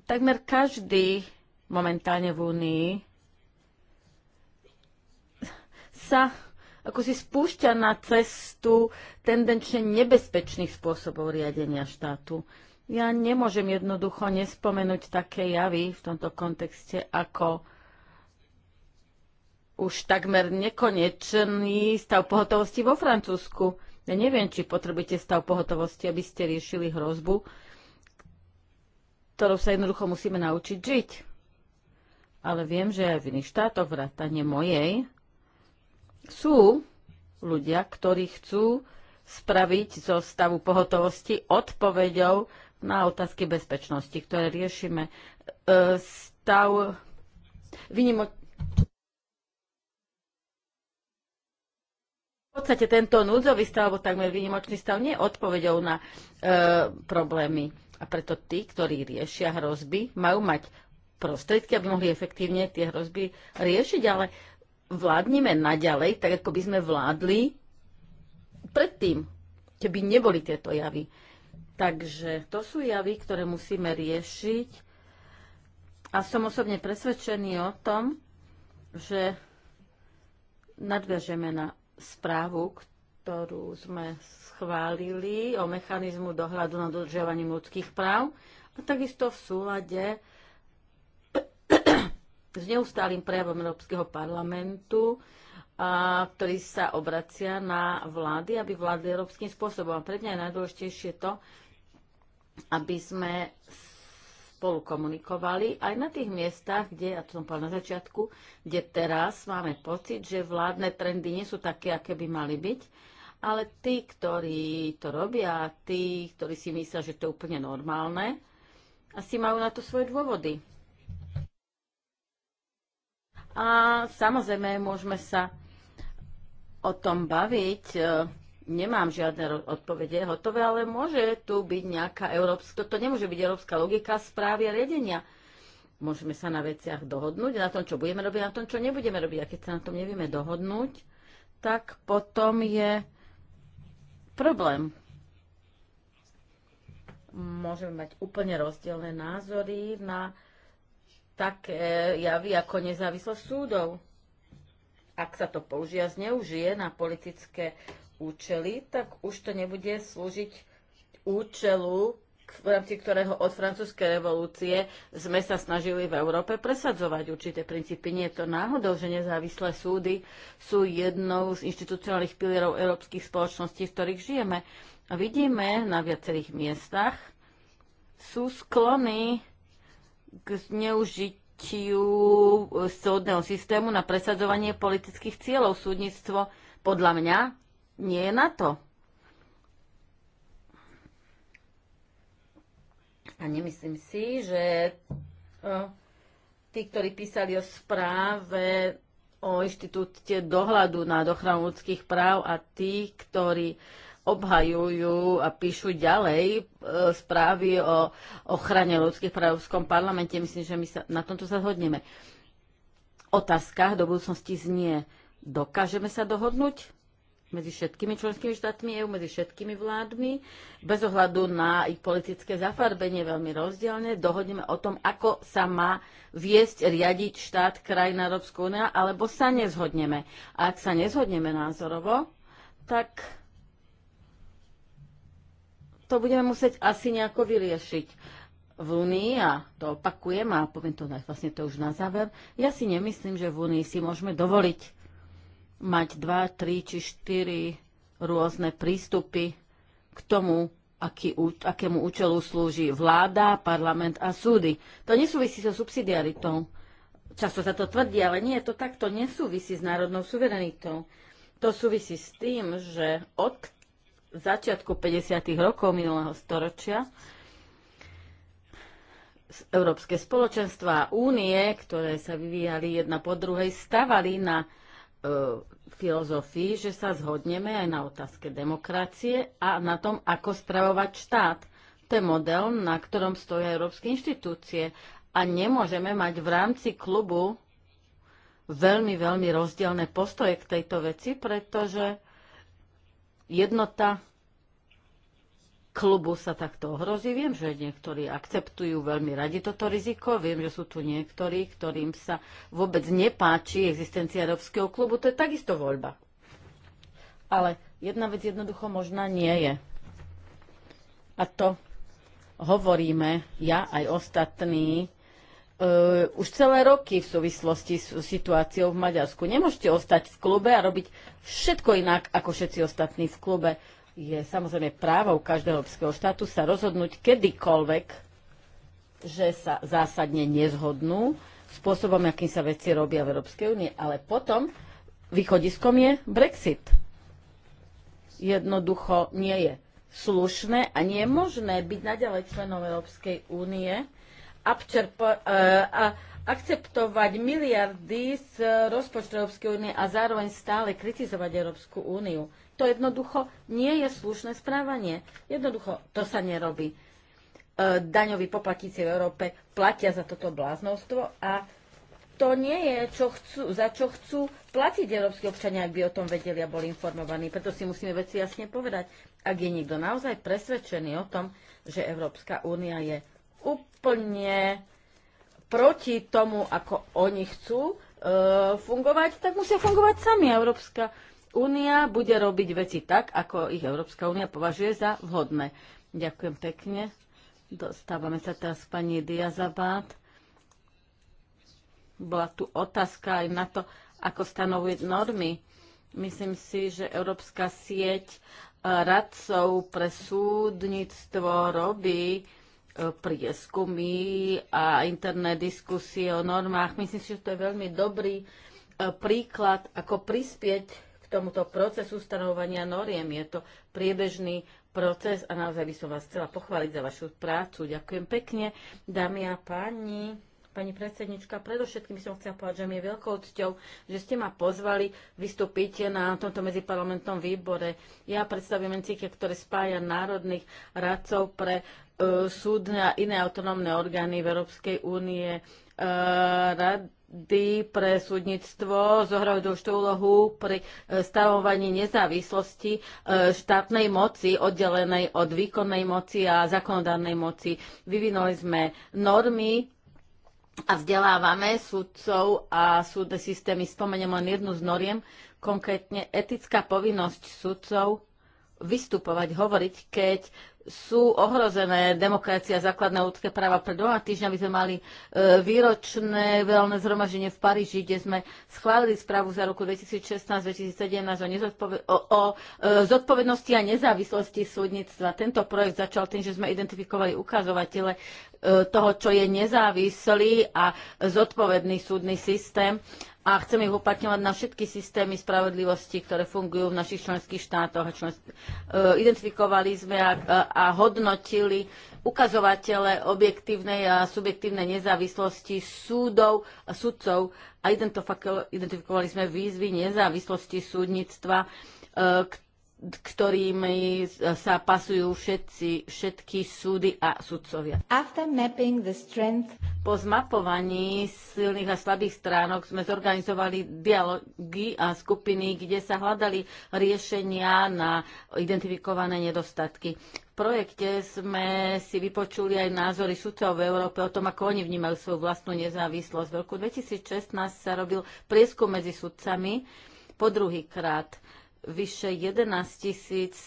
takmer každý momentálne v Únii sa ako si spúšťa na cestu tendenčne nebezpečných spôsobov riadenia štátu. Ja nemôžem jednoducho nespomenúť také javy v tomto kontexte ako už takmer nekonečný stav pohotovosti vo Francúzsku. Ja neviem, či potrebujete stav pohotovosti, aby ste riešili hrozbu, ktorou sa jednoducho musíme naučiť žiť. Ale viem, že aj v iných štátoch, vrátane mojej, sú ľudia, ktorí chcú spraviť zo stavu pohotovosti odpoveďou na otázky bezpečnosti, ktoré riešime. E, stav vynimo... V podstate tento núdzový stav, alebo takmer výnimočný stav, nie je odpovedou na e, problémy. A preto tí, ktorí riešia hrozby, majú mať prostriedky, aby mohli efektívne tie hrozby riešiť, ale vládnime naďalej, tak ako by sme vládli predtým, keby neboli tieto javy. Takže to sú javy, ktoré musíme riešiť a som osobne presvedčený o tom, že nadviažeme na správu, ktorú sme schválili o mechanizmu dohľadu na dodržiavaním ľudských práv a takisto v súlade s neustálým prejavom Európskeho parlamentu, a, ktorý sa obracia na vlády, aby vládli európskym spôsobom. A pre mňa je najdôležitejšie to, aby sme spolu komunikovali aj na tých miestach, kde, a to som povedal na začiatku, kde teraz máme pocit, že vládne trendy nie sú také, aké by mali byť, ale tí, ktorí to robia, tí, ktorí si myslia, že to je úplne normálne, asi majú na to svoje dôvody. A samozrejme, môžeme sa o tom baviť. E, nemám žiadne odpovede hotové, ale môže tu byť nejaká európska, to nemôže byť európska logika správy a riadenia. Môžeme sa na veciach dohodnúť, na tom, čo budeme robiť, na tom, čo nebudeme robiť. A keď sa na tom nevieme dohodnúť, tak potom je problém. Môžeme mať úplne rozdielne názory na tak e, javí ako nezávislosť súdov. Ak sa to použia, zneužije na politické účely, tak už to nebude slúžiť účelu, v rámci ktorého od francúzskej revolúcie sme sa snažili v Európe presadzovať určité princípy. Nie je to náhodou, že nezávislé súdy sú jednou z inštitucionálnych pilierov európskych spoločností, v ktorých žijeme. A vidíme na viacerých miestach sú sklony k zneužitiu eh, súdneho systému na presadzovanie politických cieľov. Súdnictvo podľa mňa nie je na to. A nemyslím si, že eh, tí, ktorí písali o správe o inštitúte dohľadu nad ochranu ľudských práv a tí, ktorí obhajujú a píšu ďalej e, správy o ochrane ľudských práv v Európskom parlamente. Myslím, že my sa na tomto sa zhodneme. Otázka do budúcnosti znie, dokážeme sa dohodnúť medzi všetkými členskými štátmi EU, medzi všetkými vládmi, bez ohľadu na ich politické zafarbenie veľmi rozdielne, dohodneme o tom, ako sa má viesť, riadiť štát krajina Európskej únia, alebo sa nezhodneme. A ak sa nezhodneme názorovo, tak to budeme musieť asi nejako vyriešiť v Únii, a to opakujem a poviem to vlastne to už na záver, ja si nemyslím, že v Únii si môžeme dovoliť mať dva, tri či štyri rôzne prístupy k tomu, aký, akému účelu slúži vláda, parlament a súdy. To nesúvisí so subsidiaritou. Často sa to tvrdí, ale nie, to takto nesúvisí s národnou suverenitou. To súvisí s tým, že od začiatku 50. rokov minulého storočia európske spoločenstva a únie, ktoré sa vyvíjali jedna po druhej, stavali na e, filozofii, že sa zhodneme aj na otázke demokracie a na tom, ako spravovať štát. To je model, na ktorom stojí európske inštitúcie a nemôžeme mať v rámci klubu veľmi, veľmi rozdielne postoje k tejto veci, pretože jednota klubu sa takto ohrozí. Viem, že niektorí akceptujú veľmi radi toto riziko. Viem, že sú tu niektorí, ktorým sa vôbec nepáči existencia Európskeho klubu. To je takisto voľba. Ale jedna vec jednoducho možná nie je. A to hovoríme ja aj ostatní E, už celé roky v súvislosti s situáciou v Maďarsku. Nemôžete ostať v klube a robiť všetko inak ako všetci ostatní v klube. Je samozrejme právo každého európskeho štátu sa rozhodnúť kedykoľvek, že sa zásadne nezhodnú spôsobom, akým sa veci robia v Európskej únie. Ale potom východiskom je Brexit. Jednoducho nie je slušné a nie je možné byť naďalej členom Európskej únie, E, akceptovať miliardy z rozpočtu Európskej únie a zároveň stále kritizovať Európsku úniu. To jednoducho nie je slušné správanie. Jednoducho to sa nerobí. E, daňoví poplatníci v Európe platia za toto bláznostvo a to nie je, čo chcú, za čo chcú platiť európsky občania, ak by o tom vedeli a boli informovaní. Preto si musíme veci jasne povedať. Ak je niekto naozaj presvedčený o tom, že Európska únia je úplne úplne proti tomu, ako oni chcú e, fungovať, tak musia fungovať sami. Európska únia bude robiť veci tak, ako ich Európska únia považuje za vhodné. Ďakujem pekne. Dostávame sa teraz pani Diazabát. Bola tu otázka aj na to, ako stanovuje normy. Myslím si, že Európska sieť e, radcov pre súdnictvo robí E, prieskumy a interné diskusie o normách. Myslím si, že to je veľmi dobrý e, príklad, ako prispieť k tomuto procesu stanovania noriem. Je to priebežný proces a naozaj by som vás chcela pochváliť za vašu prácu. Ďakujem pekne, dámy a páni. Pani predsednička, predovšetkým som chcela povedať, že mi je veľkou cťou, že ste ma pozvali vystúpiť na tomto medziparlamentnom výbore. Ja predstavujem encyklie, ktoré spája národných radcov pre E, súdne a iné autonómne orgány v Európskej únie. E, rady pre súdnictvo zohrajú dôležitú úlohu pri e, stavovaní nezávislosti štátnej moci, oddelenej od výkonnej moci a zákonodárnej moci. Vyvinuli sme normy a vzdelávame súdcov a súdne systémy. Spomeniem len jednu z noriem, konkrétne etická povinnosť súdcov vystupovať, hovoriť, keď sú ohrozené demokracia, základné ľudské práva. Pred dvoma týždňami sme mali e, výročné veľné zhromaždenie v Paríži, kde sme schválili správu za roku 2016-2017 o, nezodpoved- o, o e, zodpovednosti a nezávislosti súdnictva. Tento projekt začal tým, že sme identifikovali ukazovatele toho, čo je nezávislý a zodpovedný súdny systém a chceme ich uplatňovať na všetky systémy spravodlivosti, ktoré fungujú v našich členských štátoch. E, identifikovali sme a, a hodnotili ukazovatele objektívnej a subjektívnej nezávislosti súdov a sudcov a identifikovali sme výzvy nezávislosti súdnictva, ktoré e, ktorými e, sa pasujú všetci, všetky súdy a sudcovia. After mapping the strength... Po zmapovaní silných a slabých stránok sme zorganizovali dialógy a skupiny, kde sa hľadali riešenia na identifikované nedostatky. V projekte sme si vypočuli aj názory sudcov v Európe o tom, ako oni vnímajú svoju vlastnú nezávislosť. V roku 2016 sa robil prieskum medzi sudcami po druhýkrát Vyše 11 700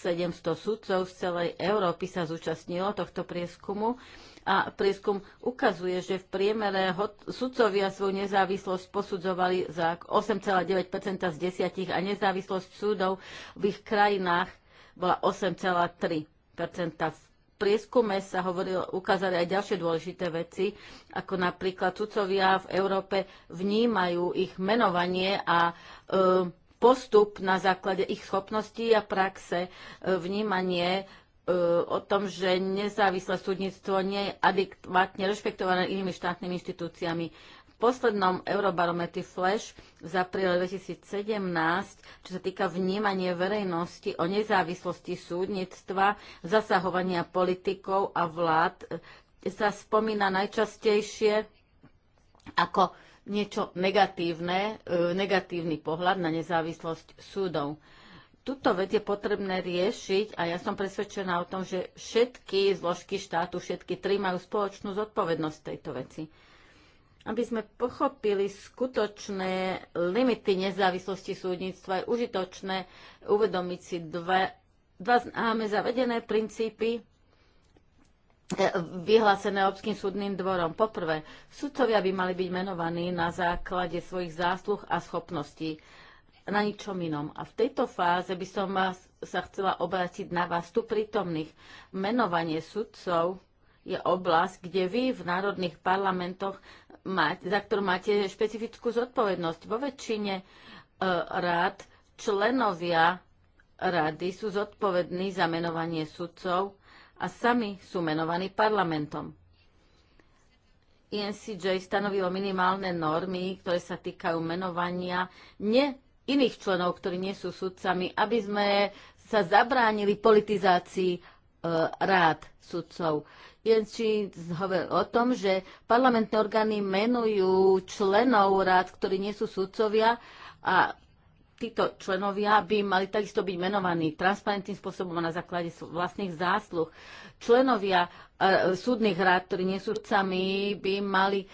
sudcov z celej Európy sa zúčastnilo tohto prieskumu a prieskum ukazuje, že v priemere sudcovia svoju nezávislosť posudzovali za 8,9 z desiatich a nezávislosť súdov v ich krajinách bola 8,3 v prieskume sa hovoril, ukázali aj ďalšie dôležité veci, ako napríklad sudcovia v Európe vnímajú ich menovanie a e, postup na základe ich schopností a praxe, e, vnímanie e, o tom, že nezávislé súdnictvo nie je adekvátne rešpektované inými štátnymi inštitúciami. V poslednom Eurobarometri Flash v apríle 2017, čo sa týka vnímania verejnosti o nezávislosti súdnictva, zasahovania politikov a vlád, e, sa spomína najčastejšie ako niečo negatívne, e, negatívny pohľad na nezávislosť súdov. Tuto vec je potrebné riešiť a ja som presvedčená o tom, že všetky zložky štátu, všetky tri majú spoločnú zodpovednosť tejto veci. Aby sme pochopili skutočné limity nezávislosti súdnictva, je užitočné uvedomiť si dve, dva známe zavedené princípy E, vyhlásené obským súdnym dvorom. Poprvé, sudcovia by mali byť menovaní na základe svojich zásluh a schopností na ničom inom. A v tejto fáze by som sa chcela obrátiť na vás tu prítomných. Menovanie sudcov je oblasť, kde vy v národných parlamentoch, máte, za ktorú máte špecifickú zodpovednosť. Vo väčšine e, rád členovia rady sú zodpovední za menovanie sudcov a sami sú menovaní parlamentom. INCJ stanovilo minimálne normy, ktoré sa týkajú menovania ne iných členov, ktorí nie sú sudcami, aby sme sa zabránili politizácii e, rád sudcov. Jenči hovoril o tom, že parlamentné orgány menujú členov rád, ktorí nie sú sudcovia a títo členovia by mali takisto byť menovaní transparentným spôsobom na základe vlastných zásluh. Členovia e, súdnych rád, ktorí nie sú sudcami, by mali e,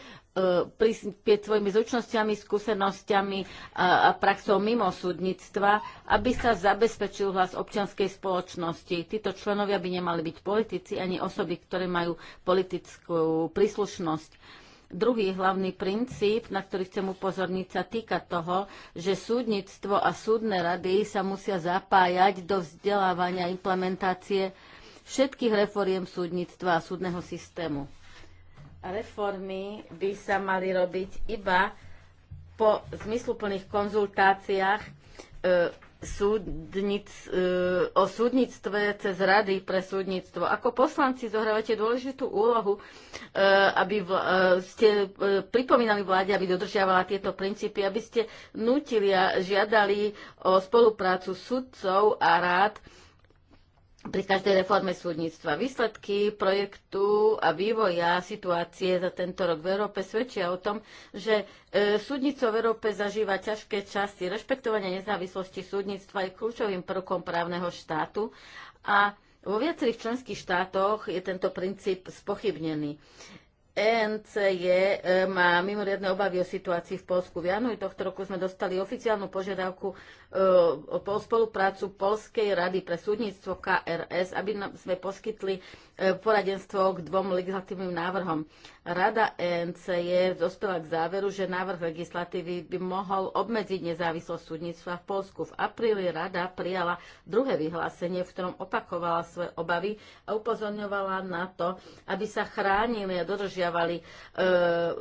prispieť svojimi zručnosťami, skúsenosťami a, a praxou mimo súdnictva, aby sa zabezpečil hlas občianskej spoločnosti. Títo členovia by nemali byť politici ani osoby, ktoré majú politickú príslušnosť Druhý hlavný princíp, na ktorý chcem upozorniť, sa týka toho, že súdnictvo a súdne rady sa musia zapájať do vzdelávania a implementácie všetkých reforiem súdnictva a súdneho systému. Reformy by sa mali robiť iba po zmysluplných konzultáciách e, súdnic, e, o súdnictve cez rady pre súdnictvo. Ako poslanci zohrávate dôležitú úlohu, e, aby e, ste pripomínali vláde, aby dodržiavala tieto princípy, aby ste nutili a žiadali o spoluprácu súdcov a rád pri každej reforme súdnictva. Výsledky projektu a vývoja situácie za tento rok v Európe svedčia o tom, že e, v Európe zažíva ťažké časti. Rešpektovanie nezávislosti súdnictva je kľúčovým prvkom právneho štátu a vo viacerých členských štátoch je tento princíp spochybnený. ENCE e, má mimoriadne obavy o situácii v Polsku. V januári tohto roku sme dostali oficiálnu požiadavku po e, spoluprácu Polskej rady pre súdnictvo KRS, aby sme poskytli e, poradenstvo k dvom legislatívnym návrhom. Rada ENC je dospela k záveru, že návrh legislatívy by mohol obmedziť nezávislosť súdnictva v Polsku. V apríli rada prijala druhé vyhlásenie, v ktorom opakovala svoje obavy a upozorňovala na to, aby sa chránili a dodržiavali, e,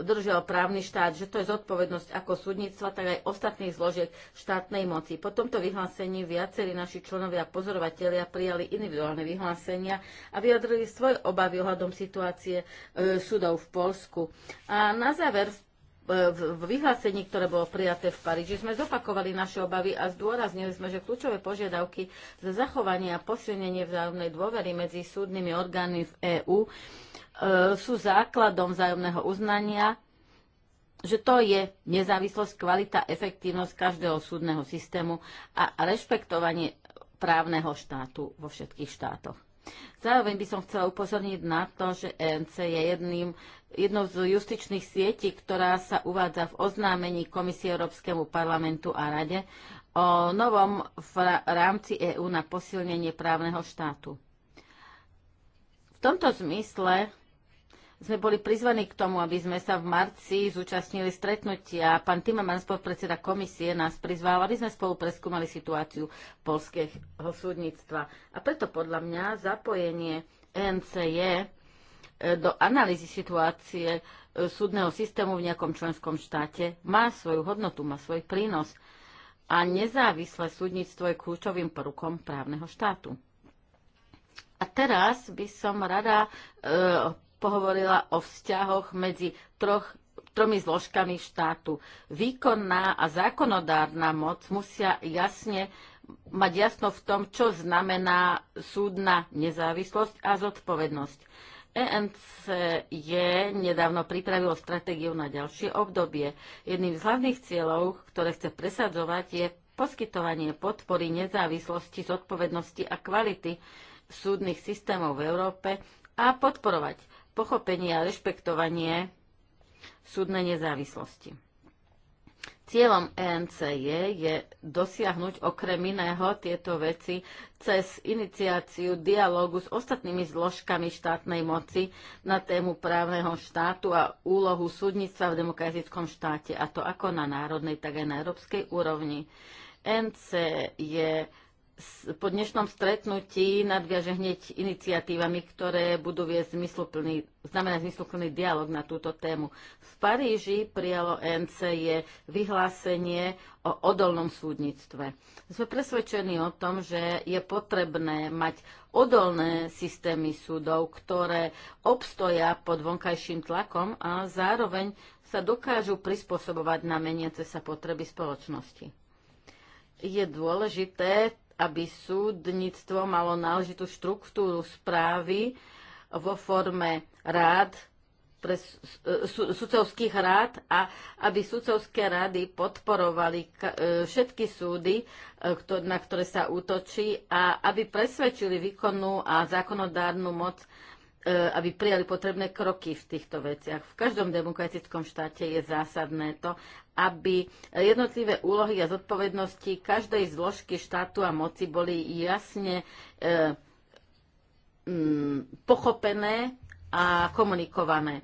dodržiaval právny štát, že to je zodpovednosť ako súdnictva, tak aj ostatných zložiek štátnej moci. Po tomto vyhlásení viacerí naši členovia a pozorovatelia prijali individuálne vyhlásenia a vyjadrili svoje obavy ohľadom situácie e, súdov v Polsku. A na záver e, v vyhlásení, ktoré bolo prijaté v Paríži, sme zopakovali naše obavy a zdôraznili sme, že kľúčové požiadavky za zachovanie a posilnenie vzájomnej dôvery medzi súdnymi orgánmi v EÚ e, sú základom vzájomného uznania že to je nezávislosť, kvalita, efektívnosť každého súdneho systému a rešpektovanie právneho štátu vo všetkých štátoch. Zároveň by som chcela upozorniť na to, že ENC je jedným, jednou z justičných sietí, ktorá sa uvádza v oznámení Komisie Európskemu parlamentu a Rade o novom v rámci EÚ na posilnenie právneho štátu. V tomto zmysle sme boli prizvaní k tomu, aby sme sa v marci zúčastnili stretnutia. Pán Timmermans, podpredseda komisie, nás prizval, aby sme spolu preskúmali situáciu polského súdnictva. A preto podľa mňa zapojenie ENCE do analýzy situácie e, súdneho systému v nejakom členskom štáte má svoju hodnotu, má svoj prínos. A nezávislé súdnictvo je kľúčovým prvkom právneho štátu. A teraz by som rada e, pohovorila o vzťahoch medzi troch, tromi zložkami štátu. Výkonná a zákonodárna moc musia jasne mať jasno v tom, čo znamená súdna nezávislosť a zodpovednosť. ENCE nedávno pripravilo stratégiu na ďalšie obdobie. Jedným z hlavných cieľov, ktoré chce presadzovať, je poskytovanie podpory nezávislosti, zodpovednosti a kvality súdnych systémov v Európe a podporovať pochopenie a rešpektovanie súdnej nezávislosti. Cieľom ENC je, je dosiahnuť okrem iného tieto veci cez iniciáciu dialógu s ostatnými zložkami štátnej moci na tému právneho štátu a úlohu súdnictva v demokratickom štáte, a to ako na národnej, tak aj na európskej úrovni. ENC je po dnešnom stretnutí nadviaže hneď iniciatívami, ktoré budú viesť zmysluplný, znamená zmysluplný dialog na túto tému. V Paríži prijalo je vyhlásenie o odolnom súdnictve. Sme presvedčení o tom, že je potrebné mať odolné systémy súdov, ktoré obstoja pod vonkajším tlakom a zároveň sa dokážu prispôsobovať na meniace sa potreby spoločnosti. Je dôležité aby súdnictvo malo náležitú štruktúru správy vo forme rád, pre sudcovských rád a aby sudcovské rady podporovali e, všetky súdy, e, na ktoré sa útočí a aby presvedčili výkonnú a zákonodárnu moc E, aby prijali potrebné kroky v týchto veciach. V každom demokratickom štáte je zásadné to, aby jednotlivé úlohy a zodpovednosti každej zložky štátu a moci boli jasne e, pochopené a komunikované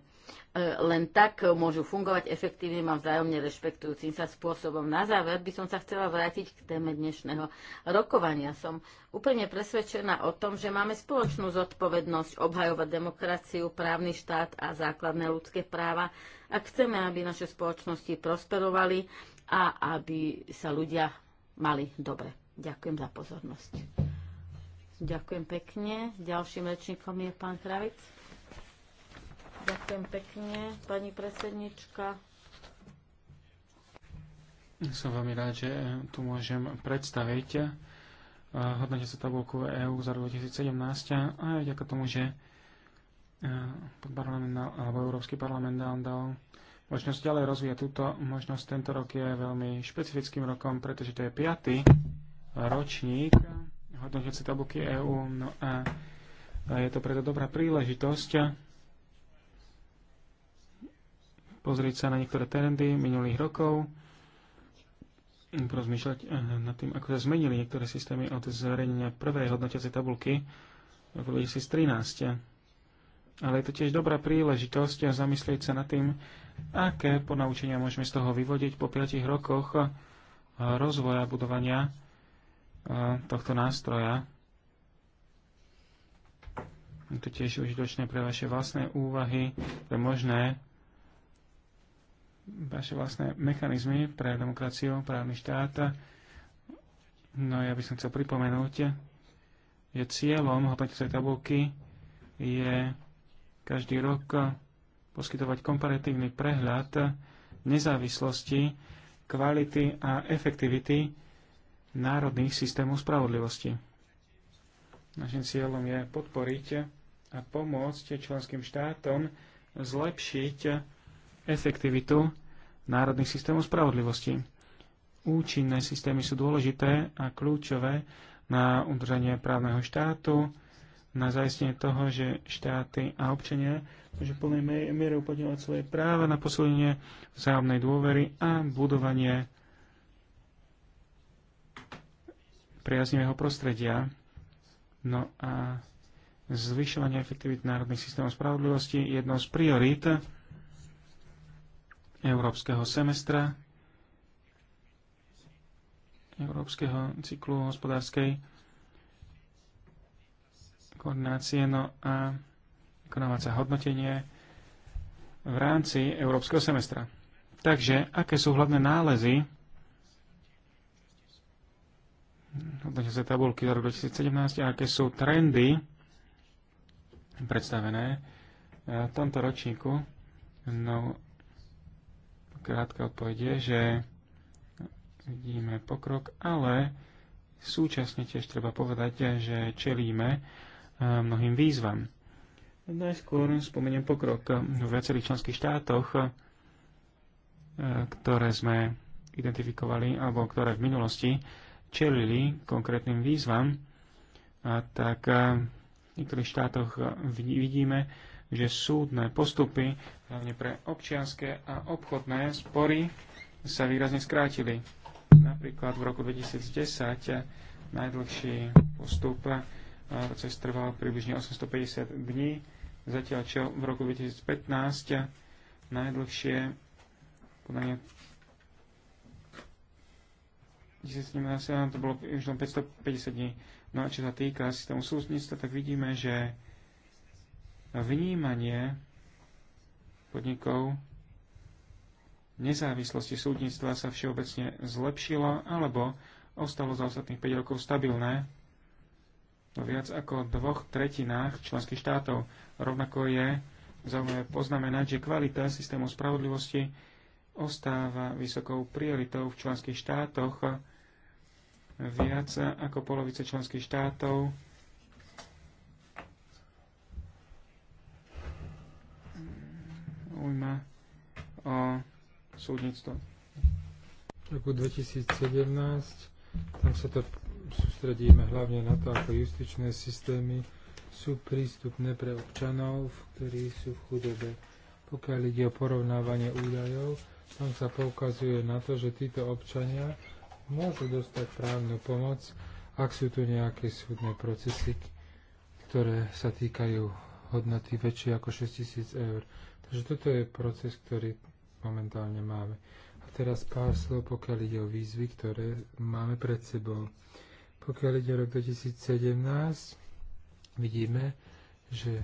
len tak môžu fungovať efektívnym a vzájomne rešpektujúcim sa spôsobom. Na záver by som sa chcela vrátiť k téme dnešného rokovania. Som úplne presvedčená o tom, že máme spoločnú zodpovednosť obhajovať demokraciu, právny štát a základné ľudské práva, ak chceme, aby naše spoločnosti prosperovali a aby sa ľudia mali dobre. Ďakujem za pozornosť. Ďakujem pekne. Ďalším rečníkom je pán Kravic. Ďakujem pekne, pani predsednička. Som veľmi rád, že tu môžem predstaviť eh, hodnotia sa tabulku EÚ za 2017 a aj vďaka tomu, že eh, parlament, alebo Európsky parlament nám dal možnosť ďalej rozvíjať túto možnosť. Tento rok je veľmi špecifickým rokom, pretože to je piaty ročník hodnotiace tabulky EÚ. No a je to preto dobrá príležitosť pozrieť sa na niektoré trendy minulých rokov, rozmýšľať eh, nad tým, ako sa zmenili niektoré systémy od zverejnenia prvej hodnotiacej tabulky v roku 2013. Ale je to tiež dobrá príležitosť a zamyslieť sa nad tým, aké ponaučenia môžeme z toho vyvodiť po 5 rokoch eh, rozvoja budovania eh, tohto nástroja. Je to tiež užitočné pre vaše vlastné úvahy, pre možné vaše vlastné mechanizmy pre demokraciu, právny štát. No ja by som chcel pripomenúť, že cieľom hodnotiacej tabulky je každý rok poskytovať komparatívny prehľad nezávislosti, kvality a efektivity národných systémov spravodlivosti. Našim cieľom je podporiť a pomôcť členským štátom zlepšiť efektivitu národných systémov spravodlivosti. Účinné systémy sú dôležité a kľúčové na udržanie právneho štátu, na zaistenie toho, že štáty a občania môžu plnej miere uplatňovať svoje práva na posilnenie vzájomnej dôvery a budovanie priaznivého prostredia. No a zvyšovanie efektivity národných systémov spravodlivosti je jednou z priorít európskeho semestra, európskeho cyklu hospodárskej koordinácie, no a ekonomáce hodnotenie v rámci európskeho semestra. Takže, aké sú hlavné nálezy sa tabulky za rok 2017 a aké sú trendy predstavené v tomto ročníku. No Krátka odpoveď je, že vidíme pokrok, ale súčasne tiež treba povedať, že čelíme e, mnohým výzvam. Najskôr spomeniem pokrok v viacerých členských štátoch, e, ktoré sme identifikovali alebo ktoré v minulosti čelili konkrétnym výzvam, tak e, v niektorých štátoch vidíme, že súdne postupy hlavne pre občianské a obchodné spory, sa výrazne skrátili. Napríklad v roku 2010 najdlhší postup eh, proces trval približne 850 dní, zatiaľ čo v roku 2015 najdlhšie podanie 2017 to bolo už len 550 dní. No a čo sa týka systému súdnictva, tak vidíme, že vnímanie podnikov. Nezávislosti súdnictva sa všeobecne zlepšilo alebo ostalo za ostatných 5 rokov stabilné vo viac ako dvoch tretinách členských štátov. Rovnako je zaujímavé poznamenať, že kvalita systému spravodlivosti ostáva vysokou prioritou v členských štátoch. Viac ako polovice členských štátov ujme a súdnictvo. V roku 2017 tam sa to sústredíme hlavne na to, ako justičné systémy sú prístupné pre občanov, ktorí sú v chudobe. Pokiaľ ide o porovnávanie údajov, tam sa poukazuje na to, že títo občania môžu dostať právnu pomoc, ak sú tu nejaké súdne procesy, ktoré sa týkajú hodnoty väčšie ako 6000 eur. Takže toto je proces, ktorý momentálne máme. A teraz pár slov, pokiaľ ide o výzvy, ktoré máme pred sebou. Pokiaľ ide o rok 2017, vidíme, že e,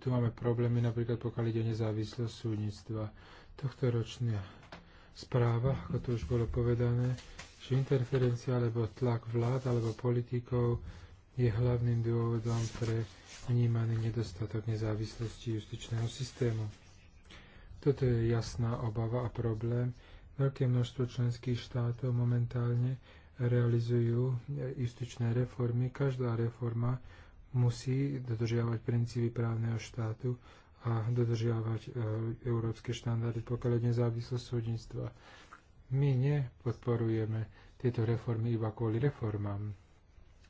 tu máme problémy, napríklad pokiaľ ide o nezávislosť súdnictva. Tohto ročná správa, ako to už bolo povedané, že interferencia alebo tlak vlád alebo politikov je hlavným dôvodom pre vnímaný nedostatok nezávislosti justičného systému. Toto je jasná obava a problém. Veľké množstvo členských štátov momentálne realizujú justičné reformy. Každá reforma musí dodržiavať princípy právneho štátu a dodržiavať e, európske štandardy, pokiaľ je nezávislosť súdnictva. My nepodporujeme tieto reformy iba kvôli reformám.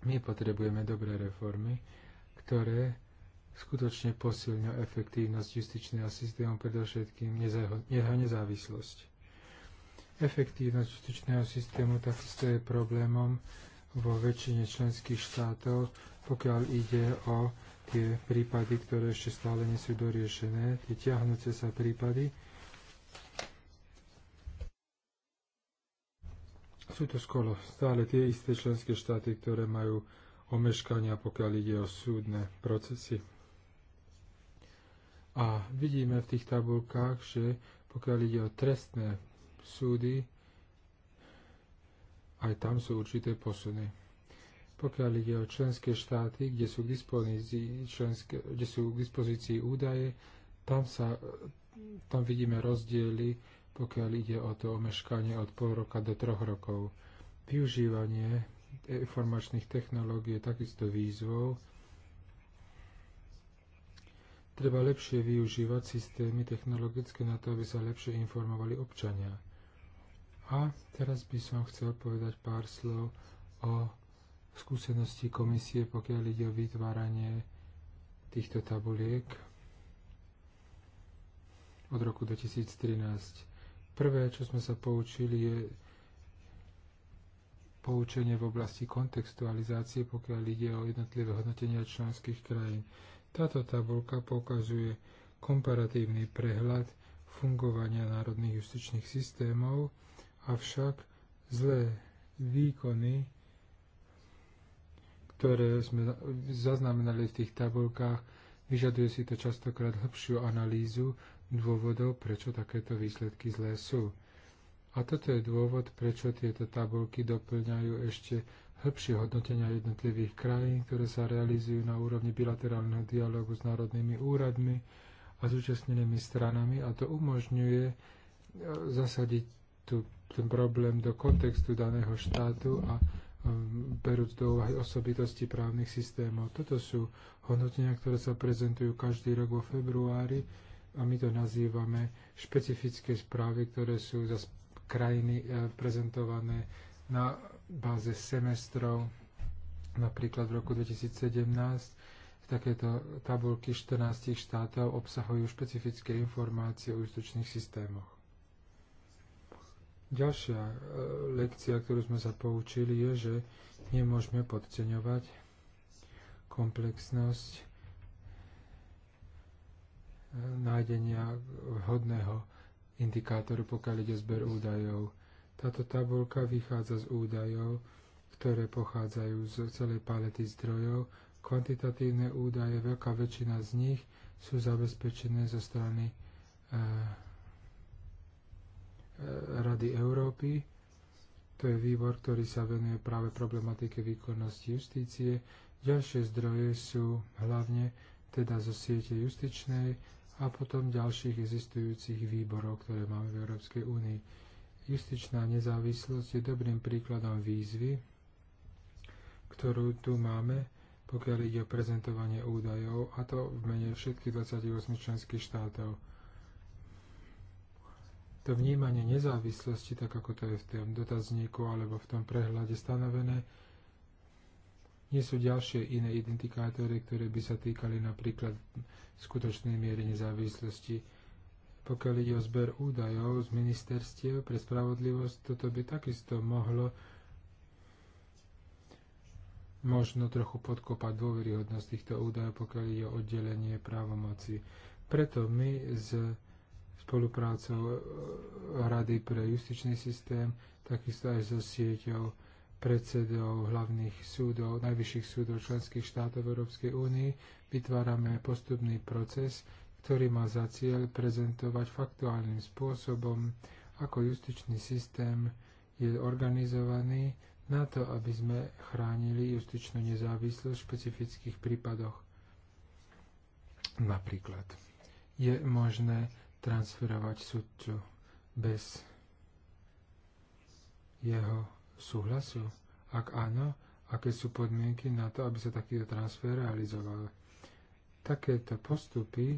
My potrebujeme dobré reformy, ktoré skutočne posilňa efektívnosť justičného systému, predovšetkým jeho nezávislosť. Efektívnosť justičného systému takisto je problémom vo väčšine členských štátov, pokiaľ ide o tie prípady, ktoré ešte stále nie sú doriešené, tie ťahnúce sa prípady. Sú to skolo stále tie isté členské štáty, ktoré majú omeškania, pokiaľ ide o súdne procesy. A vidíme v tých tabulkách, že pokiaľ ide o trestné súdy, aj tam sú určité posuny. Pokiaľ ide o členské štáty, kde sú k dispozícii, členské, kde sú k dispozícii údaje, tam, sa, tam vidíme rozdiely, pokiaľ ide o to omeškanie od pol roka do troch rokov. Využívanie informačných technológií je takisto výzvou, Treba lepšie využívať systémy technologické na to, aby sa lepšie informovali občania. A teraz by som chcel povedať pár slov o skúsenosti komisie, pokiaľ ide o vytváranie týchto tabuliek od roku 2013. Prvé, čo sme sa poučili, je poučenie v oblasti kontextualizácie, pokiaľ ide o jednotlivé hodnotenia členských krajín. Táto tabulka pokazuje komparatívny prehľad fungovania národných justičných systémov, avšak zlé výkony, ktoré sme zaznamenali v tých tabulkách, vyžaduje si to častokrát hĺbšiu analýzu dôvodov, prečo takéto výsledky zlé sú. A toto je dôvod, prečo tieto tabulky doplňajú ešte hĺbšie hodnotenia jednotlivých krajín, ktoré sa realizujú na úrovni bilaterálneho dialogu s národnými úradmi a zúčastnenými stranami a to umožňuje e, zasadiť tu, ten problém do kontextu daného štátu a e, berúť do úvahy osobitosti právnych systémov. Toto sú hodnotenia, ktoré sa prezentujú každý rok vo februári a my to nazývame špecifické správy, ktoré sú za krajiny e, prezentované na báze semestrov, napríklad v roku 2017, takéto tabulky 14 štátov obsahujú špecifické informácie o justičných systémoch. Ďalšia e, lekcia, ktorú sme sa poučili, je, že nemôžeme podceňovať komplexnosť e, nájdenia vhodného indikátoru, pokiaľ ide zber údajov. Táto tabulka vychádza z údajov, ktoré pochádzajú z celej palety zdrojov. Kvantitatívne údaje, veľká väčšina z nich sú zabezpečené zo strany e, Rady Európy. To je výbor, ktorý sa venuje práve problematike výkonnosti justície. Ďalšie zdroje sú hlavne teda zo siete justičnej a potom ďalších existujúcich výborov, ktoré máme v Európskej únii. Justičná nezávislosť je dobrým príkladom výzvy, ktorú tu máme, pokiaľ ide o prezentovanie údajov, a to v mene všetkých 28 členských štátov. To vnímanie nezávislosti, tak ako to je v tom dotazníku alebo v tom prehľade stanovené, nie sú ďalšie iné identikátory, ktoré by sa týkali napríklad skutočnej miery nezávislosti. Pokiaľ ide o zber údajov z ministerstiev pre spravodlivosť, toto by takisto mohlo možno trochu podkopať dôveryhodnosť týchto údajov, pokiaľ ide o oddelenie právomoci. Preto my s spoluprácou Rady pre justičný systém, takisto aj so sieťou predsedov hlavných súdov, najvyšších súdov členských štátov Európskej únie, vytvárame postupný proces, ktorý má za cieľ prezentovať faktuálnym spôsobom, ako justičný systém je organizovaný na to, aby sme chránili justičnú nezávislosť v špecifických prípadoch. Napríklad je možné transferovať sudcu bez jeho súhlasu? Ak áno, aké sú podmienky na to, aby sa takýto transfer realizoval? Takéto postupy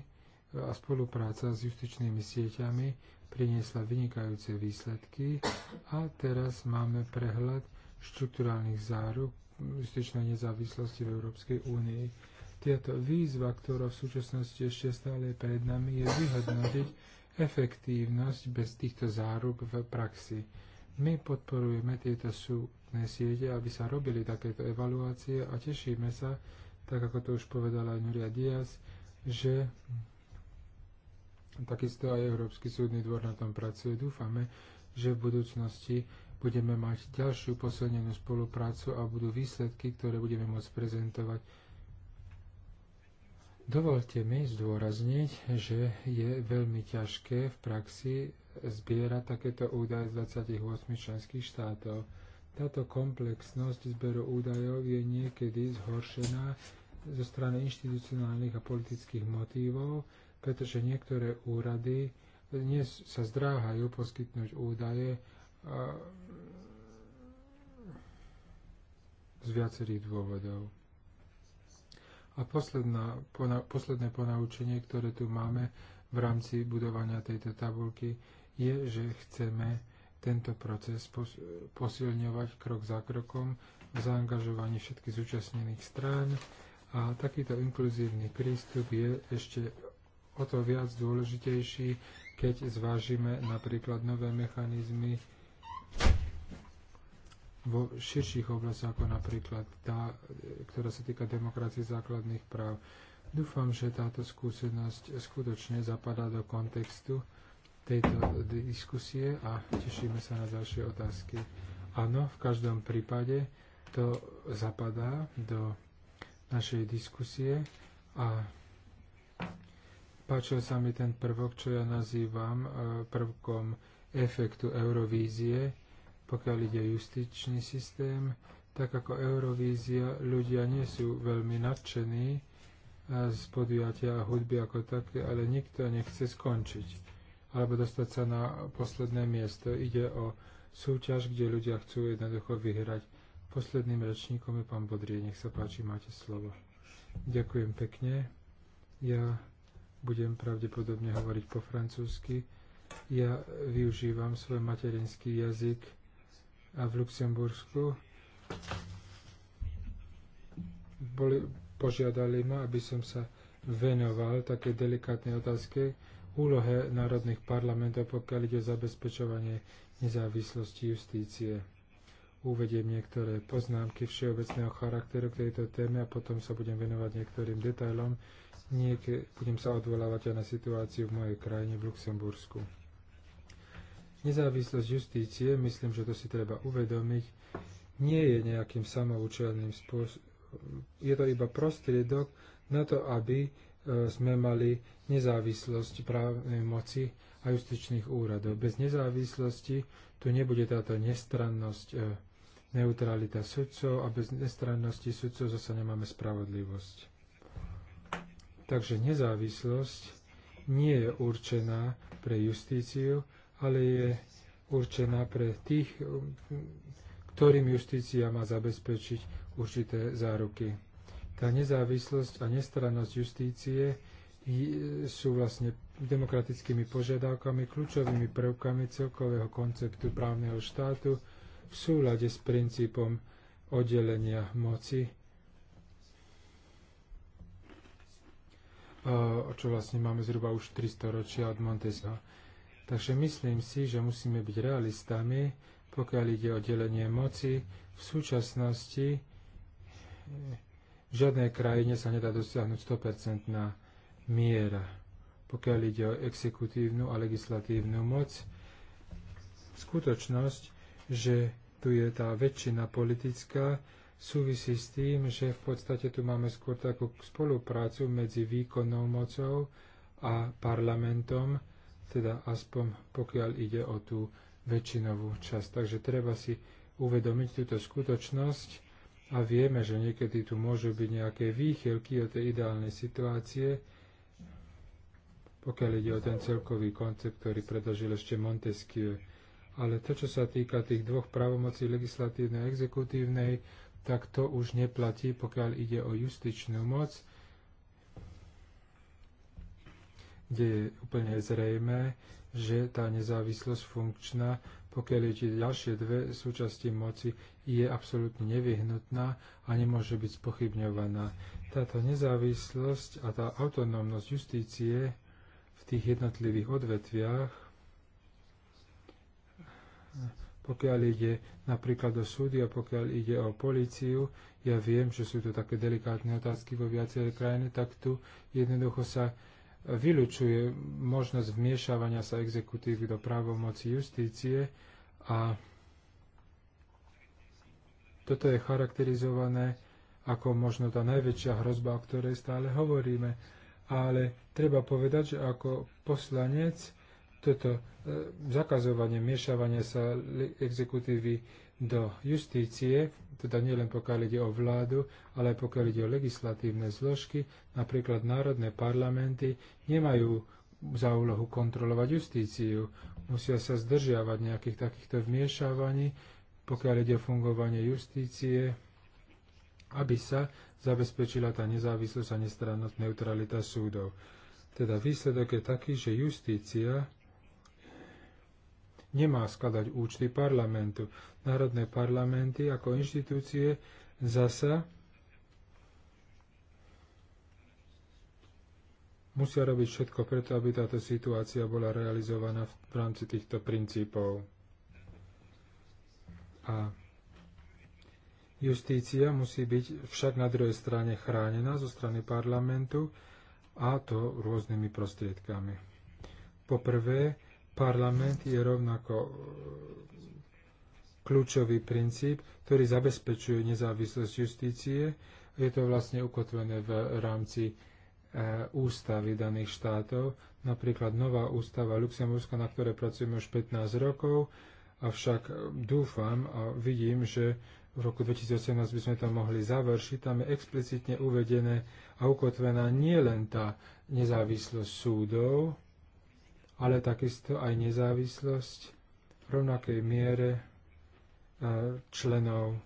a spolupráca s justičnými sieťami priniesla vynikajúce výsledky a teraz máme prehľad štruktúrálnych záruk justičnej nezávislosti v Európskej únii. Tieto výzva, ktorá v súčasnosti ešte stále je pred nami, je vyhodnotiť efektívnosť bez týchto záruk v praxi. My podporujeme tieto súdne siete, aby sa robili takéto evaluácie a tešíme sa, tak ako to už povedala Nuria Diaz, že Takisto aj Európsky súdny dvor na tom pracuje. Dúfame, že v budúcnosti budeme mať ďalšiu posilnenú spoluprácu a budú výsledky, ktoré budeme môcť prezentovať. Dovolte mi zdôrazniť, že je veľmi ťažké v praxi zbierať takéto údaje z 28 členských štátov. Táto komplexnosť zberu údajov je niekedy zhoršená zo strany inštitucionálnych a politických motívov, pretože niektoré úrady dnes sa zdráhajú poskytnúť údaje z viacerých dôvodov. A posledná, pona, posledné ponaučenie, ktoré tu máme v rámci budovania tejto tabulky, je, že chceme tento proces pos, posilňovať krok za krokom v zaangažovaní všetkých zúčastnených strán a takýto inkluzívny prístup je ešte o to viac dôležitejší, keď zvážime napríklad nové mechanizmy vo širších oblastiach, ako napríklad tá, ktorá sa týka demokracie základných práv. Dúfam, že táto skúsenosť skutočne zapadá do kontextu tejto diskusie a tešíme sa na ďalšie otázky. Áno, v každom prípade to zapadá do našej diskusie a Páčil sa mi ten prvok, čo ja nazývam e, prvkom efektu Eurovízie, pokiaľ ide justičný systém. Tak ako Eurovízia, ľudia nie sú veľmi nadšení e, z podujatia a hudby ako také, ale nikto nechce skončiť alebo dostať sa na posledné miesto. Ide o súťaž, kde ľudia chcú jednoducho vyhrať. Posledným rečníkom je pán Bodrie. Nech sa páči, máte slovo. Ďakujem pekne. Ja budem pravdepodobne hovoriť po francúzsky. Ja využívam svoj materinský jazyk a v Luxembursku boli, požiadali ma, aby som sa venoval také delikátnej otázke úlohe národných parlamentov, pokiaľ ide o zabezpečovanie nezávislosti justície. Uvediem niektoré poznámky všeobecného charakteru k tejto téme a potom sa budem venovať niektorým detailom, Nieke, budem sa odvolávať aj na situáciu v mojej krajine v Luxembursku. Nezávislosť justície, myslím, že to si treba uvedomiť, nie je nejakým samoučelným spôsobom. Je to iba prostriedok na to, aby e, sme mali nezávislosť právnej moci a justičných úradov. Bez nezávislosti tu nebude táto nestrannosť, e, neutralita sudcov a bez nestrannosti sudcov zase nemáme spravodlivosť. Takže nezávislosť nie je určená pre justíciu, ale je určená pre tých, ktorým justícia má zabezpečiť určité záruky. Tá nezávislosť a nestrannosť justície sú vlastne demokratickými požiadavkami, kľúčovými prvkami celkového konceptu právneho štátu v súlade s princípom oddelenia moci čo vlastne máme zhruba už 300 ročia od Montesquieu. Takže myslím si, že musíme byť realistami, pokiaľ ide o delenie moci. V súčasnosti e, v žiadnej krajine sa nedá dosiahnuť 100% miera, pokiaľ ide o exekutívnu a legislatívnu moc. Skutočnosť, že tu je tá väčšina politická, súvisí s tým, že v podstate tu máme skôr takú spoluprácu medzi výkonnou mocou a parlamentom, teda aspoň pokiaľ ide o tú väčšinovú časť. Takže treba si uvedomiť túto skutočnosť a vieme, že niekedy tu môžu byť nejaké výchylky od tej ideálnej situácie, pokiaľ ide o ten celkový koncept, ktorý predložil ešte Montesquieu. Ale to, čo sa týka tých dvoch právomocí legislatívnej a exekutívnej, tak to už neplatí, pokiaľ ide o justičnú moc, kde je úplne zrejme, že tá nezávislosť funkčná, pokiaľ je tie ďalšie dve súčasti moci, je absolútne nevyhnutná a nemôže byť spochybňovaná. Táto nezávislosť a tá autonómnosť justície v tých jednotlivých odvetviach pokiaľ ide napríklad o súdy a pokiaľ ide o políciu, ja viem, že sú to také delikátne otázky vo viacej krajine, tak tu jednoducho sa vylučuje možnosť vmiešavania sa exekutívy do právomoci justície a toto je charakterizované ako možno tá najväčšia hrozba, o ktorej stále hovoríme. Ale treba povedať, že ako poslanec toto e, zakazovanie, miešavania sa exekutívy do justície, teda nielen pokiaľ ide o vládu, ale aj pokiaľ ide o legislatívne zložky, napríklad národné parlamenty nemajú za úlohu kontrolovať justíciu, musia sa zdržiavať nejakých takýchto vmiešávaní, pokiaľ ide o fungovanie justície, aby sa zabezpečila tá nezávislosť a nestrannosť neutralita súdov. Teda výsledok je taký, že justícia nemá skladať účty parlamentu. Národné parlamenty ako inštitúcie zasa musia robiť všetko preto, aby táto situácia bola realizovaná v rámci týchto princípov. A justícia musí byť však na druhej strane chránená zo strany parlamentu a to rôznymi prostriedkami. Poprvé, Parlament je rovnako e, kľúčový princíp, ktorý zabezpečuje nezávislosť justície. Je to vlastne ukotvené v rámci e, ústavy daných štátov, napríklad nová ústava Luxemburska, na ktorej pracujeme už 15 rokov, avšak e, dúfam a vidím, že v roku 2018 by sme to mohli završiť. Tam je explicitne uvedené a ukotvená nie len tá nezávislosť súdov, ale takisto aj nezávislosť v rovnakej miere e, členov e,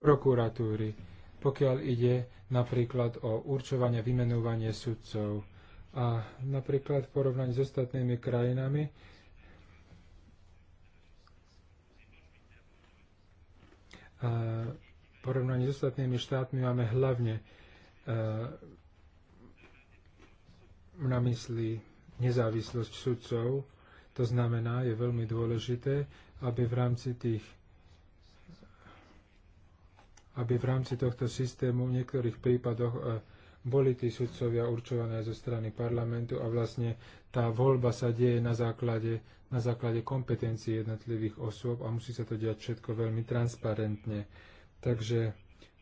prokuratúry, pokiaľ ide napríklad o určovanie, vymenovanie sudcov. A napríklad v porovnaní s ostatnými krajinami e, v porovnaní s ostatnými štátmi máme hlavne na mysli nezávislosť sudcov. To znamená, je veľmi dôležité, aby v rámci tých aby v rámci tohto systému v niektorých prípadoch e, boli tí sudcovia určované zo strany parlamentu a vlastne tá voľba sa deje na základe, na základe kompetencií jednotlivých osôb a musí sa to diať všetko veľmi transparentne. Takže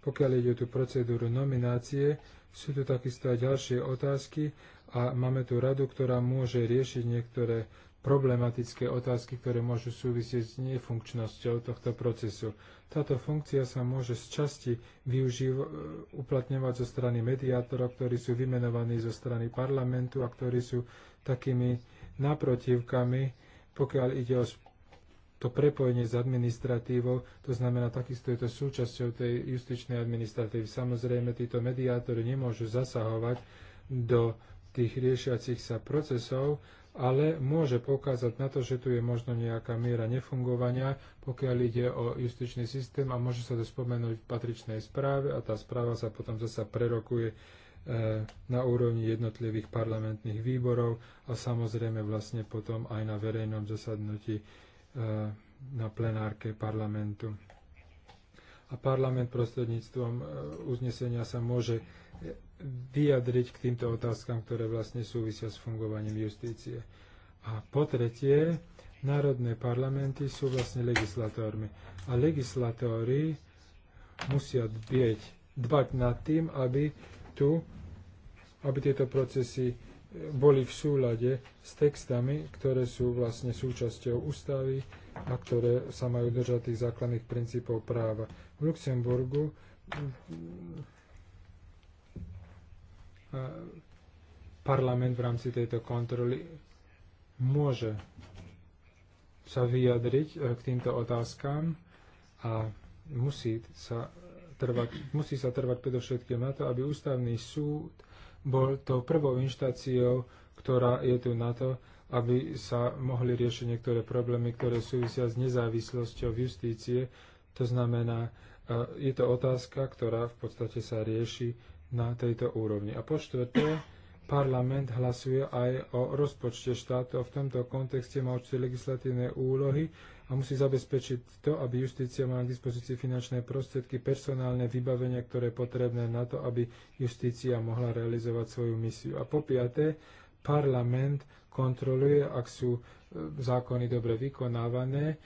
pokiaľ ide o tú procedúru nominácie, sú tu takisto aj ďalšie otázky a máme tu radu, ktorá môže riešiť niektoré problematické otázky, ktoré môžu súvisieť s nefunkčnosťou tohto procesu. Táto funkcia sa môže z časti využíva, uplatňovať zo strany mediátorov, ktorí sú vymenovaní zo strany parlamentu a ktorí sú takými naprotivkami, pokiaľ ide o to prepojenie s administratívou, to znamená, takisto je to súčasťou tej justičnej administratívy. Samozrejme, títo mediátori nemôžu zasahovať do tých riešiacich sa procesov, ale môže poukázať na to, že tu je možno nejaká miera nefungovania, pokiaľ ide o justičný systém a môže sa to spomenúť v patričnej správe a tá správa sa potom zase prerokuje e, na úrovni jednotlivých parlamentných výborov a samozrejme vlastne potom aj na verejnom zasadnutí e, na plenárke parlamentu a parlament prostredníctvom e, uznesenia sa môže vyjadriť k týmto otázkam, ktoré vlastne súvisia s fungovaním justície. A po tretie, národné parlamenty sú vlastne legislatórmi. A legislatóri musia dbať nad tým, aby tu aby tieto procesy boli v súlade s textami, ktoré sú vlastne súčasťou ústavy a ktoré sa majú držať tých základných princípov práva. V Luxemburgu mm, parlament v rámci tejto kontroly môže sa vyjadriť e, k týmto otázkam a musí sa trvať, musí sa trvať predovšetkým na to, aby ústavný súd bol tou prvou inštáciou, ktorá je tu na to, aby sa mohli riešiť niektoré problémy, ktoré súvisia s nezávislosťou justície. To znamená, e, je to otázka, ktorá v podstate sa rieši na tejto úrovni. A po štvrté, parlament hlasuje aj o rozpočte štátu. V tomto kontexte má určite legislatívne úlohy, a musí zabezpečiť to, aby justícia mala k dispozícii finančné prostriedky, personálne vybavenie, ktoré je potrebné na to, aby justícia mohla realizovať svoju misiu. A po piaté, parlament kontroluje, ak sú e, zákony dobre vykonávané,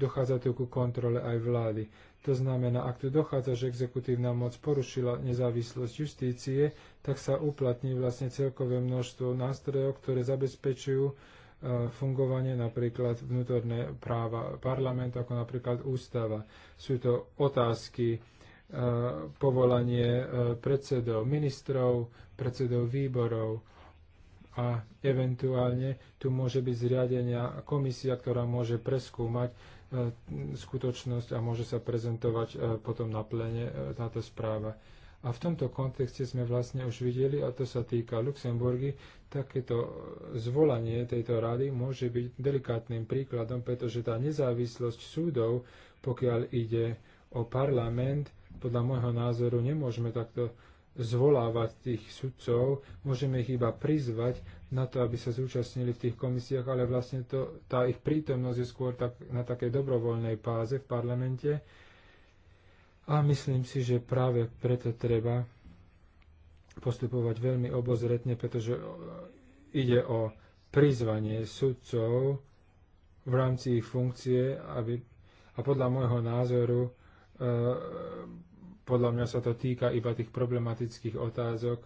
dochádza tu ku kontrole aj vlády. To znamená, ak tu dochádza, že exekutívna moc porušila nezávislosť justície, tak sa uplatní vlastne celkové množstvo nástrojov, ktoré zabezpečujú E, fungovanie, napríklad vnútorné práva parlamentu, ako napríklad ústava. Sú to otázky, e, povolanie e, predsedov ministrov, predsedov výborov a eventuálne tu môže byť zriadenia komisia, ktorá môže preskúmať skutočnosť a môže sa prezentovať potom na plene táto správa. A v tomto kontexte sme vlastne už videli, a to sa týka Luxemburgy, takéto zvolanie tejto rady môže byť delikátnym príkladom, pretože tá nezávislosť súdov, pokiaľ ide o parlament, podľa môjho názoru nemôžeme takto zvolávať tých sudcov, môžeme ich iba prizvať na to, aby sa zúčastnili v tých komisiách, ale vlastne to, tá ich prítomnosť je skôr tak, na takej dobrovoľnej páze v parlamente a myslím si, že práve preto treba postupovať veľmi obozretne, pretože ide o prizvanie sudcov v rámci ich funkcie, aby, a podľa môjho názoru, e, podľa mňa sa to týka iba tých problematických otázok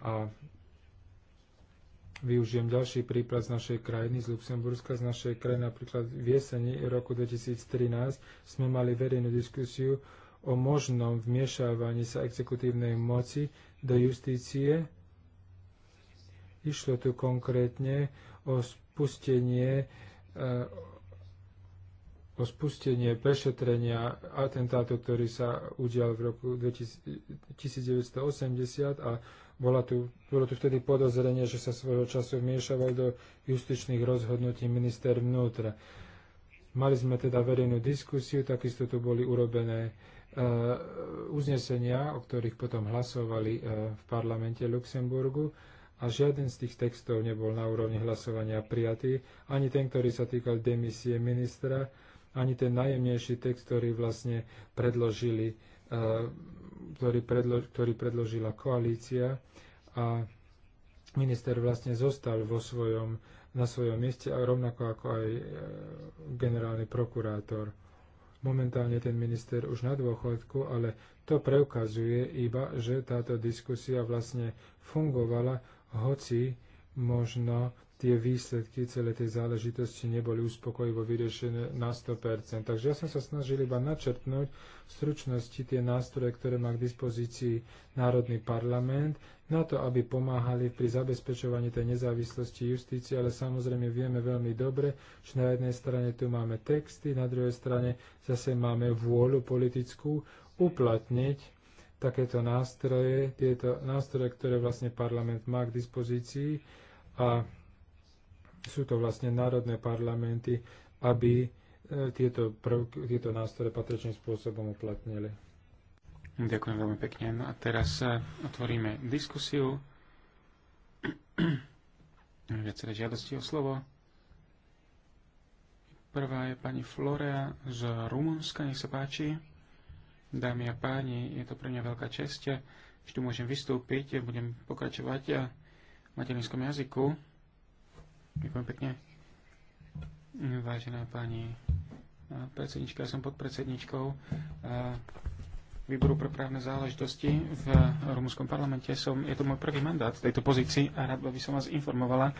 a využijem ďalší príklad z našej krajiny, z Luxemburska, z našej krajiny. Napríklad v jeseni roku 2013 sme mali verejnú diskusiu o možnom vmiešávaní sa exekutívnej moci do justície. Išlo tu konkrétne o spustenie eh, o spustenie prešetrenia atentátu, ktorý sa udial v roku 1980 a bola tu, bolo tu vtedy podozrenie, že sa svojho času vmiešaval do justičných rozhodnutí minister vnútra. Mali sme teda verejnú diskusiu, takisto tu boli urobené uh, uznesenia, o ktorých potom hlasovali uh, v parlamente Luxemburgu a žiaden z tých textov nebol na úrovni hlasovania prijatý, ani ten, ktorý sa týkal demisie ministra, ani ten najjemnejší text, ktorý vlastne predložili uh, ktorý, predlo- ktorý predložila koalícia a minister vlastne zostal vo svojom, na svojom mieste a rovnako ako aj e, generálny prokurátor. Momentálne ten minister už na dôchodku, ale to preukazuje iba, že táto diskusia vlastne fungovala, hoci možno tie výsledky celé tej záležitosti neboli uspokojivo vyriešené na 100%. Takže ja som sa snažil iba načrtnúť v stručnosti tie nástroje, ktoré má k dispozícii Národný parlament, na to, aby pomáhali pri zabezpečovaní tej nezávislosti justície, ale samozrejme vieme veľmi dobre, že na jednej strane tu máme texty, na druhej strane zase máme vôľu politickú uplatniť takéto nástroje, tieto nástroje, ktoré vlastne parlament má k dispozícii a sú to vlastne národné parlamenty, aby e, tieto, prvky, tieto nástroje patričným spôsobom uplatnili. Ďakujem veľmi pekne. No a teraz e, otvoríme diskusiu. Viaceré žiadosti o slovo. Prvá je pani Florea z Rumunska, nech sa páči. Dámy a páni, je to pre mňa veľká česť. že tu môžem vystúpiť. Budem pokračovať v materinskom jazyku Ďakujem pekne. Vážená pani eh, predsednička, ja som predsedničkou eh, výboru pre právne záležitosti v rumúnskom parlamente. Som, je to môj prvý mandát v tejto pozícii a rád by som vás informovala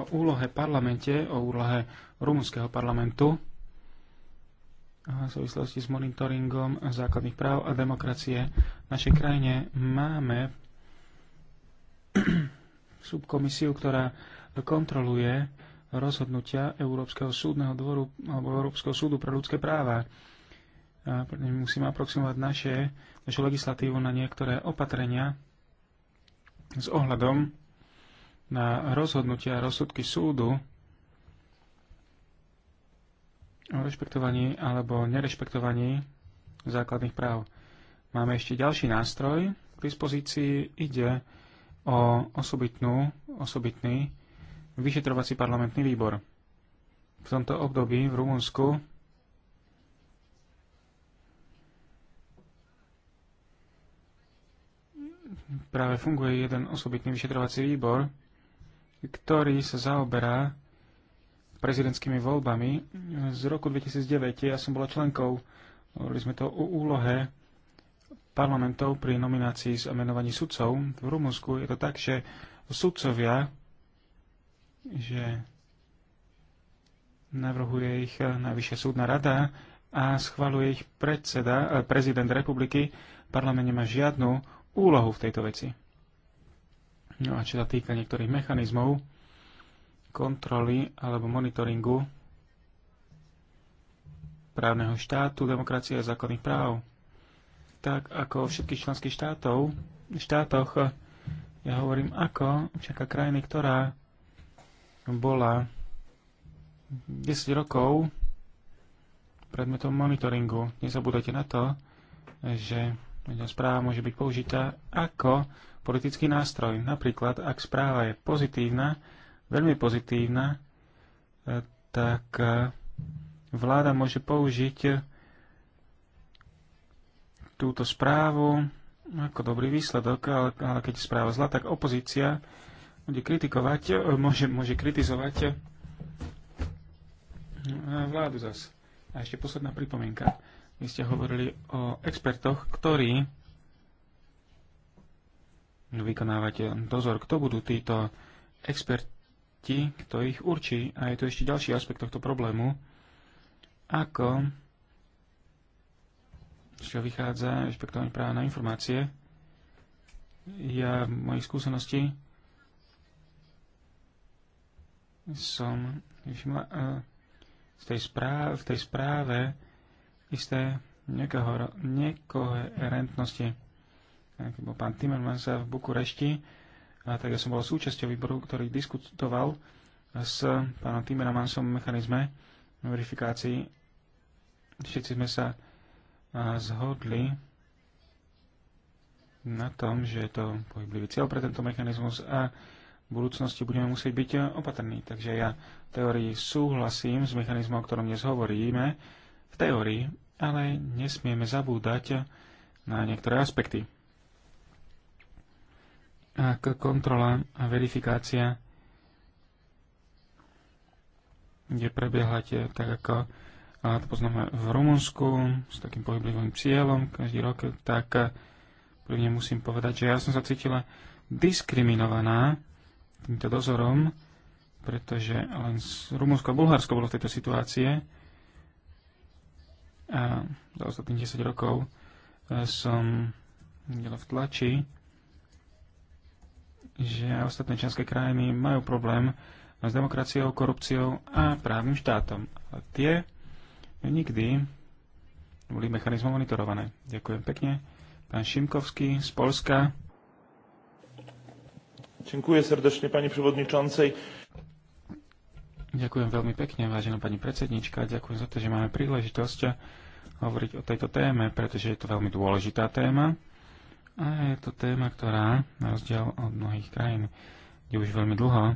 o úlohe parlamente, o úlohe rumúnskeho parlamentu v súvislosti s monitoringom základných práv a demokracie. V našej krajine máme subkomisiu, ktorá kontroluje rozhodnutia Európskeho súdneho dvoru alebo Európskeho súdu pre ľudské práva. musíme aproximovať naše, našu legislatívu na niektoré opatrenia s ohľadom na rozhodnutia a rozsudky súdu o rešpektovaní alebo nerešpektovaní základných práv. Máme ešte ďalší nástroj. K dispozícii ide o osobitnú, osobitný vyšetrovací parlamentný výbor. V tomto období v Rumunsku práve funguje jeden osobitný vyšetrovací výbor, ktorý sa zaoberá prezidentskými voľbami. Z roku 2009 ja som bola členkou, hovorili sme to o úlohe parlamentov pri nominácii a menovaní sudcov. V Rumunsku je to tak, že sudcovia že navrhuje ich Najvyššia súdna rada a schvaluje ich predseda, eh, prezident republiky. Parlament nemá žiadnu úlohu v tejto veci. No a čo sa týka niektorých mechanizmov, kontroly alebo monitoringu právneho štátu, demokracie a zákonných práv. Tak ako všetkých členských štátov, štátoch, ja hovorím ako, všaká krajiny, ktorá bola 10 rokov predmetom monitoringu. Nezabúdajte na to, že správa môže byť použitá ako politický nástroj. Napríklad, ak správa je pozitívna, veľmi pozitívna, e, tak e, vláda môže použiť túto správu ako dobrý výsledok, ale keď je správa zlá, tak opozícia bude kritikovať, e, môže, môže kritizovať e, vládu zas. A ešte posledná pripomienka. Vy ste hovorili o expertoch, ktorí vykonávate dozor. Kto budú títo experti, kto ich určí? A je tu ešte ďalší aspekt tohto problému. Ako čo vychádza rešpektovanie práva na informácie. Ja v mojich skúsenosti som všimla, e, v, tej správe, v tej správe isté nekoherentnosti. Keď bol pán Timmermans v Bukurešti, a tak ja som bol súčasťou výboru, ktorý diskutoval s pánom Timmermansom o mechanizme verifikácií. Všetci sme sa zhodli na tom, že je to pohyblivý cieľ pre tento mechanizmus a v budúcnosti budeme musieť byť eh, opatrní. Takže ja v teórii súhlasím s mechanizmom, o ktorom dnes hovoríme, v teórii, ale nesmieme zabúdať eh, na niektoré aspekty. Ak kontrola a verifikácia kde prebieha eh, tak ako to poznáme v Rumunsku s takým pohyblivým cieľom každý rok, tak prvne musím povedať, že ja som sa cítila diskriminovaná týmto dozorom, pretože len Rumunsko a Bulharsko bolo v tejto situácie. A za ostatných 10 rokov e, som videl v tlači, že ostatné členské krajiny majú problém s demokraciou, korupciou a právnym štátom. Ale tie nikdy boli mechanizmom monitorované. Ďakujem pekne. Pán Šimkovský z Polska. Dziękuję serdecznie pani przewodniczącej. Ďakujem veľmi pekne, vážená pani predsednička. Ďakujem za to, že máme príležitosť hovoriť o tejto téme, pretože je to veľmi dôležitá téma. A je to téma, ktorá, na rozdiel od mnohých krajín, je už veľmi dlho.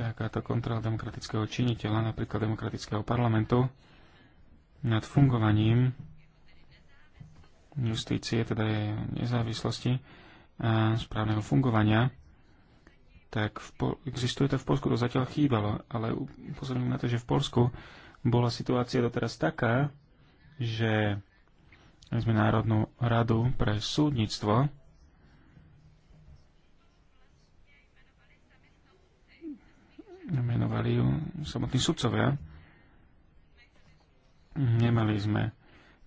Takáto kontrola demokratického činiteľa, napríklad demokratického parlamentu, nad fungovaním justície, teda jej nezávislosti, správneho fungovania, tak v po- existuje to v Polsku, to zatiaľ chýbalo, ale upozorňujem na to, že v Polsku bola situácia doteraz taká, že sme Národnú radu pre súdnictvo, menovali ju samotní sudcovia. Nemali sme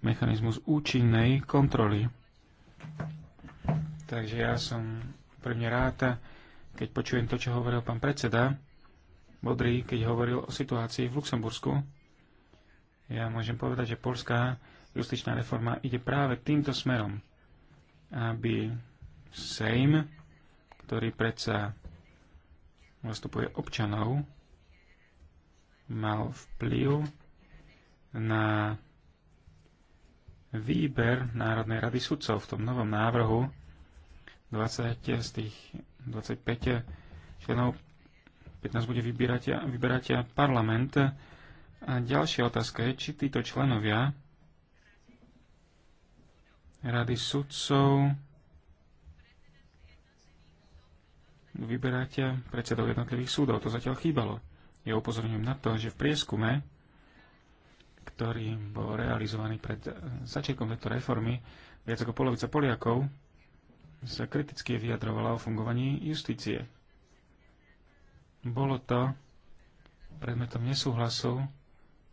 mechanizmus účinnej kontroly. Takže ja som pre mňa rád, keď počujem to, čo hovoril pán predseda modrý, keď hovoril o situácii v Luxembursku. Ja môžem povedať, že polská justičná reforma ide práve týmto smerom, aby Sejm, ktorý predsa zastupuje občanov, mal vplyv na výber Národnej rady sudcov v tom novom návrhu 20 z tých 25 členov 15 bude vyberať, vyberať parlament. A ďalšia otázka je, či títo členovia rady sudcov vyberať predsedov jednotlivých súdov. To zatiaľ chýbalo. Ja upozorňujem na to, že v prieskume, ktorý bol realizovaný pred začiatkom tejto reformy, viac ako polovica Poliakov sa kriticky vyjadrovala o fungovaní justície. Bolo to predmetom nesúhlasu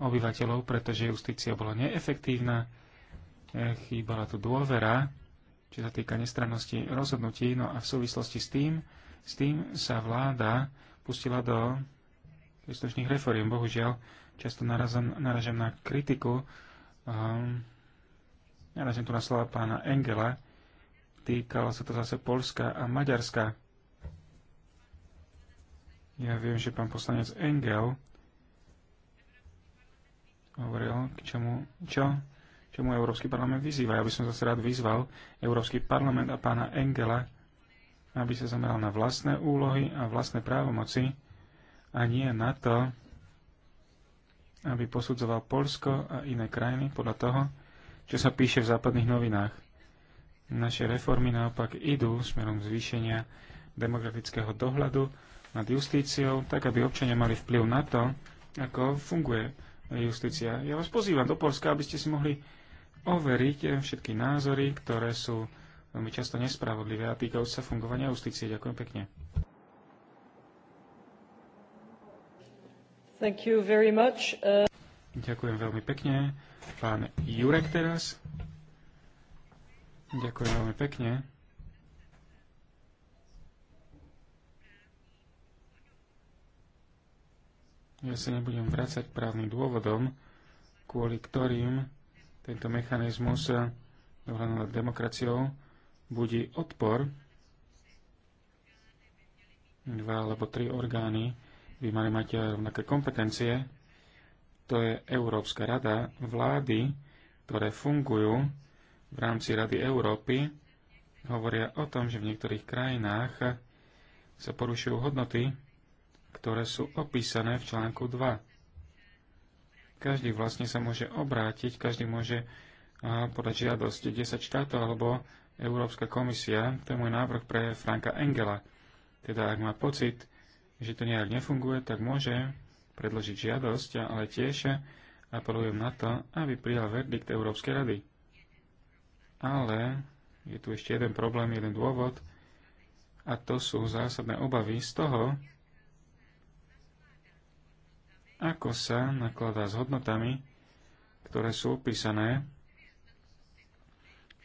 obyvateľov, pretože justícia bola neefektívna, e, chýbala tu dôvera, čo sa týka nestrannosti rozhodnutí, no a v súvislosti s tým, s tým sa vláda pustila do príslušných reforiem. Bohužiaľ, často narazom, naražam na kritiku, um, ehm, naražam tu na slova pána Engela, Týkalo sa to zase Polska a Maďarska. Ja viem, že pán poslanec Engel hovoril, k čomu, čo, čomu Európsky parlament vyzýva. Ja by som zase rád vyzval Európsky parlament a pána Engela, aby sa zameral na vlastné úlohy a vlastné právomoci a nie na to, aby posudzoval Polsko a iné krajiny podľa toho, čo sa píše v západných novinách. Naše reformy naopak idú smerom zvýšenia demokratického dohľadu nad justíciou, tak aby občania mali vplyv na to, ako funguje justícia. Ja vás pozývam do Polska, aby ste si mohli overiť všetky názory, ktoré sú veľmi často nespravodlivé a týkajú sa fungovania justície. Ďakujem pekne. Thank you very much. Uh... Ďakujem veľmi pekne. Pán Jurek teraz. Ďakujem veľmi pekne. Ja sa nebudem vrácať právnym dôvodom, kvôli ktorým tento mechanizmus dohľadu nad demokraciou budí odpor. Dva alebo tri orgány by mali mať rovnaké kompetencie. To je Európska rada, vlády, ktoré fungujú v rámci Rady Európy hovoria o tom, že v niektorých krajinách sa porušujú hodnoty, ktoré sú opísané v článku 2. Každý vlastne sa môže obrátiť, každý môže podať žiadosť 10 štátov alebo Európska komisia, to je môj návrh pre Franka Engela. Teda ak má pocit, že to nejak nefunguje, tak môže predložiť žiadosť, ale tiež apelujem na to, aby prijal verdikt Európskej rady ale je tu ešte jeden problém, jeden dôvod, a to sú zásadné obavy z toho, ako sa nakladá s hodnotami, ktoré sú opísané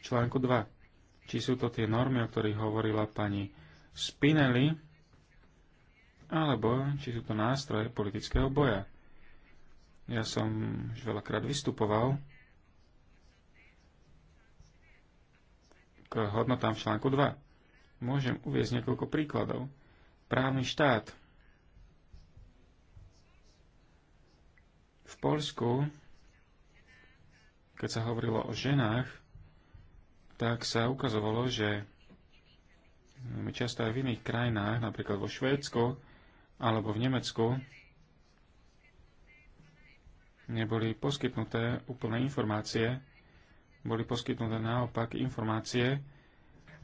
v článku 2. Či sú to tie normy, o ktorých hovorila pani Spinelli, alebo či sú to nástroje politického boja. Ja som už veľakrát vystupoval k hodnotám v článku 2. Môžem uviezť niekoľko príkladov. Právny štát. V Polsku, keď sa hovorilo o ženách, tak sa ukazovalo, že často aj v iných krajinách, napríklad vo Švédsku alebo v Nemecku, neboli poskytnuté úplné informácie boli poskytnuté naopak informácie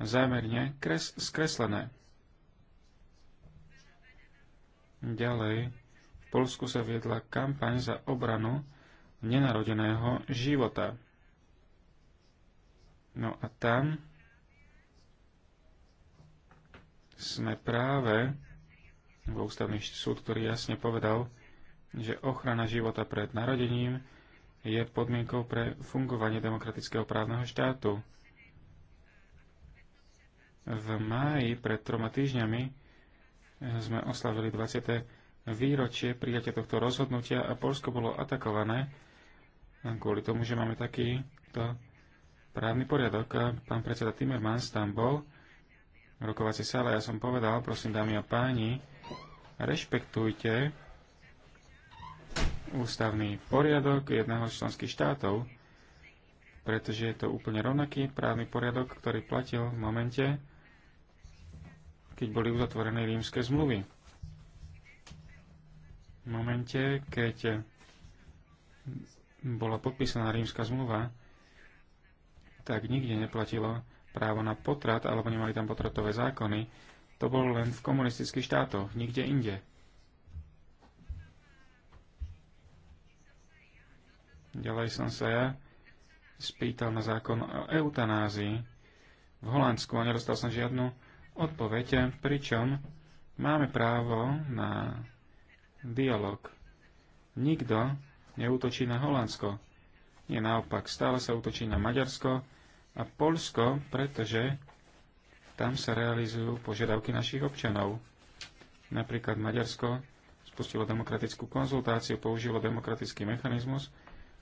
zámerne kres, skreslené. Ďalej, v Polsku sa viedla kampaň za obranu nenarodeného života. No a tam sme práve vo ústavný súd, ktorý jasne povedal, že ochrana života pred narodením je podmienkou pre fungovanie demokratického právneho štátu. V máji pred troma týždňami sme oslavili 20. výročie prijatia tohto rozhodnutia a Polsko bolo atakované kvôli tomu, že máme takýto právny poriadok. pán predseda Timmermans tam bol v rokovacej sále. Ja som povedal, prosím dámy a páni, rešpektujte ústavný poriadok jedného z členských štátov, pretože je to úplne rovnaký právny poriadok, ktorý platil v momente, keď boli uzatvorené rímske zmluvy. V momente, keď bola podpísaná rímska zmluva, tak nikde neplatilo právo na potrat, alebo nemali tam potratové zákony. To bolo len v komunistických štátoch, nikde inde. Ďalej som sa ja spýtal na zákon o eutanázii v Holandsku a nedostal som žiadnu odpoveď, pričom máme právo na dialog. Nikto neútočí na Holandsko. Nie naopak, stále sa útočí na Maďarsko a Polsko, pretože tam sa realizujú požiadavky našich občanov. Napríklad Maďarsko spustilo demokratickú konzultáciu, použilo demokratický mechanizmus,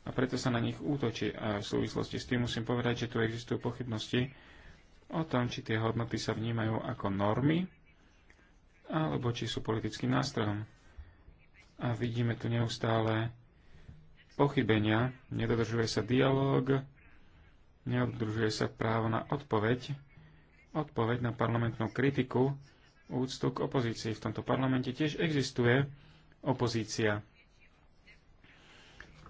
a preto sa na nich útočí. A v súvislosti s tým musím povedať, že tu existujú pochybnosti o tom, či tie hodnoty sa vnímajú ako normy, alebo či sú politickým nástrojom. A vidíme tu neustále pochybenia, nedodržuje sa dialog, neodržuje sa právo na odpoveď, odpoveď na parlamentnú kritiku, úctu k opozícii. V tomto parlamente tiež existuje opozícia.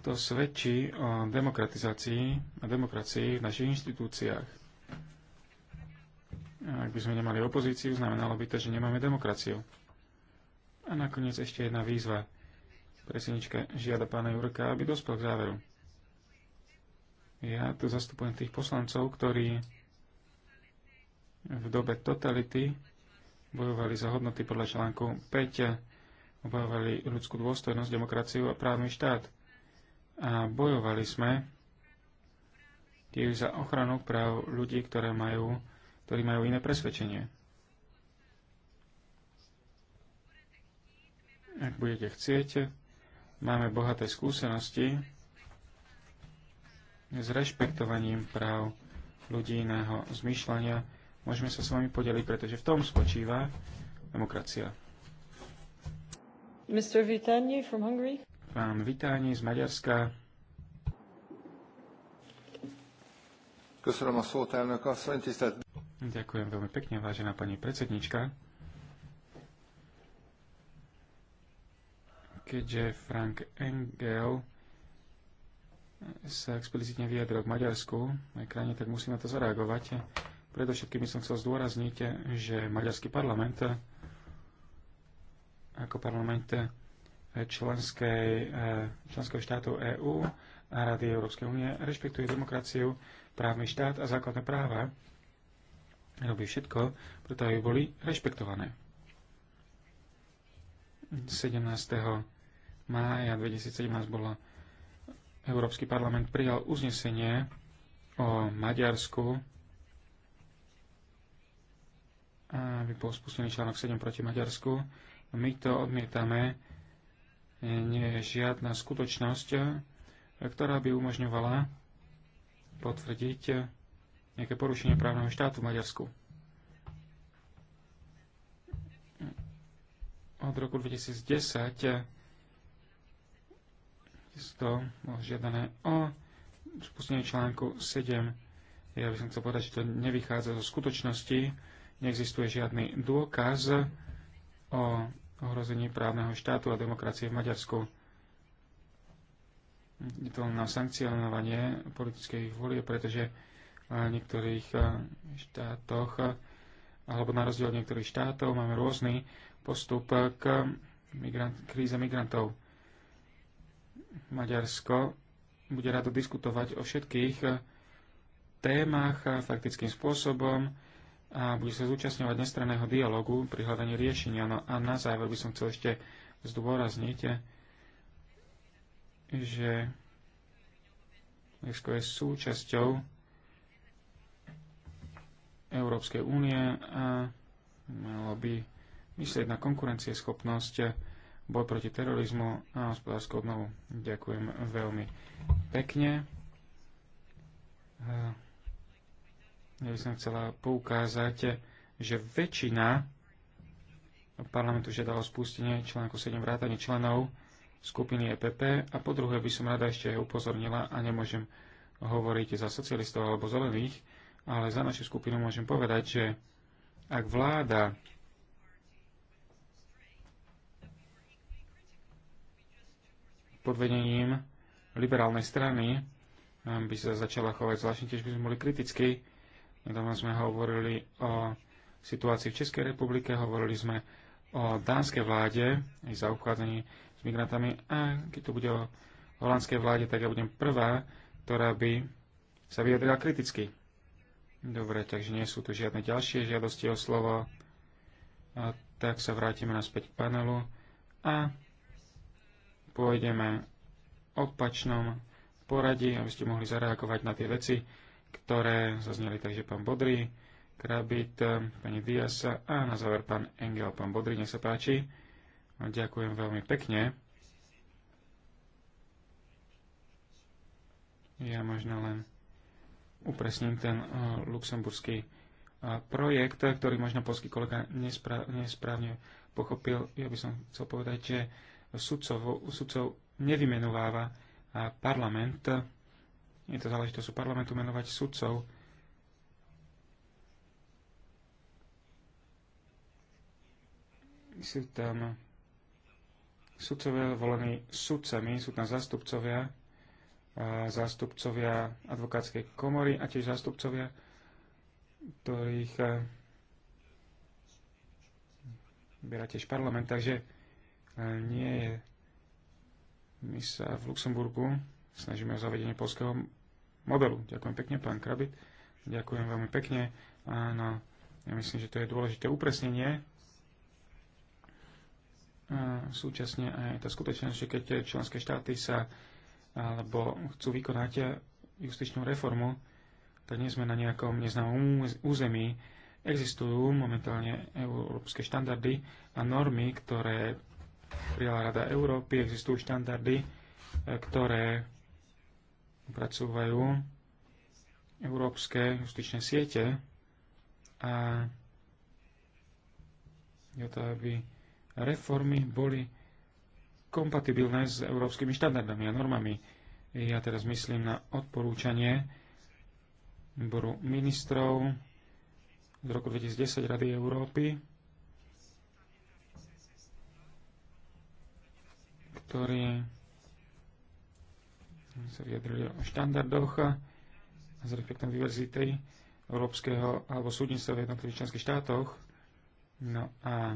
To svedčí o demokratizácii a demokracii v našich inštitúciách. A ak by sme nemali opozíciu, znamenalo by to, že nemáme demokraciu. A nakoniec ešte jedna výzva. Predsednička žiada pána Jurka, aby dospel k záveru. Ja tu zastupujem tých poslancov, ktorí v dobe totality bojovali za hodnoty podľa článku 5, obávali ľudskú dôstojnosť, demokraciu a právny štát a bojovali sme tiež za ochranu práv ľudí, ktoré majú, ktorí majú iné presvedčenie. Ak budete chcieť, máme bohaté skúsenosti s rešpektovaním práv ľudí iného zmýšľania. Môžeme sa s vami podeliť, pretože v tom spočíva demokracia. Mr. Vitani from Hungary pán Vitáni z Maďarska. Ďakujem veľmi pekne, vážená pani predsednička. Keďže Frank Engel sa explicitne vyjadril k Maďarsku, aj krajine, tak musím na to zareagovať. Predovšetkým by som chcel zdôrazniť, že Maďarský parlament ako parlament členskej, eh, členského štátu EÚ a Rady Európskej únie rešpektuje demokraciu, právny štát a základné práva. Robí všetko, preto aby boli rešpektované. 17. mája 2017 bolo Európsky parlament prijal uznesenie o Maďarsku, aby bol spustený článok 7 proti Maďarsku. My to odmietame nie je žiadna skutočnosť, ktorá by umožňovala potvrdiť nejaké porušenie právneho štátu v Maďarsku. Od roku 2010 to bolo žiadané o spustenie článku 7. Ja by som chcel povedať, že to nevychádza zo skutočnosti. Neexistuje žiadny dôkaz o ohrození právneho štátu a demokracie v Maďarsku. Je to na sankcionovanie politickej volie, pretože eh, v niektorých eh, štátoch, alebo na rozdiel od niektorých štátov, máme rôzny postup k migrant, kríze migrantov. Maďarsko bude rado diskutovať o všetkých eh, témach faktickým spôsobom, a bude sa zúčastňovať nestranného dialogu pri hľadaní riešenia. No a na záver by som chcel ešte zdôrazniť, že Mexiko je súčasťou Európskej únie a malo by myslieť na konkurencieschopnosť, boj proti terorizmu a hospodárskou obnovu. Ďakujem veľmi pekne ja by som chcela poukázať, že väčšina parlamentu žiada o spustenie článku 7 vrátane členov skupiny EPP a po druhé by som rada ešte upozornila a nemôžem hovoriť za socialistov alebo zelených, ale za našu skupinu môžem povedať, že ak vláda pod vedením liberálnej strany um, by sa začala chovať zvláštne, tiež by sme boli kriticky, Nedávno sme hovorili o situácii v Českej republike, hovorili sme o dánskej vláde, aj za obchádzanie s migrantami. A keď to bude o holandskej vláde, tak ja budem prvá, ktorá by sa vyjadrila kriticky. Dobre, takže nie sú tu žiadne ďalšie žiadosti o slovo. A tak sa vrátime naspäť k panelu a pôjdeme opačnom poradí, aby ste mohli zareagovať na tie veci, ktoré zazneli, takže pán Bodry, Krabit, eh, pani Diasa a na záver pán Engel. Pán Bodri, nech sa páči. No, ďakujem veľmi pekne. Ja možno len upresním ten eh, luxemburský eh, projekt, ktorý možno polský kolega nespra- nesprávne pochopil. Ja by som chcel povedať, že sudcov, sudcov nevymenováva parlament, je to záležitosť parlamentu menovať sudcov. Sú tam sudcovia volení sudcami, sú tam zástupcovia, zástupcovia advokátskej komory a tiež zástupcovia, ktorých vyberá tiež parlament, takže nie je my sa v Luxemburgu snažíme o zavedenie polského modelu. Ďakujem pekne, pán Krabit. Ďakujem veľmi pekne. Áno, ja myslím, že to je dôležité upresnenie. A súčasne aj tá skutočnosť, že keď členské štáty sa alebo chcú vykonať justičnú reformu, tak nie sme na nejakom neznámom území. Existujú momentálne európske štandardy a normy, ktoré prijala Rada Európy, existujú štandardy, ktoré pracovajú európske justičné siete a je to, aby reformy boli kompatibilné s európskymi štandardami a normami. Ja teraz myslím na odporúčanie výboru ministrov z roku 2010 Rady Európy, ktorý sa vyjadrili o štandardoch s reflektom diverzity európskeho alebo súdnictva v jednotlivých členských štátoch. No a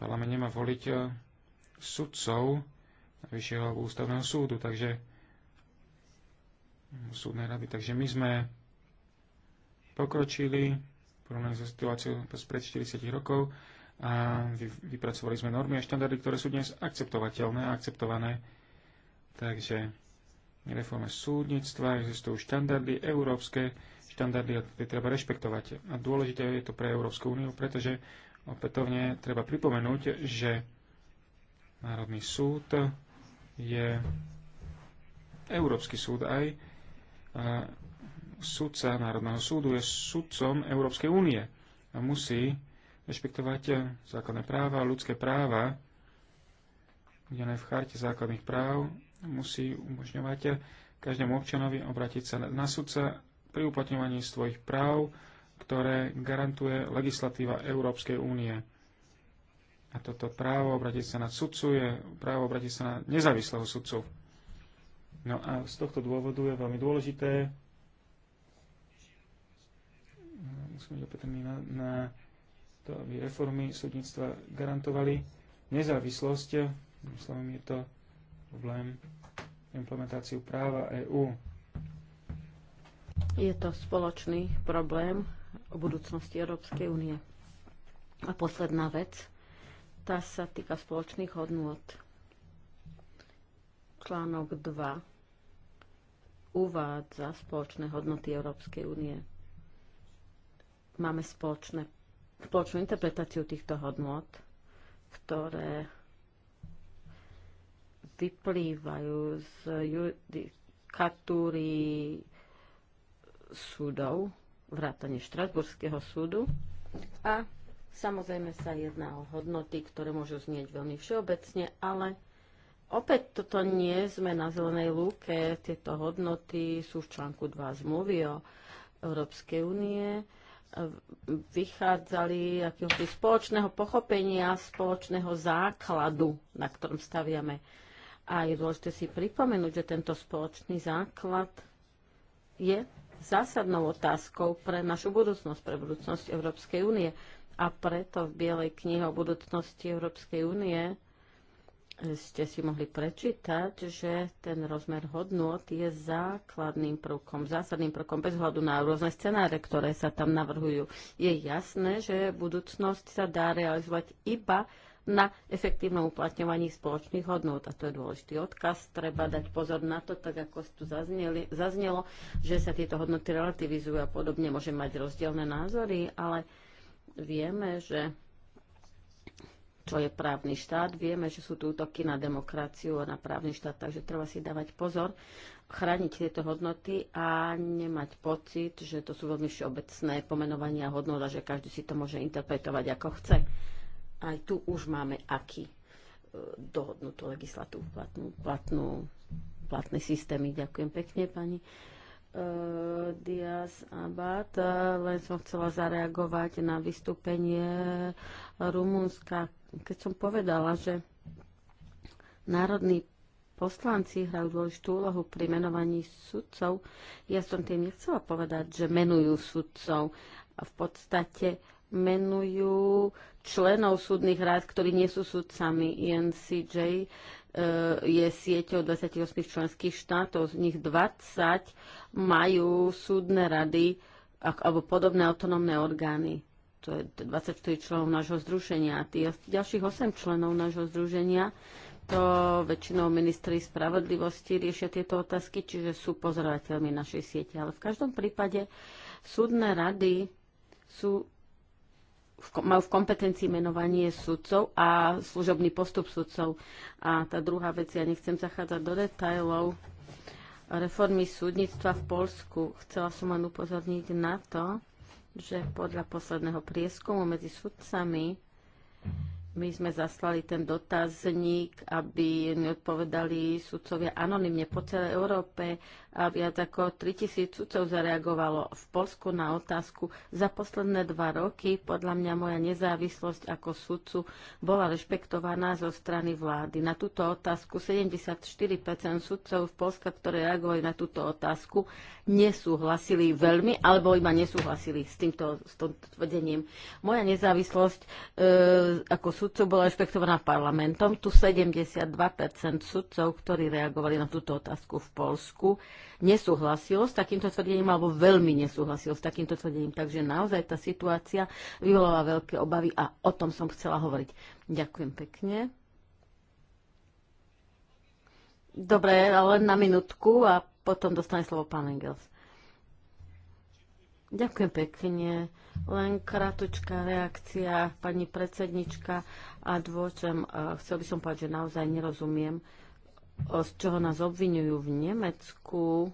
parlament nemá voliť sudcov Vyššieho ústavného súdu, takže súdnej rady. Takže my sme pokročili porovnaní so situáciou pred 40 rokov a vypracovali sme normy a štandardy, ktoré sú dnes akceptovateľné a akceptované. Takže reforme súdnictva, existujú štandardy, európske štandardy a tie treba rešpektovať. A dôležité je to pre Európsku úniu, pretože opätovne treba pripomenúť, že Národný súd je Európsky súd aj a súdca Národného súdu je sudcom Európskej únie a musí rešpektovať eh, základné práva, ľudské práva, uvedené v charte základných práv, musí umožňovať eh, každému občanovi obratiť sa na sudca pri uplatňovaní svojich práv, ktoré garantuje legislatíva Európskej únie. A toto právo obratiť sa na sudcu je právo obratiť sa na nezávislého sudcu. No a z tohto dôvodu je veľmi dôležité musíme byť na, na to, aby reformy súdnictva garantovali nezávislosť, myslím, je to problém implementáciu práva EÚ. Je to spoločný problém o budúcnosti Európskej únie. A posledná vec, tá sa týka spoločných hodnôt. Článok 2 uvádza spoločné hodnoty Európskej únie. Máme spoločné spoločnú interpretáciu týchto hodnot, ktoré vyplývajú z judikatúry súdov, vrátane Štrasburského súdu. A samozrejme sa jedná o hodnoty, ktoré môžu znieť veľmi všeobecne, ale opäť toto nie sme na zelenej lúke. Tieto hodnoty sú v článku 2 zmluvy o Európskej únie vychádzali akéhosi spoločného pochopenia, spoločného základu, na ktorom staviame. A je dôležité si pripomenúť, že tento spoločný základ je zásadnou otázkou pre našu budúcnosť, pre budúcnosť Európskej únie. A preto v Bielej knihe o budúcnosti Európskej únie ste si mohli prečítať, že ten rozmer hodnot je základným prvkom, zásadným prvkom bez hľadu na rôzne scenáre, ktoré sa tam navrhujú. Je jasné, že budúcnosť sa dá realizovať iba na efektívnom uplatňovaní spoločných hodnot. A to je dôležitý odkaz. Treba dať pozor na to, tak ako tu zazneli, zaznelo, že sa tieto hodnoty relativizujú a podobne. Môže mať rozdielne názory, ale vieme, že čo je právny štát. Vieme, že sú tu útoky na demokraciu a na právny štát, takže treba si dávať pozor, chrániť tieto hodnoty a nemať pocit, že to sú veľmi všeobecné pomenovania hodnot a že každý si to môže interpretovať ako chce. Aj tu už máme aký e, dohodnutú legislatívu, platnú, platnú, platné systémy. Ďakujem pekne, pani uh, Diaz Abad. E, len som chcela zareagovať na vystúpenie Rumunska keď som povedala, že národní poslanci hrajú dôležitú úlohu pri menovaní sudcov, ja som tým nechcela povedať, že menujú sudcov. A v podstate menujú členov súdnych rád, ktorí nie sú sudcami. INCJ e, je sieťou 28 členských štátov, z nich 20 majú súdne rady alebo podobné autonómne orgány to je 24 členov nášho združenia, tých ďalších 8 členov nášho združenia, to väčšinou ministri spravodlivosti riešia tieto otázky, čiže sú pozorovateľmi našej siete. Ale v každom prípade súdne rady sú v, majú v kompetencii menovanie sudcov a služobný postup sudcov. A tá druhá vec, ja nechcem zachádzať do detajlov reformy súdnictva v Polsku. Chcela som len upozorniť na to, že podľa posledného prieskumu medzi sudcami my sme zaslali ten dotazník, aby mi odpovedali sudcovia anonymne po celej Európe a viac ako 3000 sudcov zareagovalo v Polsku na otázku. Za posledné dva roky podľa mňa moja nezávislosť ako sudcu bola rešpektovaná zo strany vlády. Na túto otázku 74% sudcov v Polska, ktoré reagovali na túto otázku, nesúhlasili veľmi alebo iba nesúhlasili s týmto, s tvrdením. Moja nezávislosť e, ako sudcu bola rešpektovaná parlamentom. Tu 72% sudcov, ktorí reagovali na túto otázku v Polsku, nesúhlasil s takýmto tvrdením alebo veľmi nesúhlasil s takýmto tvrdením. Takže naozaj tá situácia vyvolala veľké obavy a o tom som chcela hovoriť. Ďakujem pekne. Dobre, ale len na minútku a potom dostane slovo pán Engels. Ďakujem pekne. Len krátka reakcia, pani predsednička a dôčem. Chcel by som povedať, že naozaj nerozumiem z čoho nás obvinujú v Nemecku,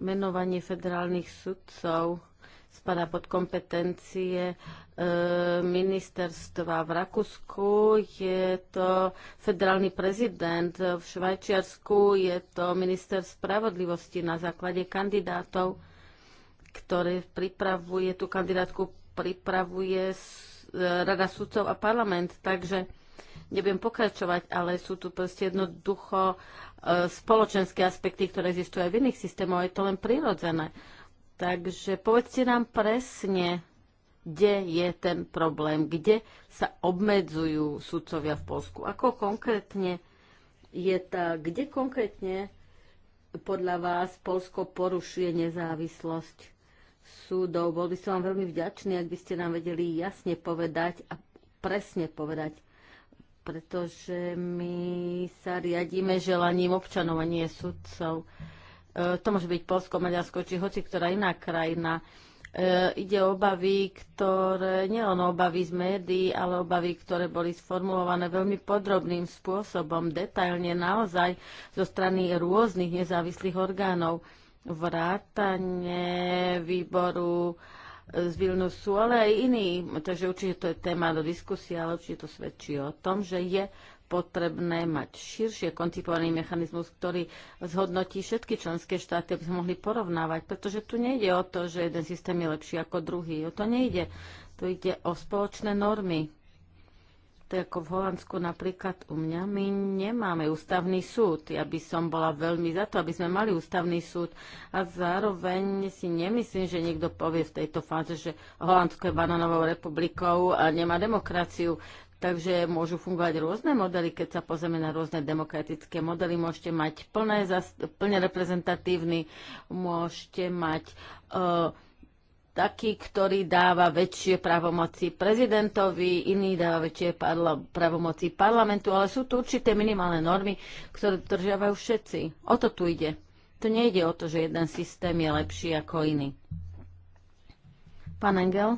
menovanie federálnych sudcov spadá pod kompetencie e, ministerstva v Rakúsku, je to federálny prezident, v Švajčiarsku je to minister spravodlivosti na základe kandidátov, ktorý pripravuje, tú kandidátku pripravuje e, Rada sudcov a parlament. Takže nebudem pokračovať, ale sú tu proste jednoducho e, spoločenské aspekty, ktoré existujú aj v iných systémoch, je to len prirodzené. Takže povedzte nám presne, kde je ten problém, kde sa obmedzujú sudcovia v Polsku, ako konkrétne je tá, kde konkrétne podľa vás Polsko porušuje nezávislosť súdov. Bol by som vám veľmi vďačný, ak by ste nám vedeli jasne povedať a presne povedať, pretože my sa riadíme želaním občanov a nie sudcov. E, to môže byť Polsko, Maďarsko či hoci ktorá iná krajina. E, ide o obavy, ktoré, nielen obavy z médií, ale obavy, ktoré boli sformulované veľmi podrobným spôsobom, detailne naozaj zo strany rôznych nezávislých orgánov vrátane výboru z Vilnusu, ale aj iní. Takže určite to je téma do diskusie, ale určite to svedčí o tom, že je potrebné mať širšie koncipovaný mechanizmus, ktorý zhodnotí všetky členské štáty, aby sme mohli porovnávať, pretože tu nejde o to, že jeden systém je lepší ako druhý. O to nejde. Tu ide o spoločné normy, tak ako v Holandsku napríklad u mňa, my nemáme ústavný súd. Ja by som bola veľmi za to, aby sme mali ústavný súd a zároveň si nemyslím, že niekto povie v tejto fáze, že Holandsko je bananovou republikou a nemá demokraciu. Takže môžu fungovať rôzne modely, keď sa pozrieme na rôzne demokratické modely. Môžete mať plné, plne reprezentatívny, môžete mať uh, taký, ktorý dáva väčšie právomoci prezidentovi, iný dáva väčšie parla- právomoci parlamentu, ale sú tu určité minimálne normy, ktoré držiavajú všetci. O to tu ide. To nejde o to, že jeden systém je lepší ako iný. Pán Engel,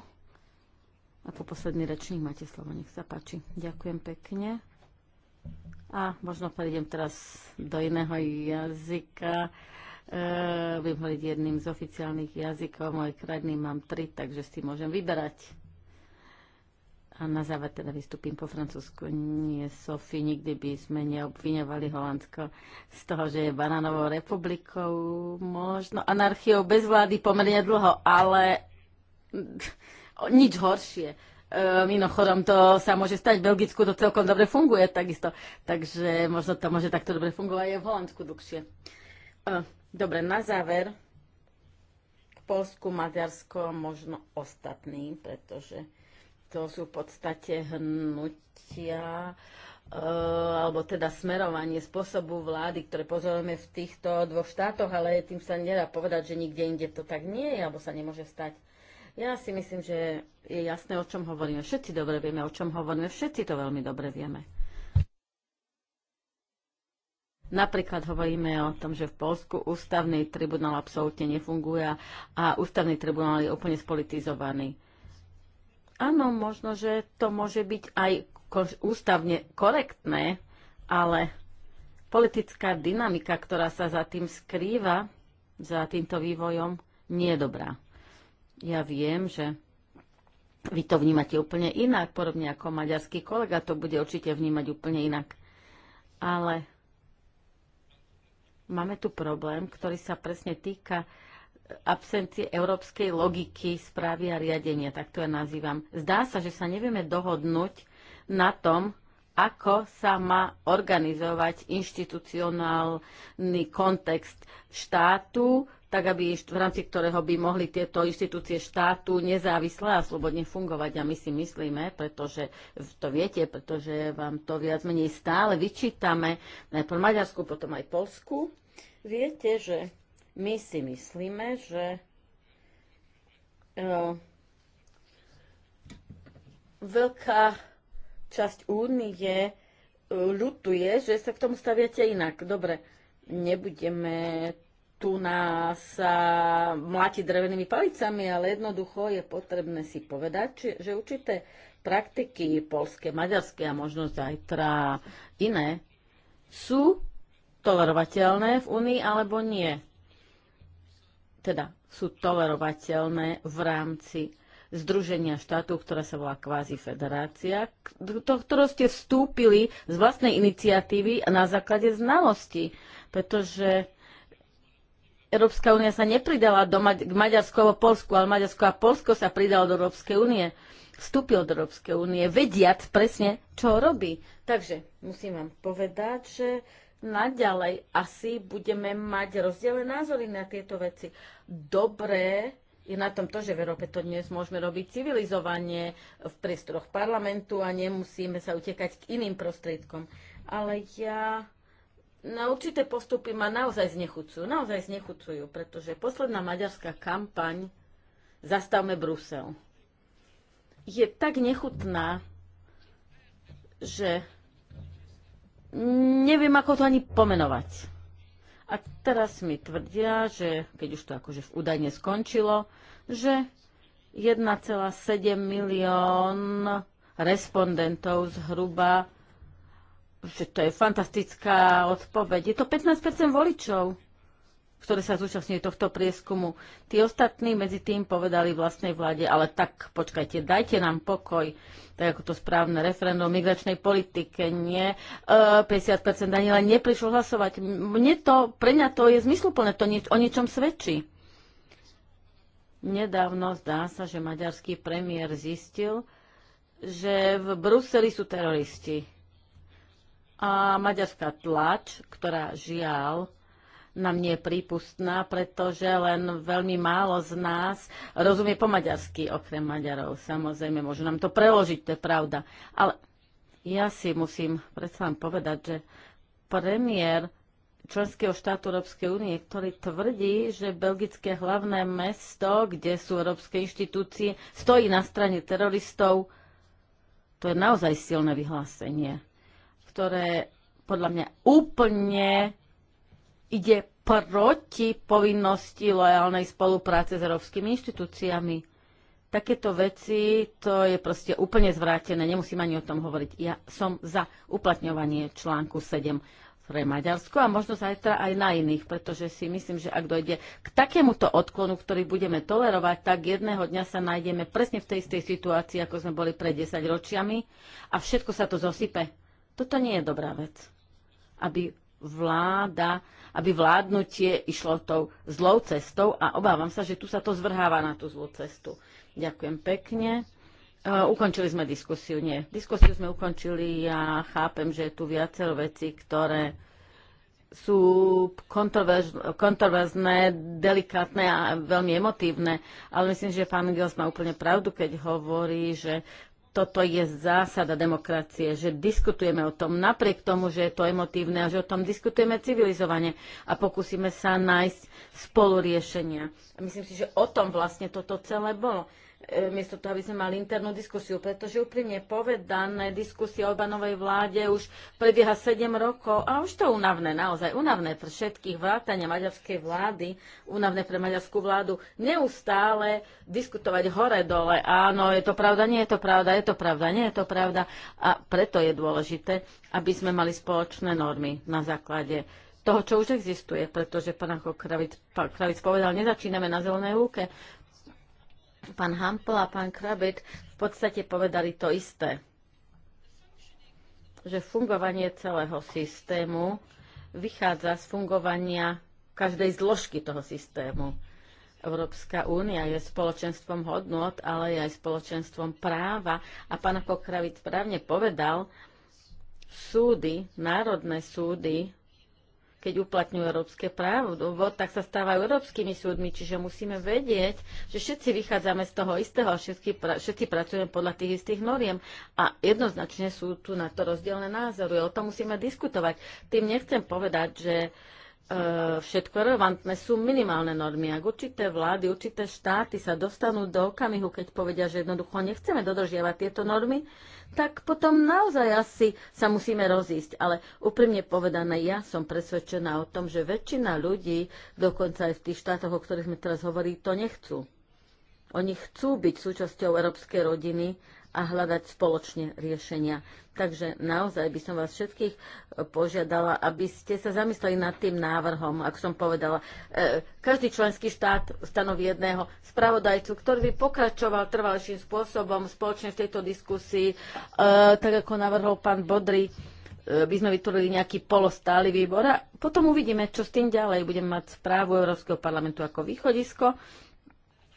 ako posledný rečník máte slovo, nech sa páči. Ďakujem pekne. A možno prejdem teraz do iného jazyka viem e, hovoriť jedným z oficiálnych jazykov, moje krajiny mám tri, takže si môžem vyberať. A na záver teda vystúpim po francúzsku. Nie, Sofi, nikdy by sme neobviňovali Holandsko z toho, že je Bananovou republikou, možno anarchiou bez vlády pomerne dlho, ale nič horšie e, mimochodom to sa môže stať, v Belgicku to celkom dobre funguje takisto, takže možno to môže takto dobre fungovať aj v Holandsku dlhšie. E, Dobre, na záver k Polsku, Maďarsko, možno ostatní, pretože to sú v podstate hnutia eh, alebo teda smerovanie spôsobu vlády, ktoré pozorujeme v týchto dvoch štátoch, ale tým sa nedá povedať, že nikde inde to tak nie je, alebo sa nemôže stať. Ja si myslím, že je jasné, o čom hovoríme. Všetci dobre vieme, o čom hovoríme. Všetci to veľmi dobre vieme. Napríklad hovoríme o tom, že v Polsku ústavný tribunál absolútne nefunguje a ústavný tribunál je úplne spolitizovaný. Áno, možno, že to môže byť aj ústavne korektné, ale politická dynamika, ktorá sa za tým skrýva, za týmto vývojom, nie je dobrá. Ja viem, že vy to vnímate úplne inak, podobne ako maďarský kolega to bude určite vnímať úplne inak. Ale máme tu problém, ktorý sa presne týka e, absencie európskej logiky správy a riadenia, tak to ja nazývam. Zdá sa, že sa nevieme dohodnúť na tom, ako sa má organizovať inštitucionálny kontext štátu, tak aby v rámci ktorého by mohli tieto inštitúcie štátu nezávisle a slobodne fungovať. A my si myslíme, pretože to viete, pretože vám to viac menej stále vyčítame, najprv Maďarsku, potom aj Polsku, Viete, že my si myslíme, že uh, veľká časť únie uh, e, ľutuje, že sa k tomu staviate inak. Dobre, nebudeme tu na sa mlátiť drevenými palicami, ale jednoducho je potrebné si povedať, či, že určité praktiky polské, maďarské a možno zajtra teda iné sú tolerovateľné v Únii alebo nie. Teda sú tolerovateľné v rámci Združenia štátu, ktorá sa volá kvázi federácia, do ktorého ste vstúpili z vlastnej iniciatívy a na základe znalosti, pretože Európska únia sa nepridala do Ma- k Maďarsku alebo Polsku, ale Maďarsko a Polsko sa pridalo do Európskej únie. Vstúpil do Európskej únie, vediac presne, čo robí. Takže musím vám povedať, že naďalej asi budeme mať rozdielne názory na tieto veci. Dobré je na tom to, že v Európe to dnes môžeme robiť civilizovanie v priestoroch parlamentu a nemusíme sa utekať k iným prostriedkom. Ale ja na určité postupy ma naozaj znechucujú, naozaj znechucujú, pretože posledná maďarská kampaň Zastavme Brusel je tak nechutná, že neviem, ako to ani pomenovať. A teraz mi tvrdia, že keď už to akože v údajne skončilo, že 1,7 milión respondentov zhruba, že to je fantastická odpoveď. Je to 15% voličov ktoré sa zúčastňujú tohto prieskumu. Tí ostatní medzi tým povedali vlastnej vláde, ale tak počkajte, dajte nám pokoj, tak ako to správne referendum o migračnej politike, nie, 50% e, ani len neprišlo hlasovať. Mne to, pre mňa to je zmysluplné, to nieč, o niečom svedčí. Nedávno zdá sa, že maďarský premiér zistil, že v Bruseli sú teroristi. A maďarská tlač, ktorá žiaľ nám nie je prípustná, pretože len veľmi málo z nás rozumie po maďarsky, okrem Maďarov. Samozrejme, môžu nám to preložiť, to je pravda. Ale ja si musím predsa vám povedať, že premiér členského štátu Európskej únie, ktorý tvrdí, že belgické hlavné mesto, kde sú európske inštitúcie, stojí na strane teroristov. To je naozaj silné vyhlásenie, ktoré podľa mňa úplne ide proti povinnosti lojálnej spolupráce s európskymi inštitúciami. Takéto veci, to je proste úplne zvrátené, nemusím ani o tom hovoriť. Ja som za uplatňovanie článku 7 pre Maďarsko a možno zajtra aj na iných, pretože si myslím, že ak dojde k takémuto odklonu, ktorý budeme tolerovať, tak jedného dňa sa nájdeme presne v tej istej situácii, ako sme boli pred 10 ročiami a všetko sa to zosype. Toto nie je dobrá vec, aby vláda aby vládnutie išlo tou zlou cestou a obávam sa, že tu sa to zvrháva na tú zlú cestu. Ďakujem pekne. Uh, ukončili sme diskusiu. Nie, diskusiu sme ukončili. Ja chápem, že je tu viacero veci, ktoré sú kontroverzné, delikátne a veľmi emotívne, ale myslím, že pán Gels má úplne pravdu, keď hovorí, že toto je zásada demokracie, že diskutujeme o tom napriek tomu, že je to emotívne a že o tom diskutujeme civilizovane a pokúsime sa nájsť spolu riešenia. A myslím si, že o tom vlastne toto celé bolo. E, miesto toho, aby sme mali internú diskusiu, pretože úprimne povedané, diskusie o Obanovej vláde už prebieha 7 rokov a už to únavné, naozaj únavné pre všetkých vrátania maďarskej vlády, únavné pre maďarskú vládu, neustále diskutovať hore-dole. Áno, je to pravda, nie je to pravda, je to pravda, nie je to pravda. A preto je dôležité, aby sme mali spoločné normy na základe toho, čo už existuje, pretože pán Kravic, pán Kravic povedal, nezačíname na zelenej lúke, Pán Hampel a pán Krabit v podstate povedali to isté, že fungovanie celého systému vychádza z fungovania každej zložky toho systému. Európska únia je spoločenstvom hodnot, ale je aj spoločenstvom práva. A pán Pokravic správne povedal, súdy, národné súdy keď uplatňujú európske právo, tak sa stávajú európskymi súdmi, čiže musíme vedieť, že všetci vychádzame z toho istého a všetci, pra, všetci pracujeme podľa tých istých noriem a jednoznačne sú tu na to rozdielne názory. O tom musíme diskutovať. Tým nechcem povedať, že uh, E, všetko relevantné, sú minimálne normy. Ak určité vlády, určité štáty sa dostanú do okamihu, keď povedia, že jednoducho nechceme dodržiavať tieto normy, tak potom naozaj asi sa musíme rozísť. Ale úprimne povedané, ja som presvedčená o tom, že väčšina ľudí, dokonca aj v tých štátoch, o ktorých sme teraz hovorili, to nechcú. Oni chcú byť súčasťou európskej rodiny a hľadať spoločne riešenia. Takže naozaj by som vás všetkých e, požiadala, aby ste sa zamysleli nad tým návrhom, ako som povedala. E, každý členský štát stanoví jedného spravodajcu, ktorý by pokračoval trvalším spôsobom spoločne v tejto diskusii, e, tak ako navrhol pán Bodry by sme vytvorili nejaký polostály výbor a potom uvidíme, čo s tým ďalej. Budeme mať správu Európskeho parlamentu ako východisko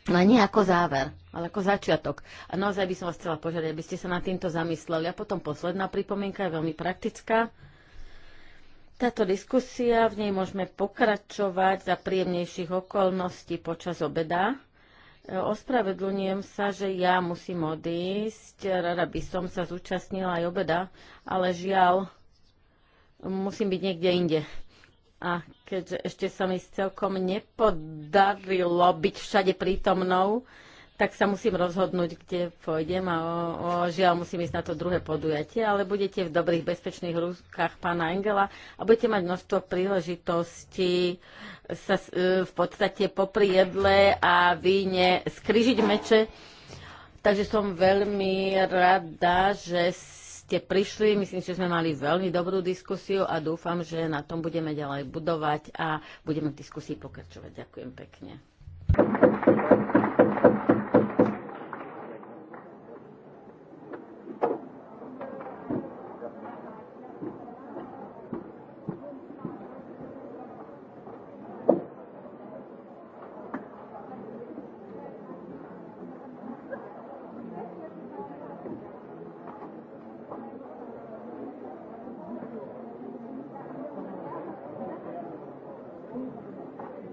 No nie ako záver, ale ako začiatok. A naozaj by som vás chcela požiadať, aby ste sa nad týmto zamysleli. A potom posledná pripomienka je veľmi praktická. Táto diskusia, v nej môžeme pokračovať za príjemnejších okolností počas obeda. E, ospravedlňujem sa, že ja musím odísť. Rada by som sa zúčastnila aj obeda, ale žiaľ, musím byť niekde inde. A keďže ešte sa mi celkom nepodarilo byť všade prítomnou, tak sa musím rozhodnúť, kde pôjdem a o, o, žiaľ musím ísť na to druhé podujatie, ale budete v dobrých bezpečných rukách pána Engela a budete mať množstvo príležitostí sa e, v podstate popri jedle a víne skrižiť meče. Takže som veľmi rada, že ste prišli. Myslím, že sme mali veľmi dobrú diskusiu a dúfam, že na tom budeme ďalej budovať a budeme v diskusii pokračovať. Ďakujem pekne.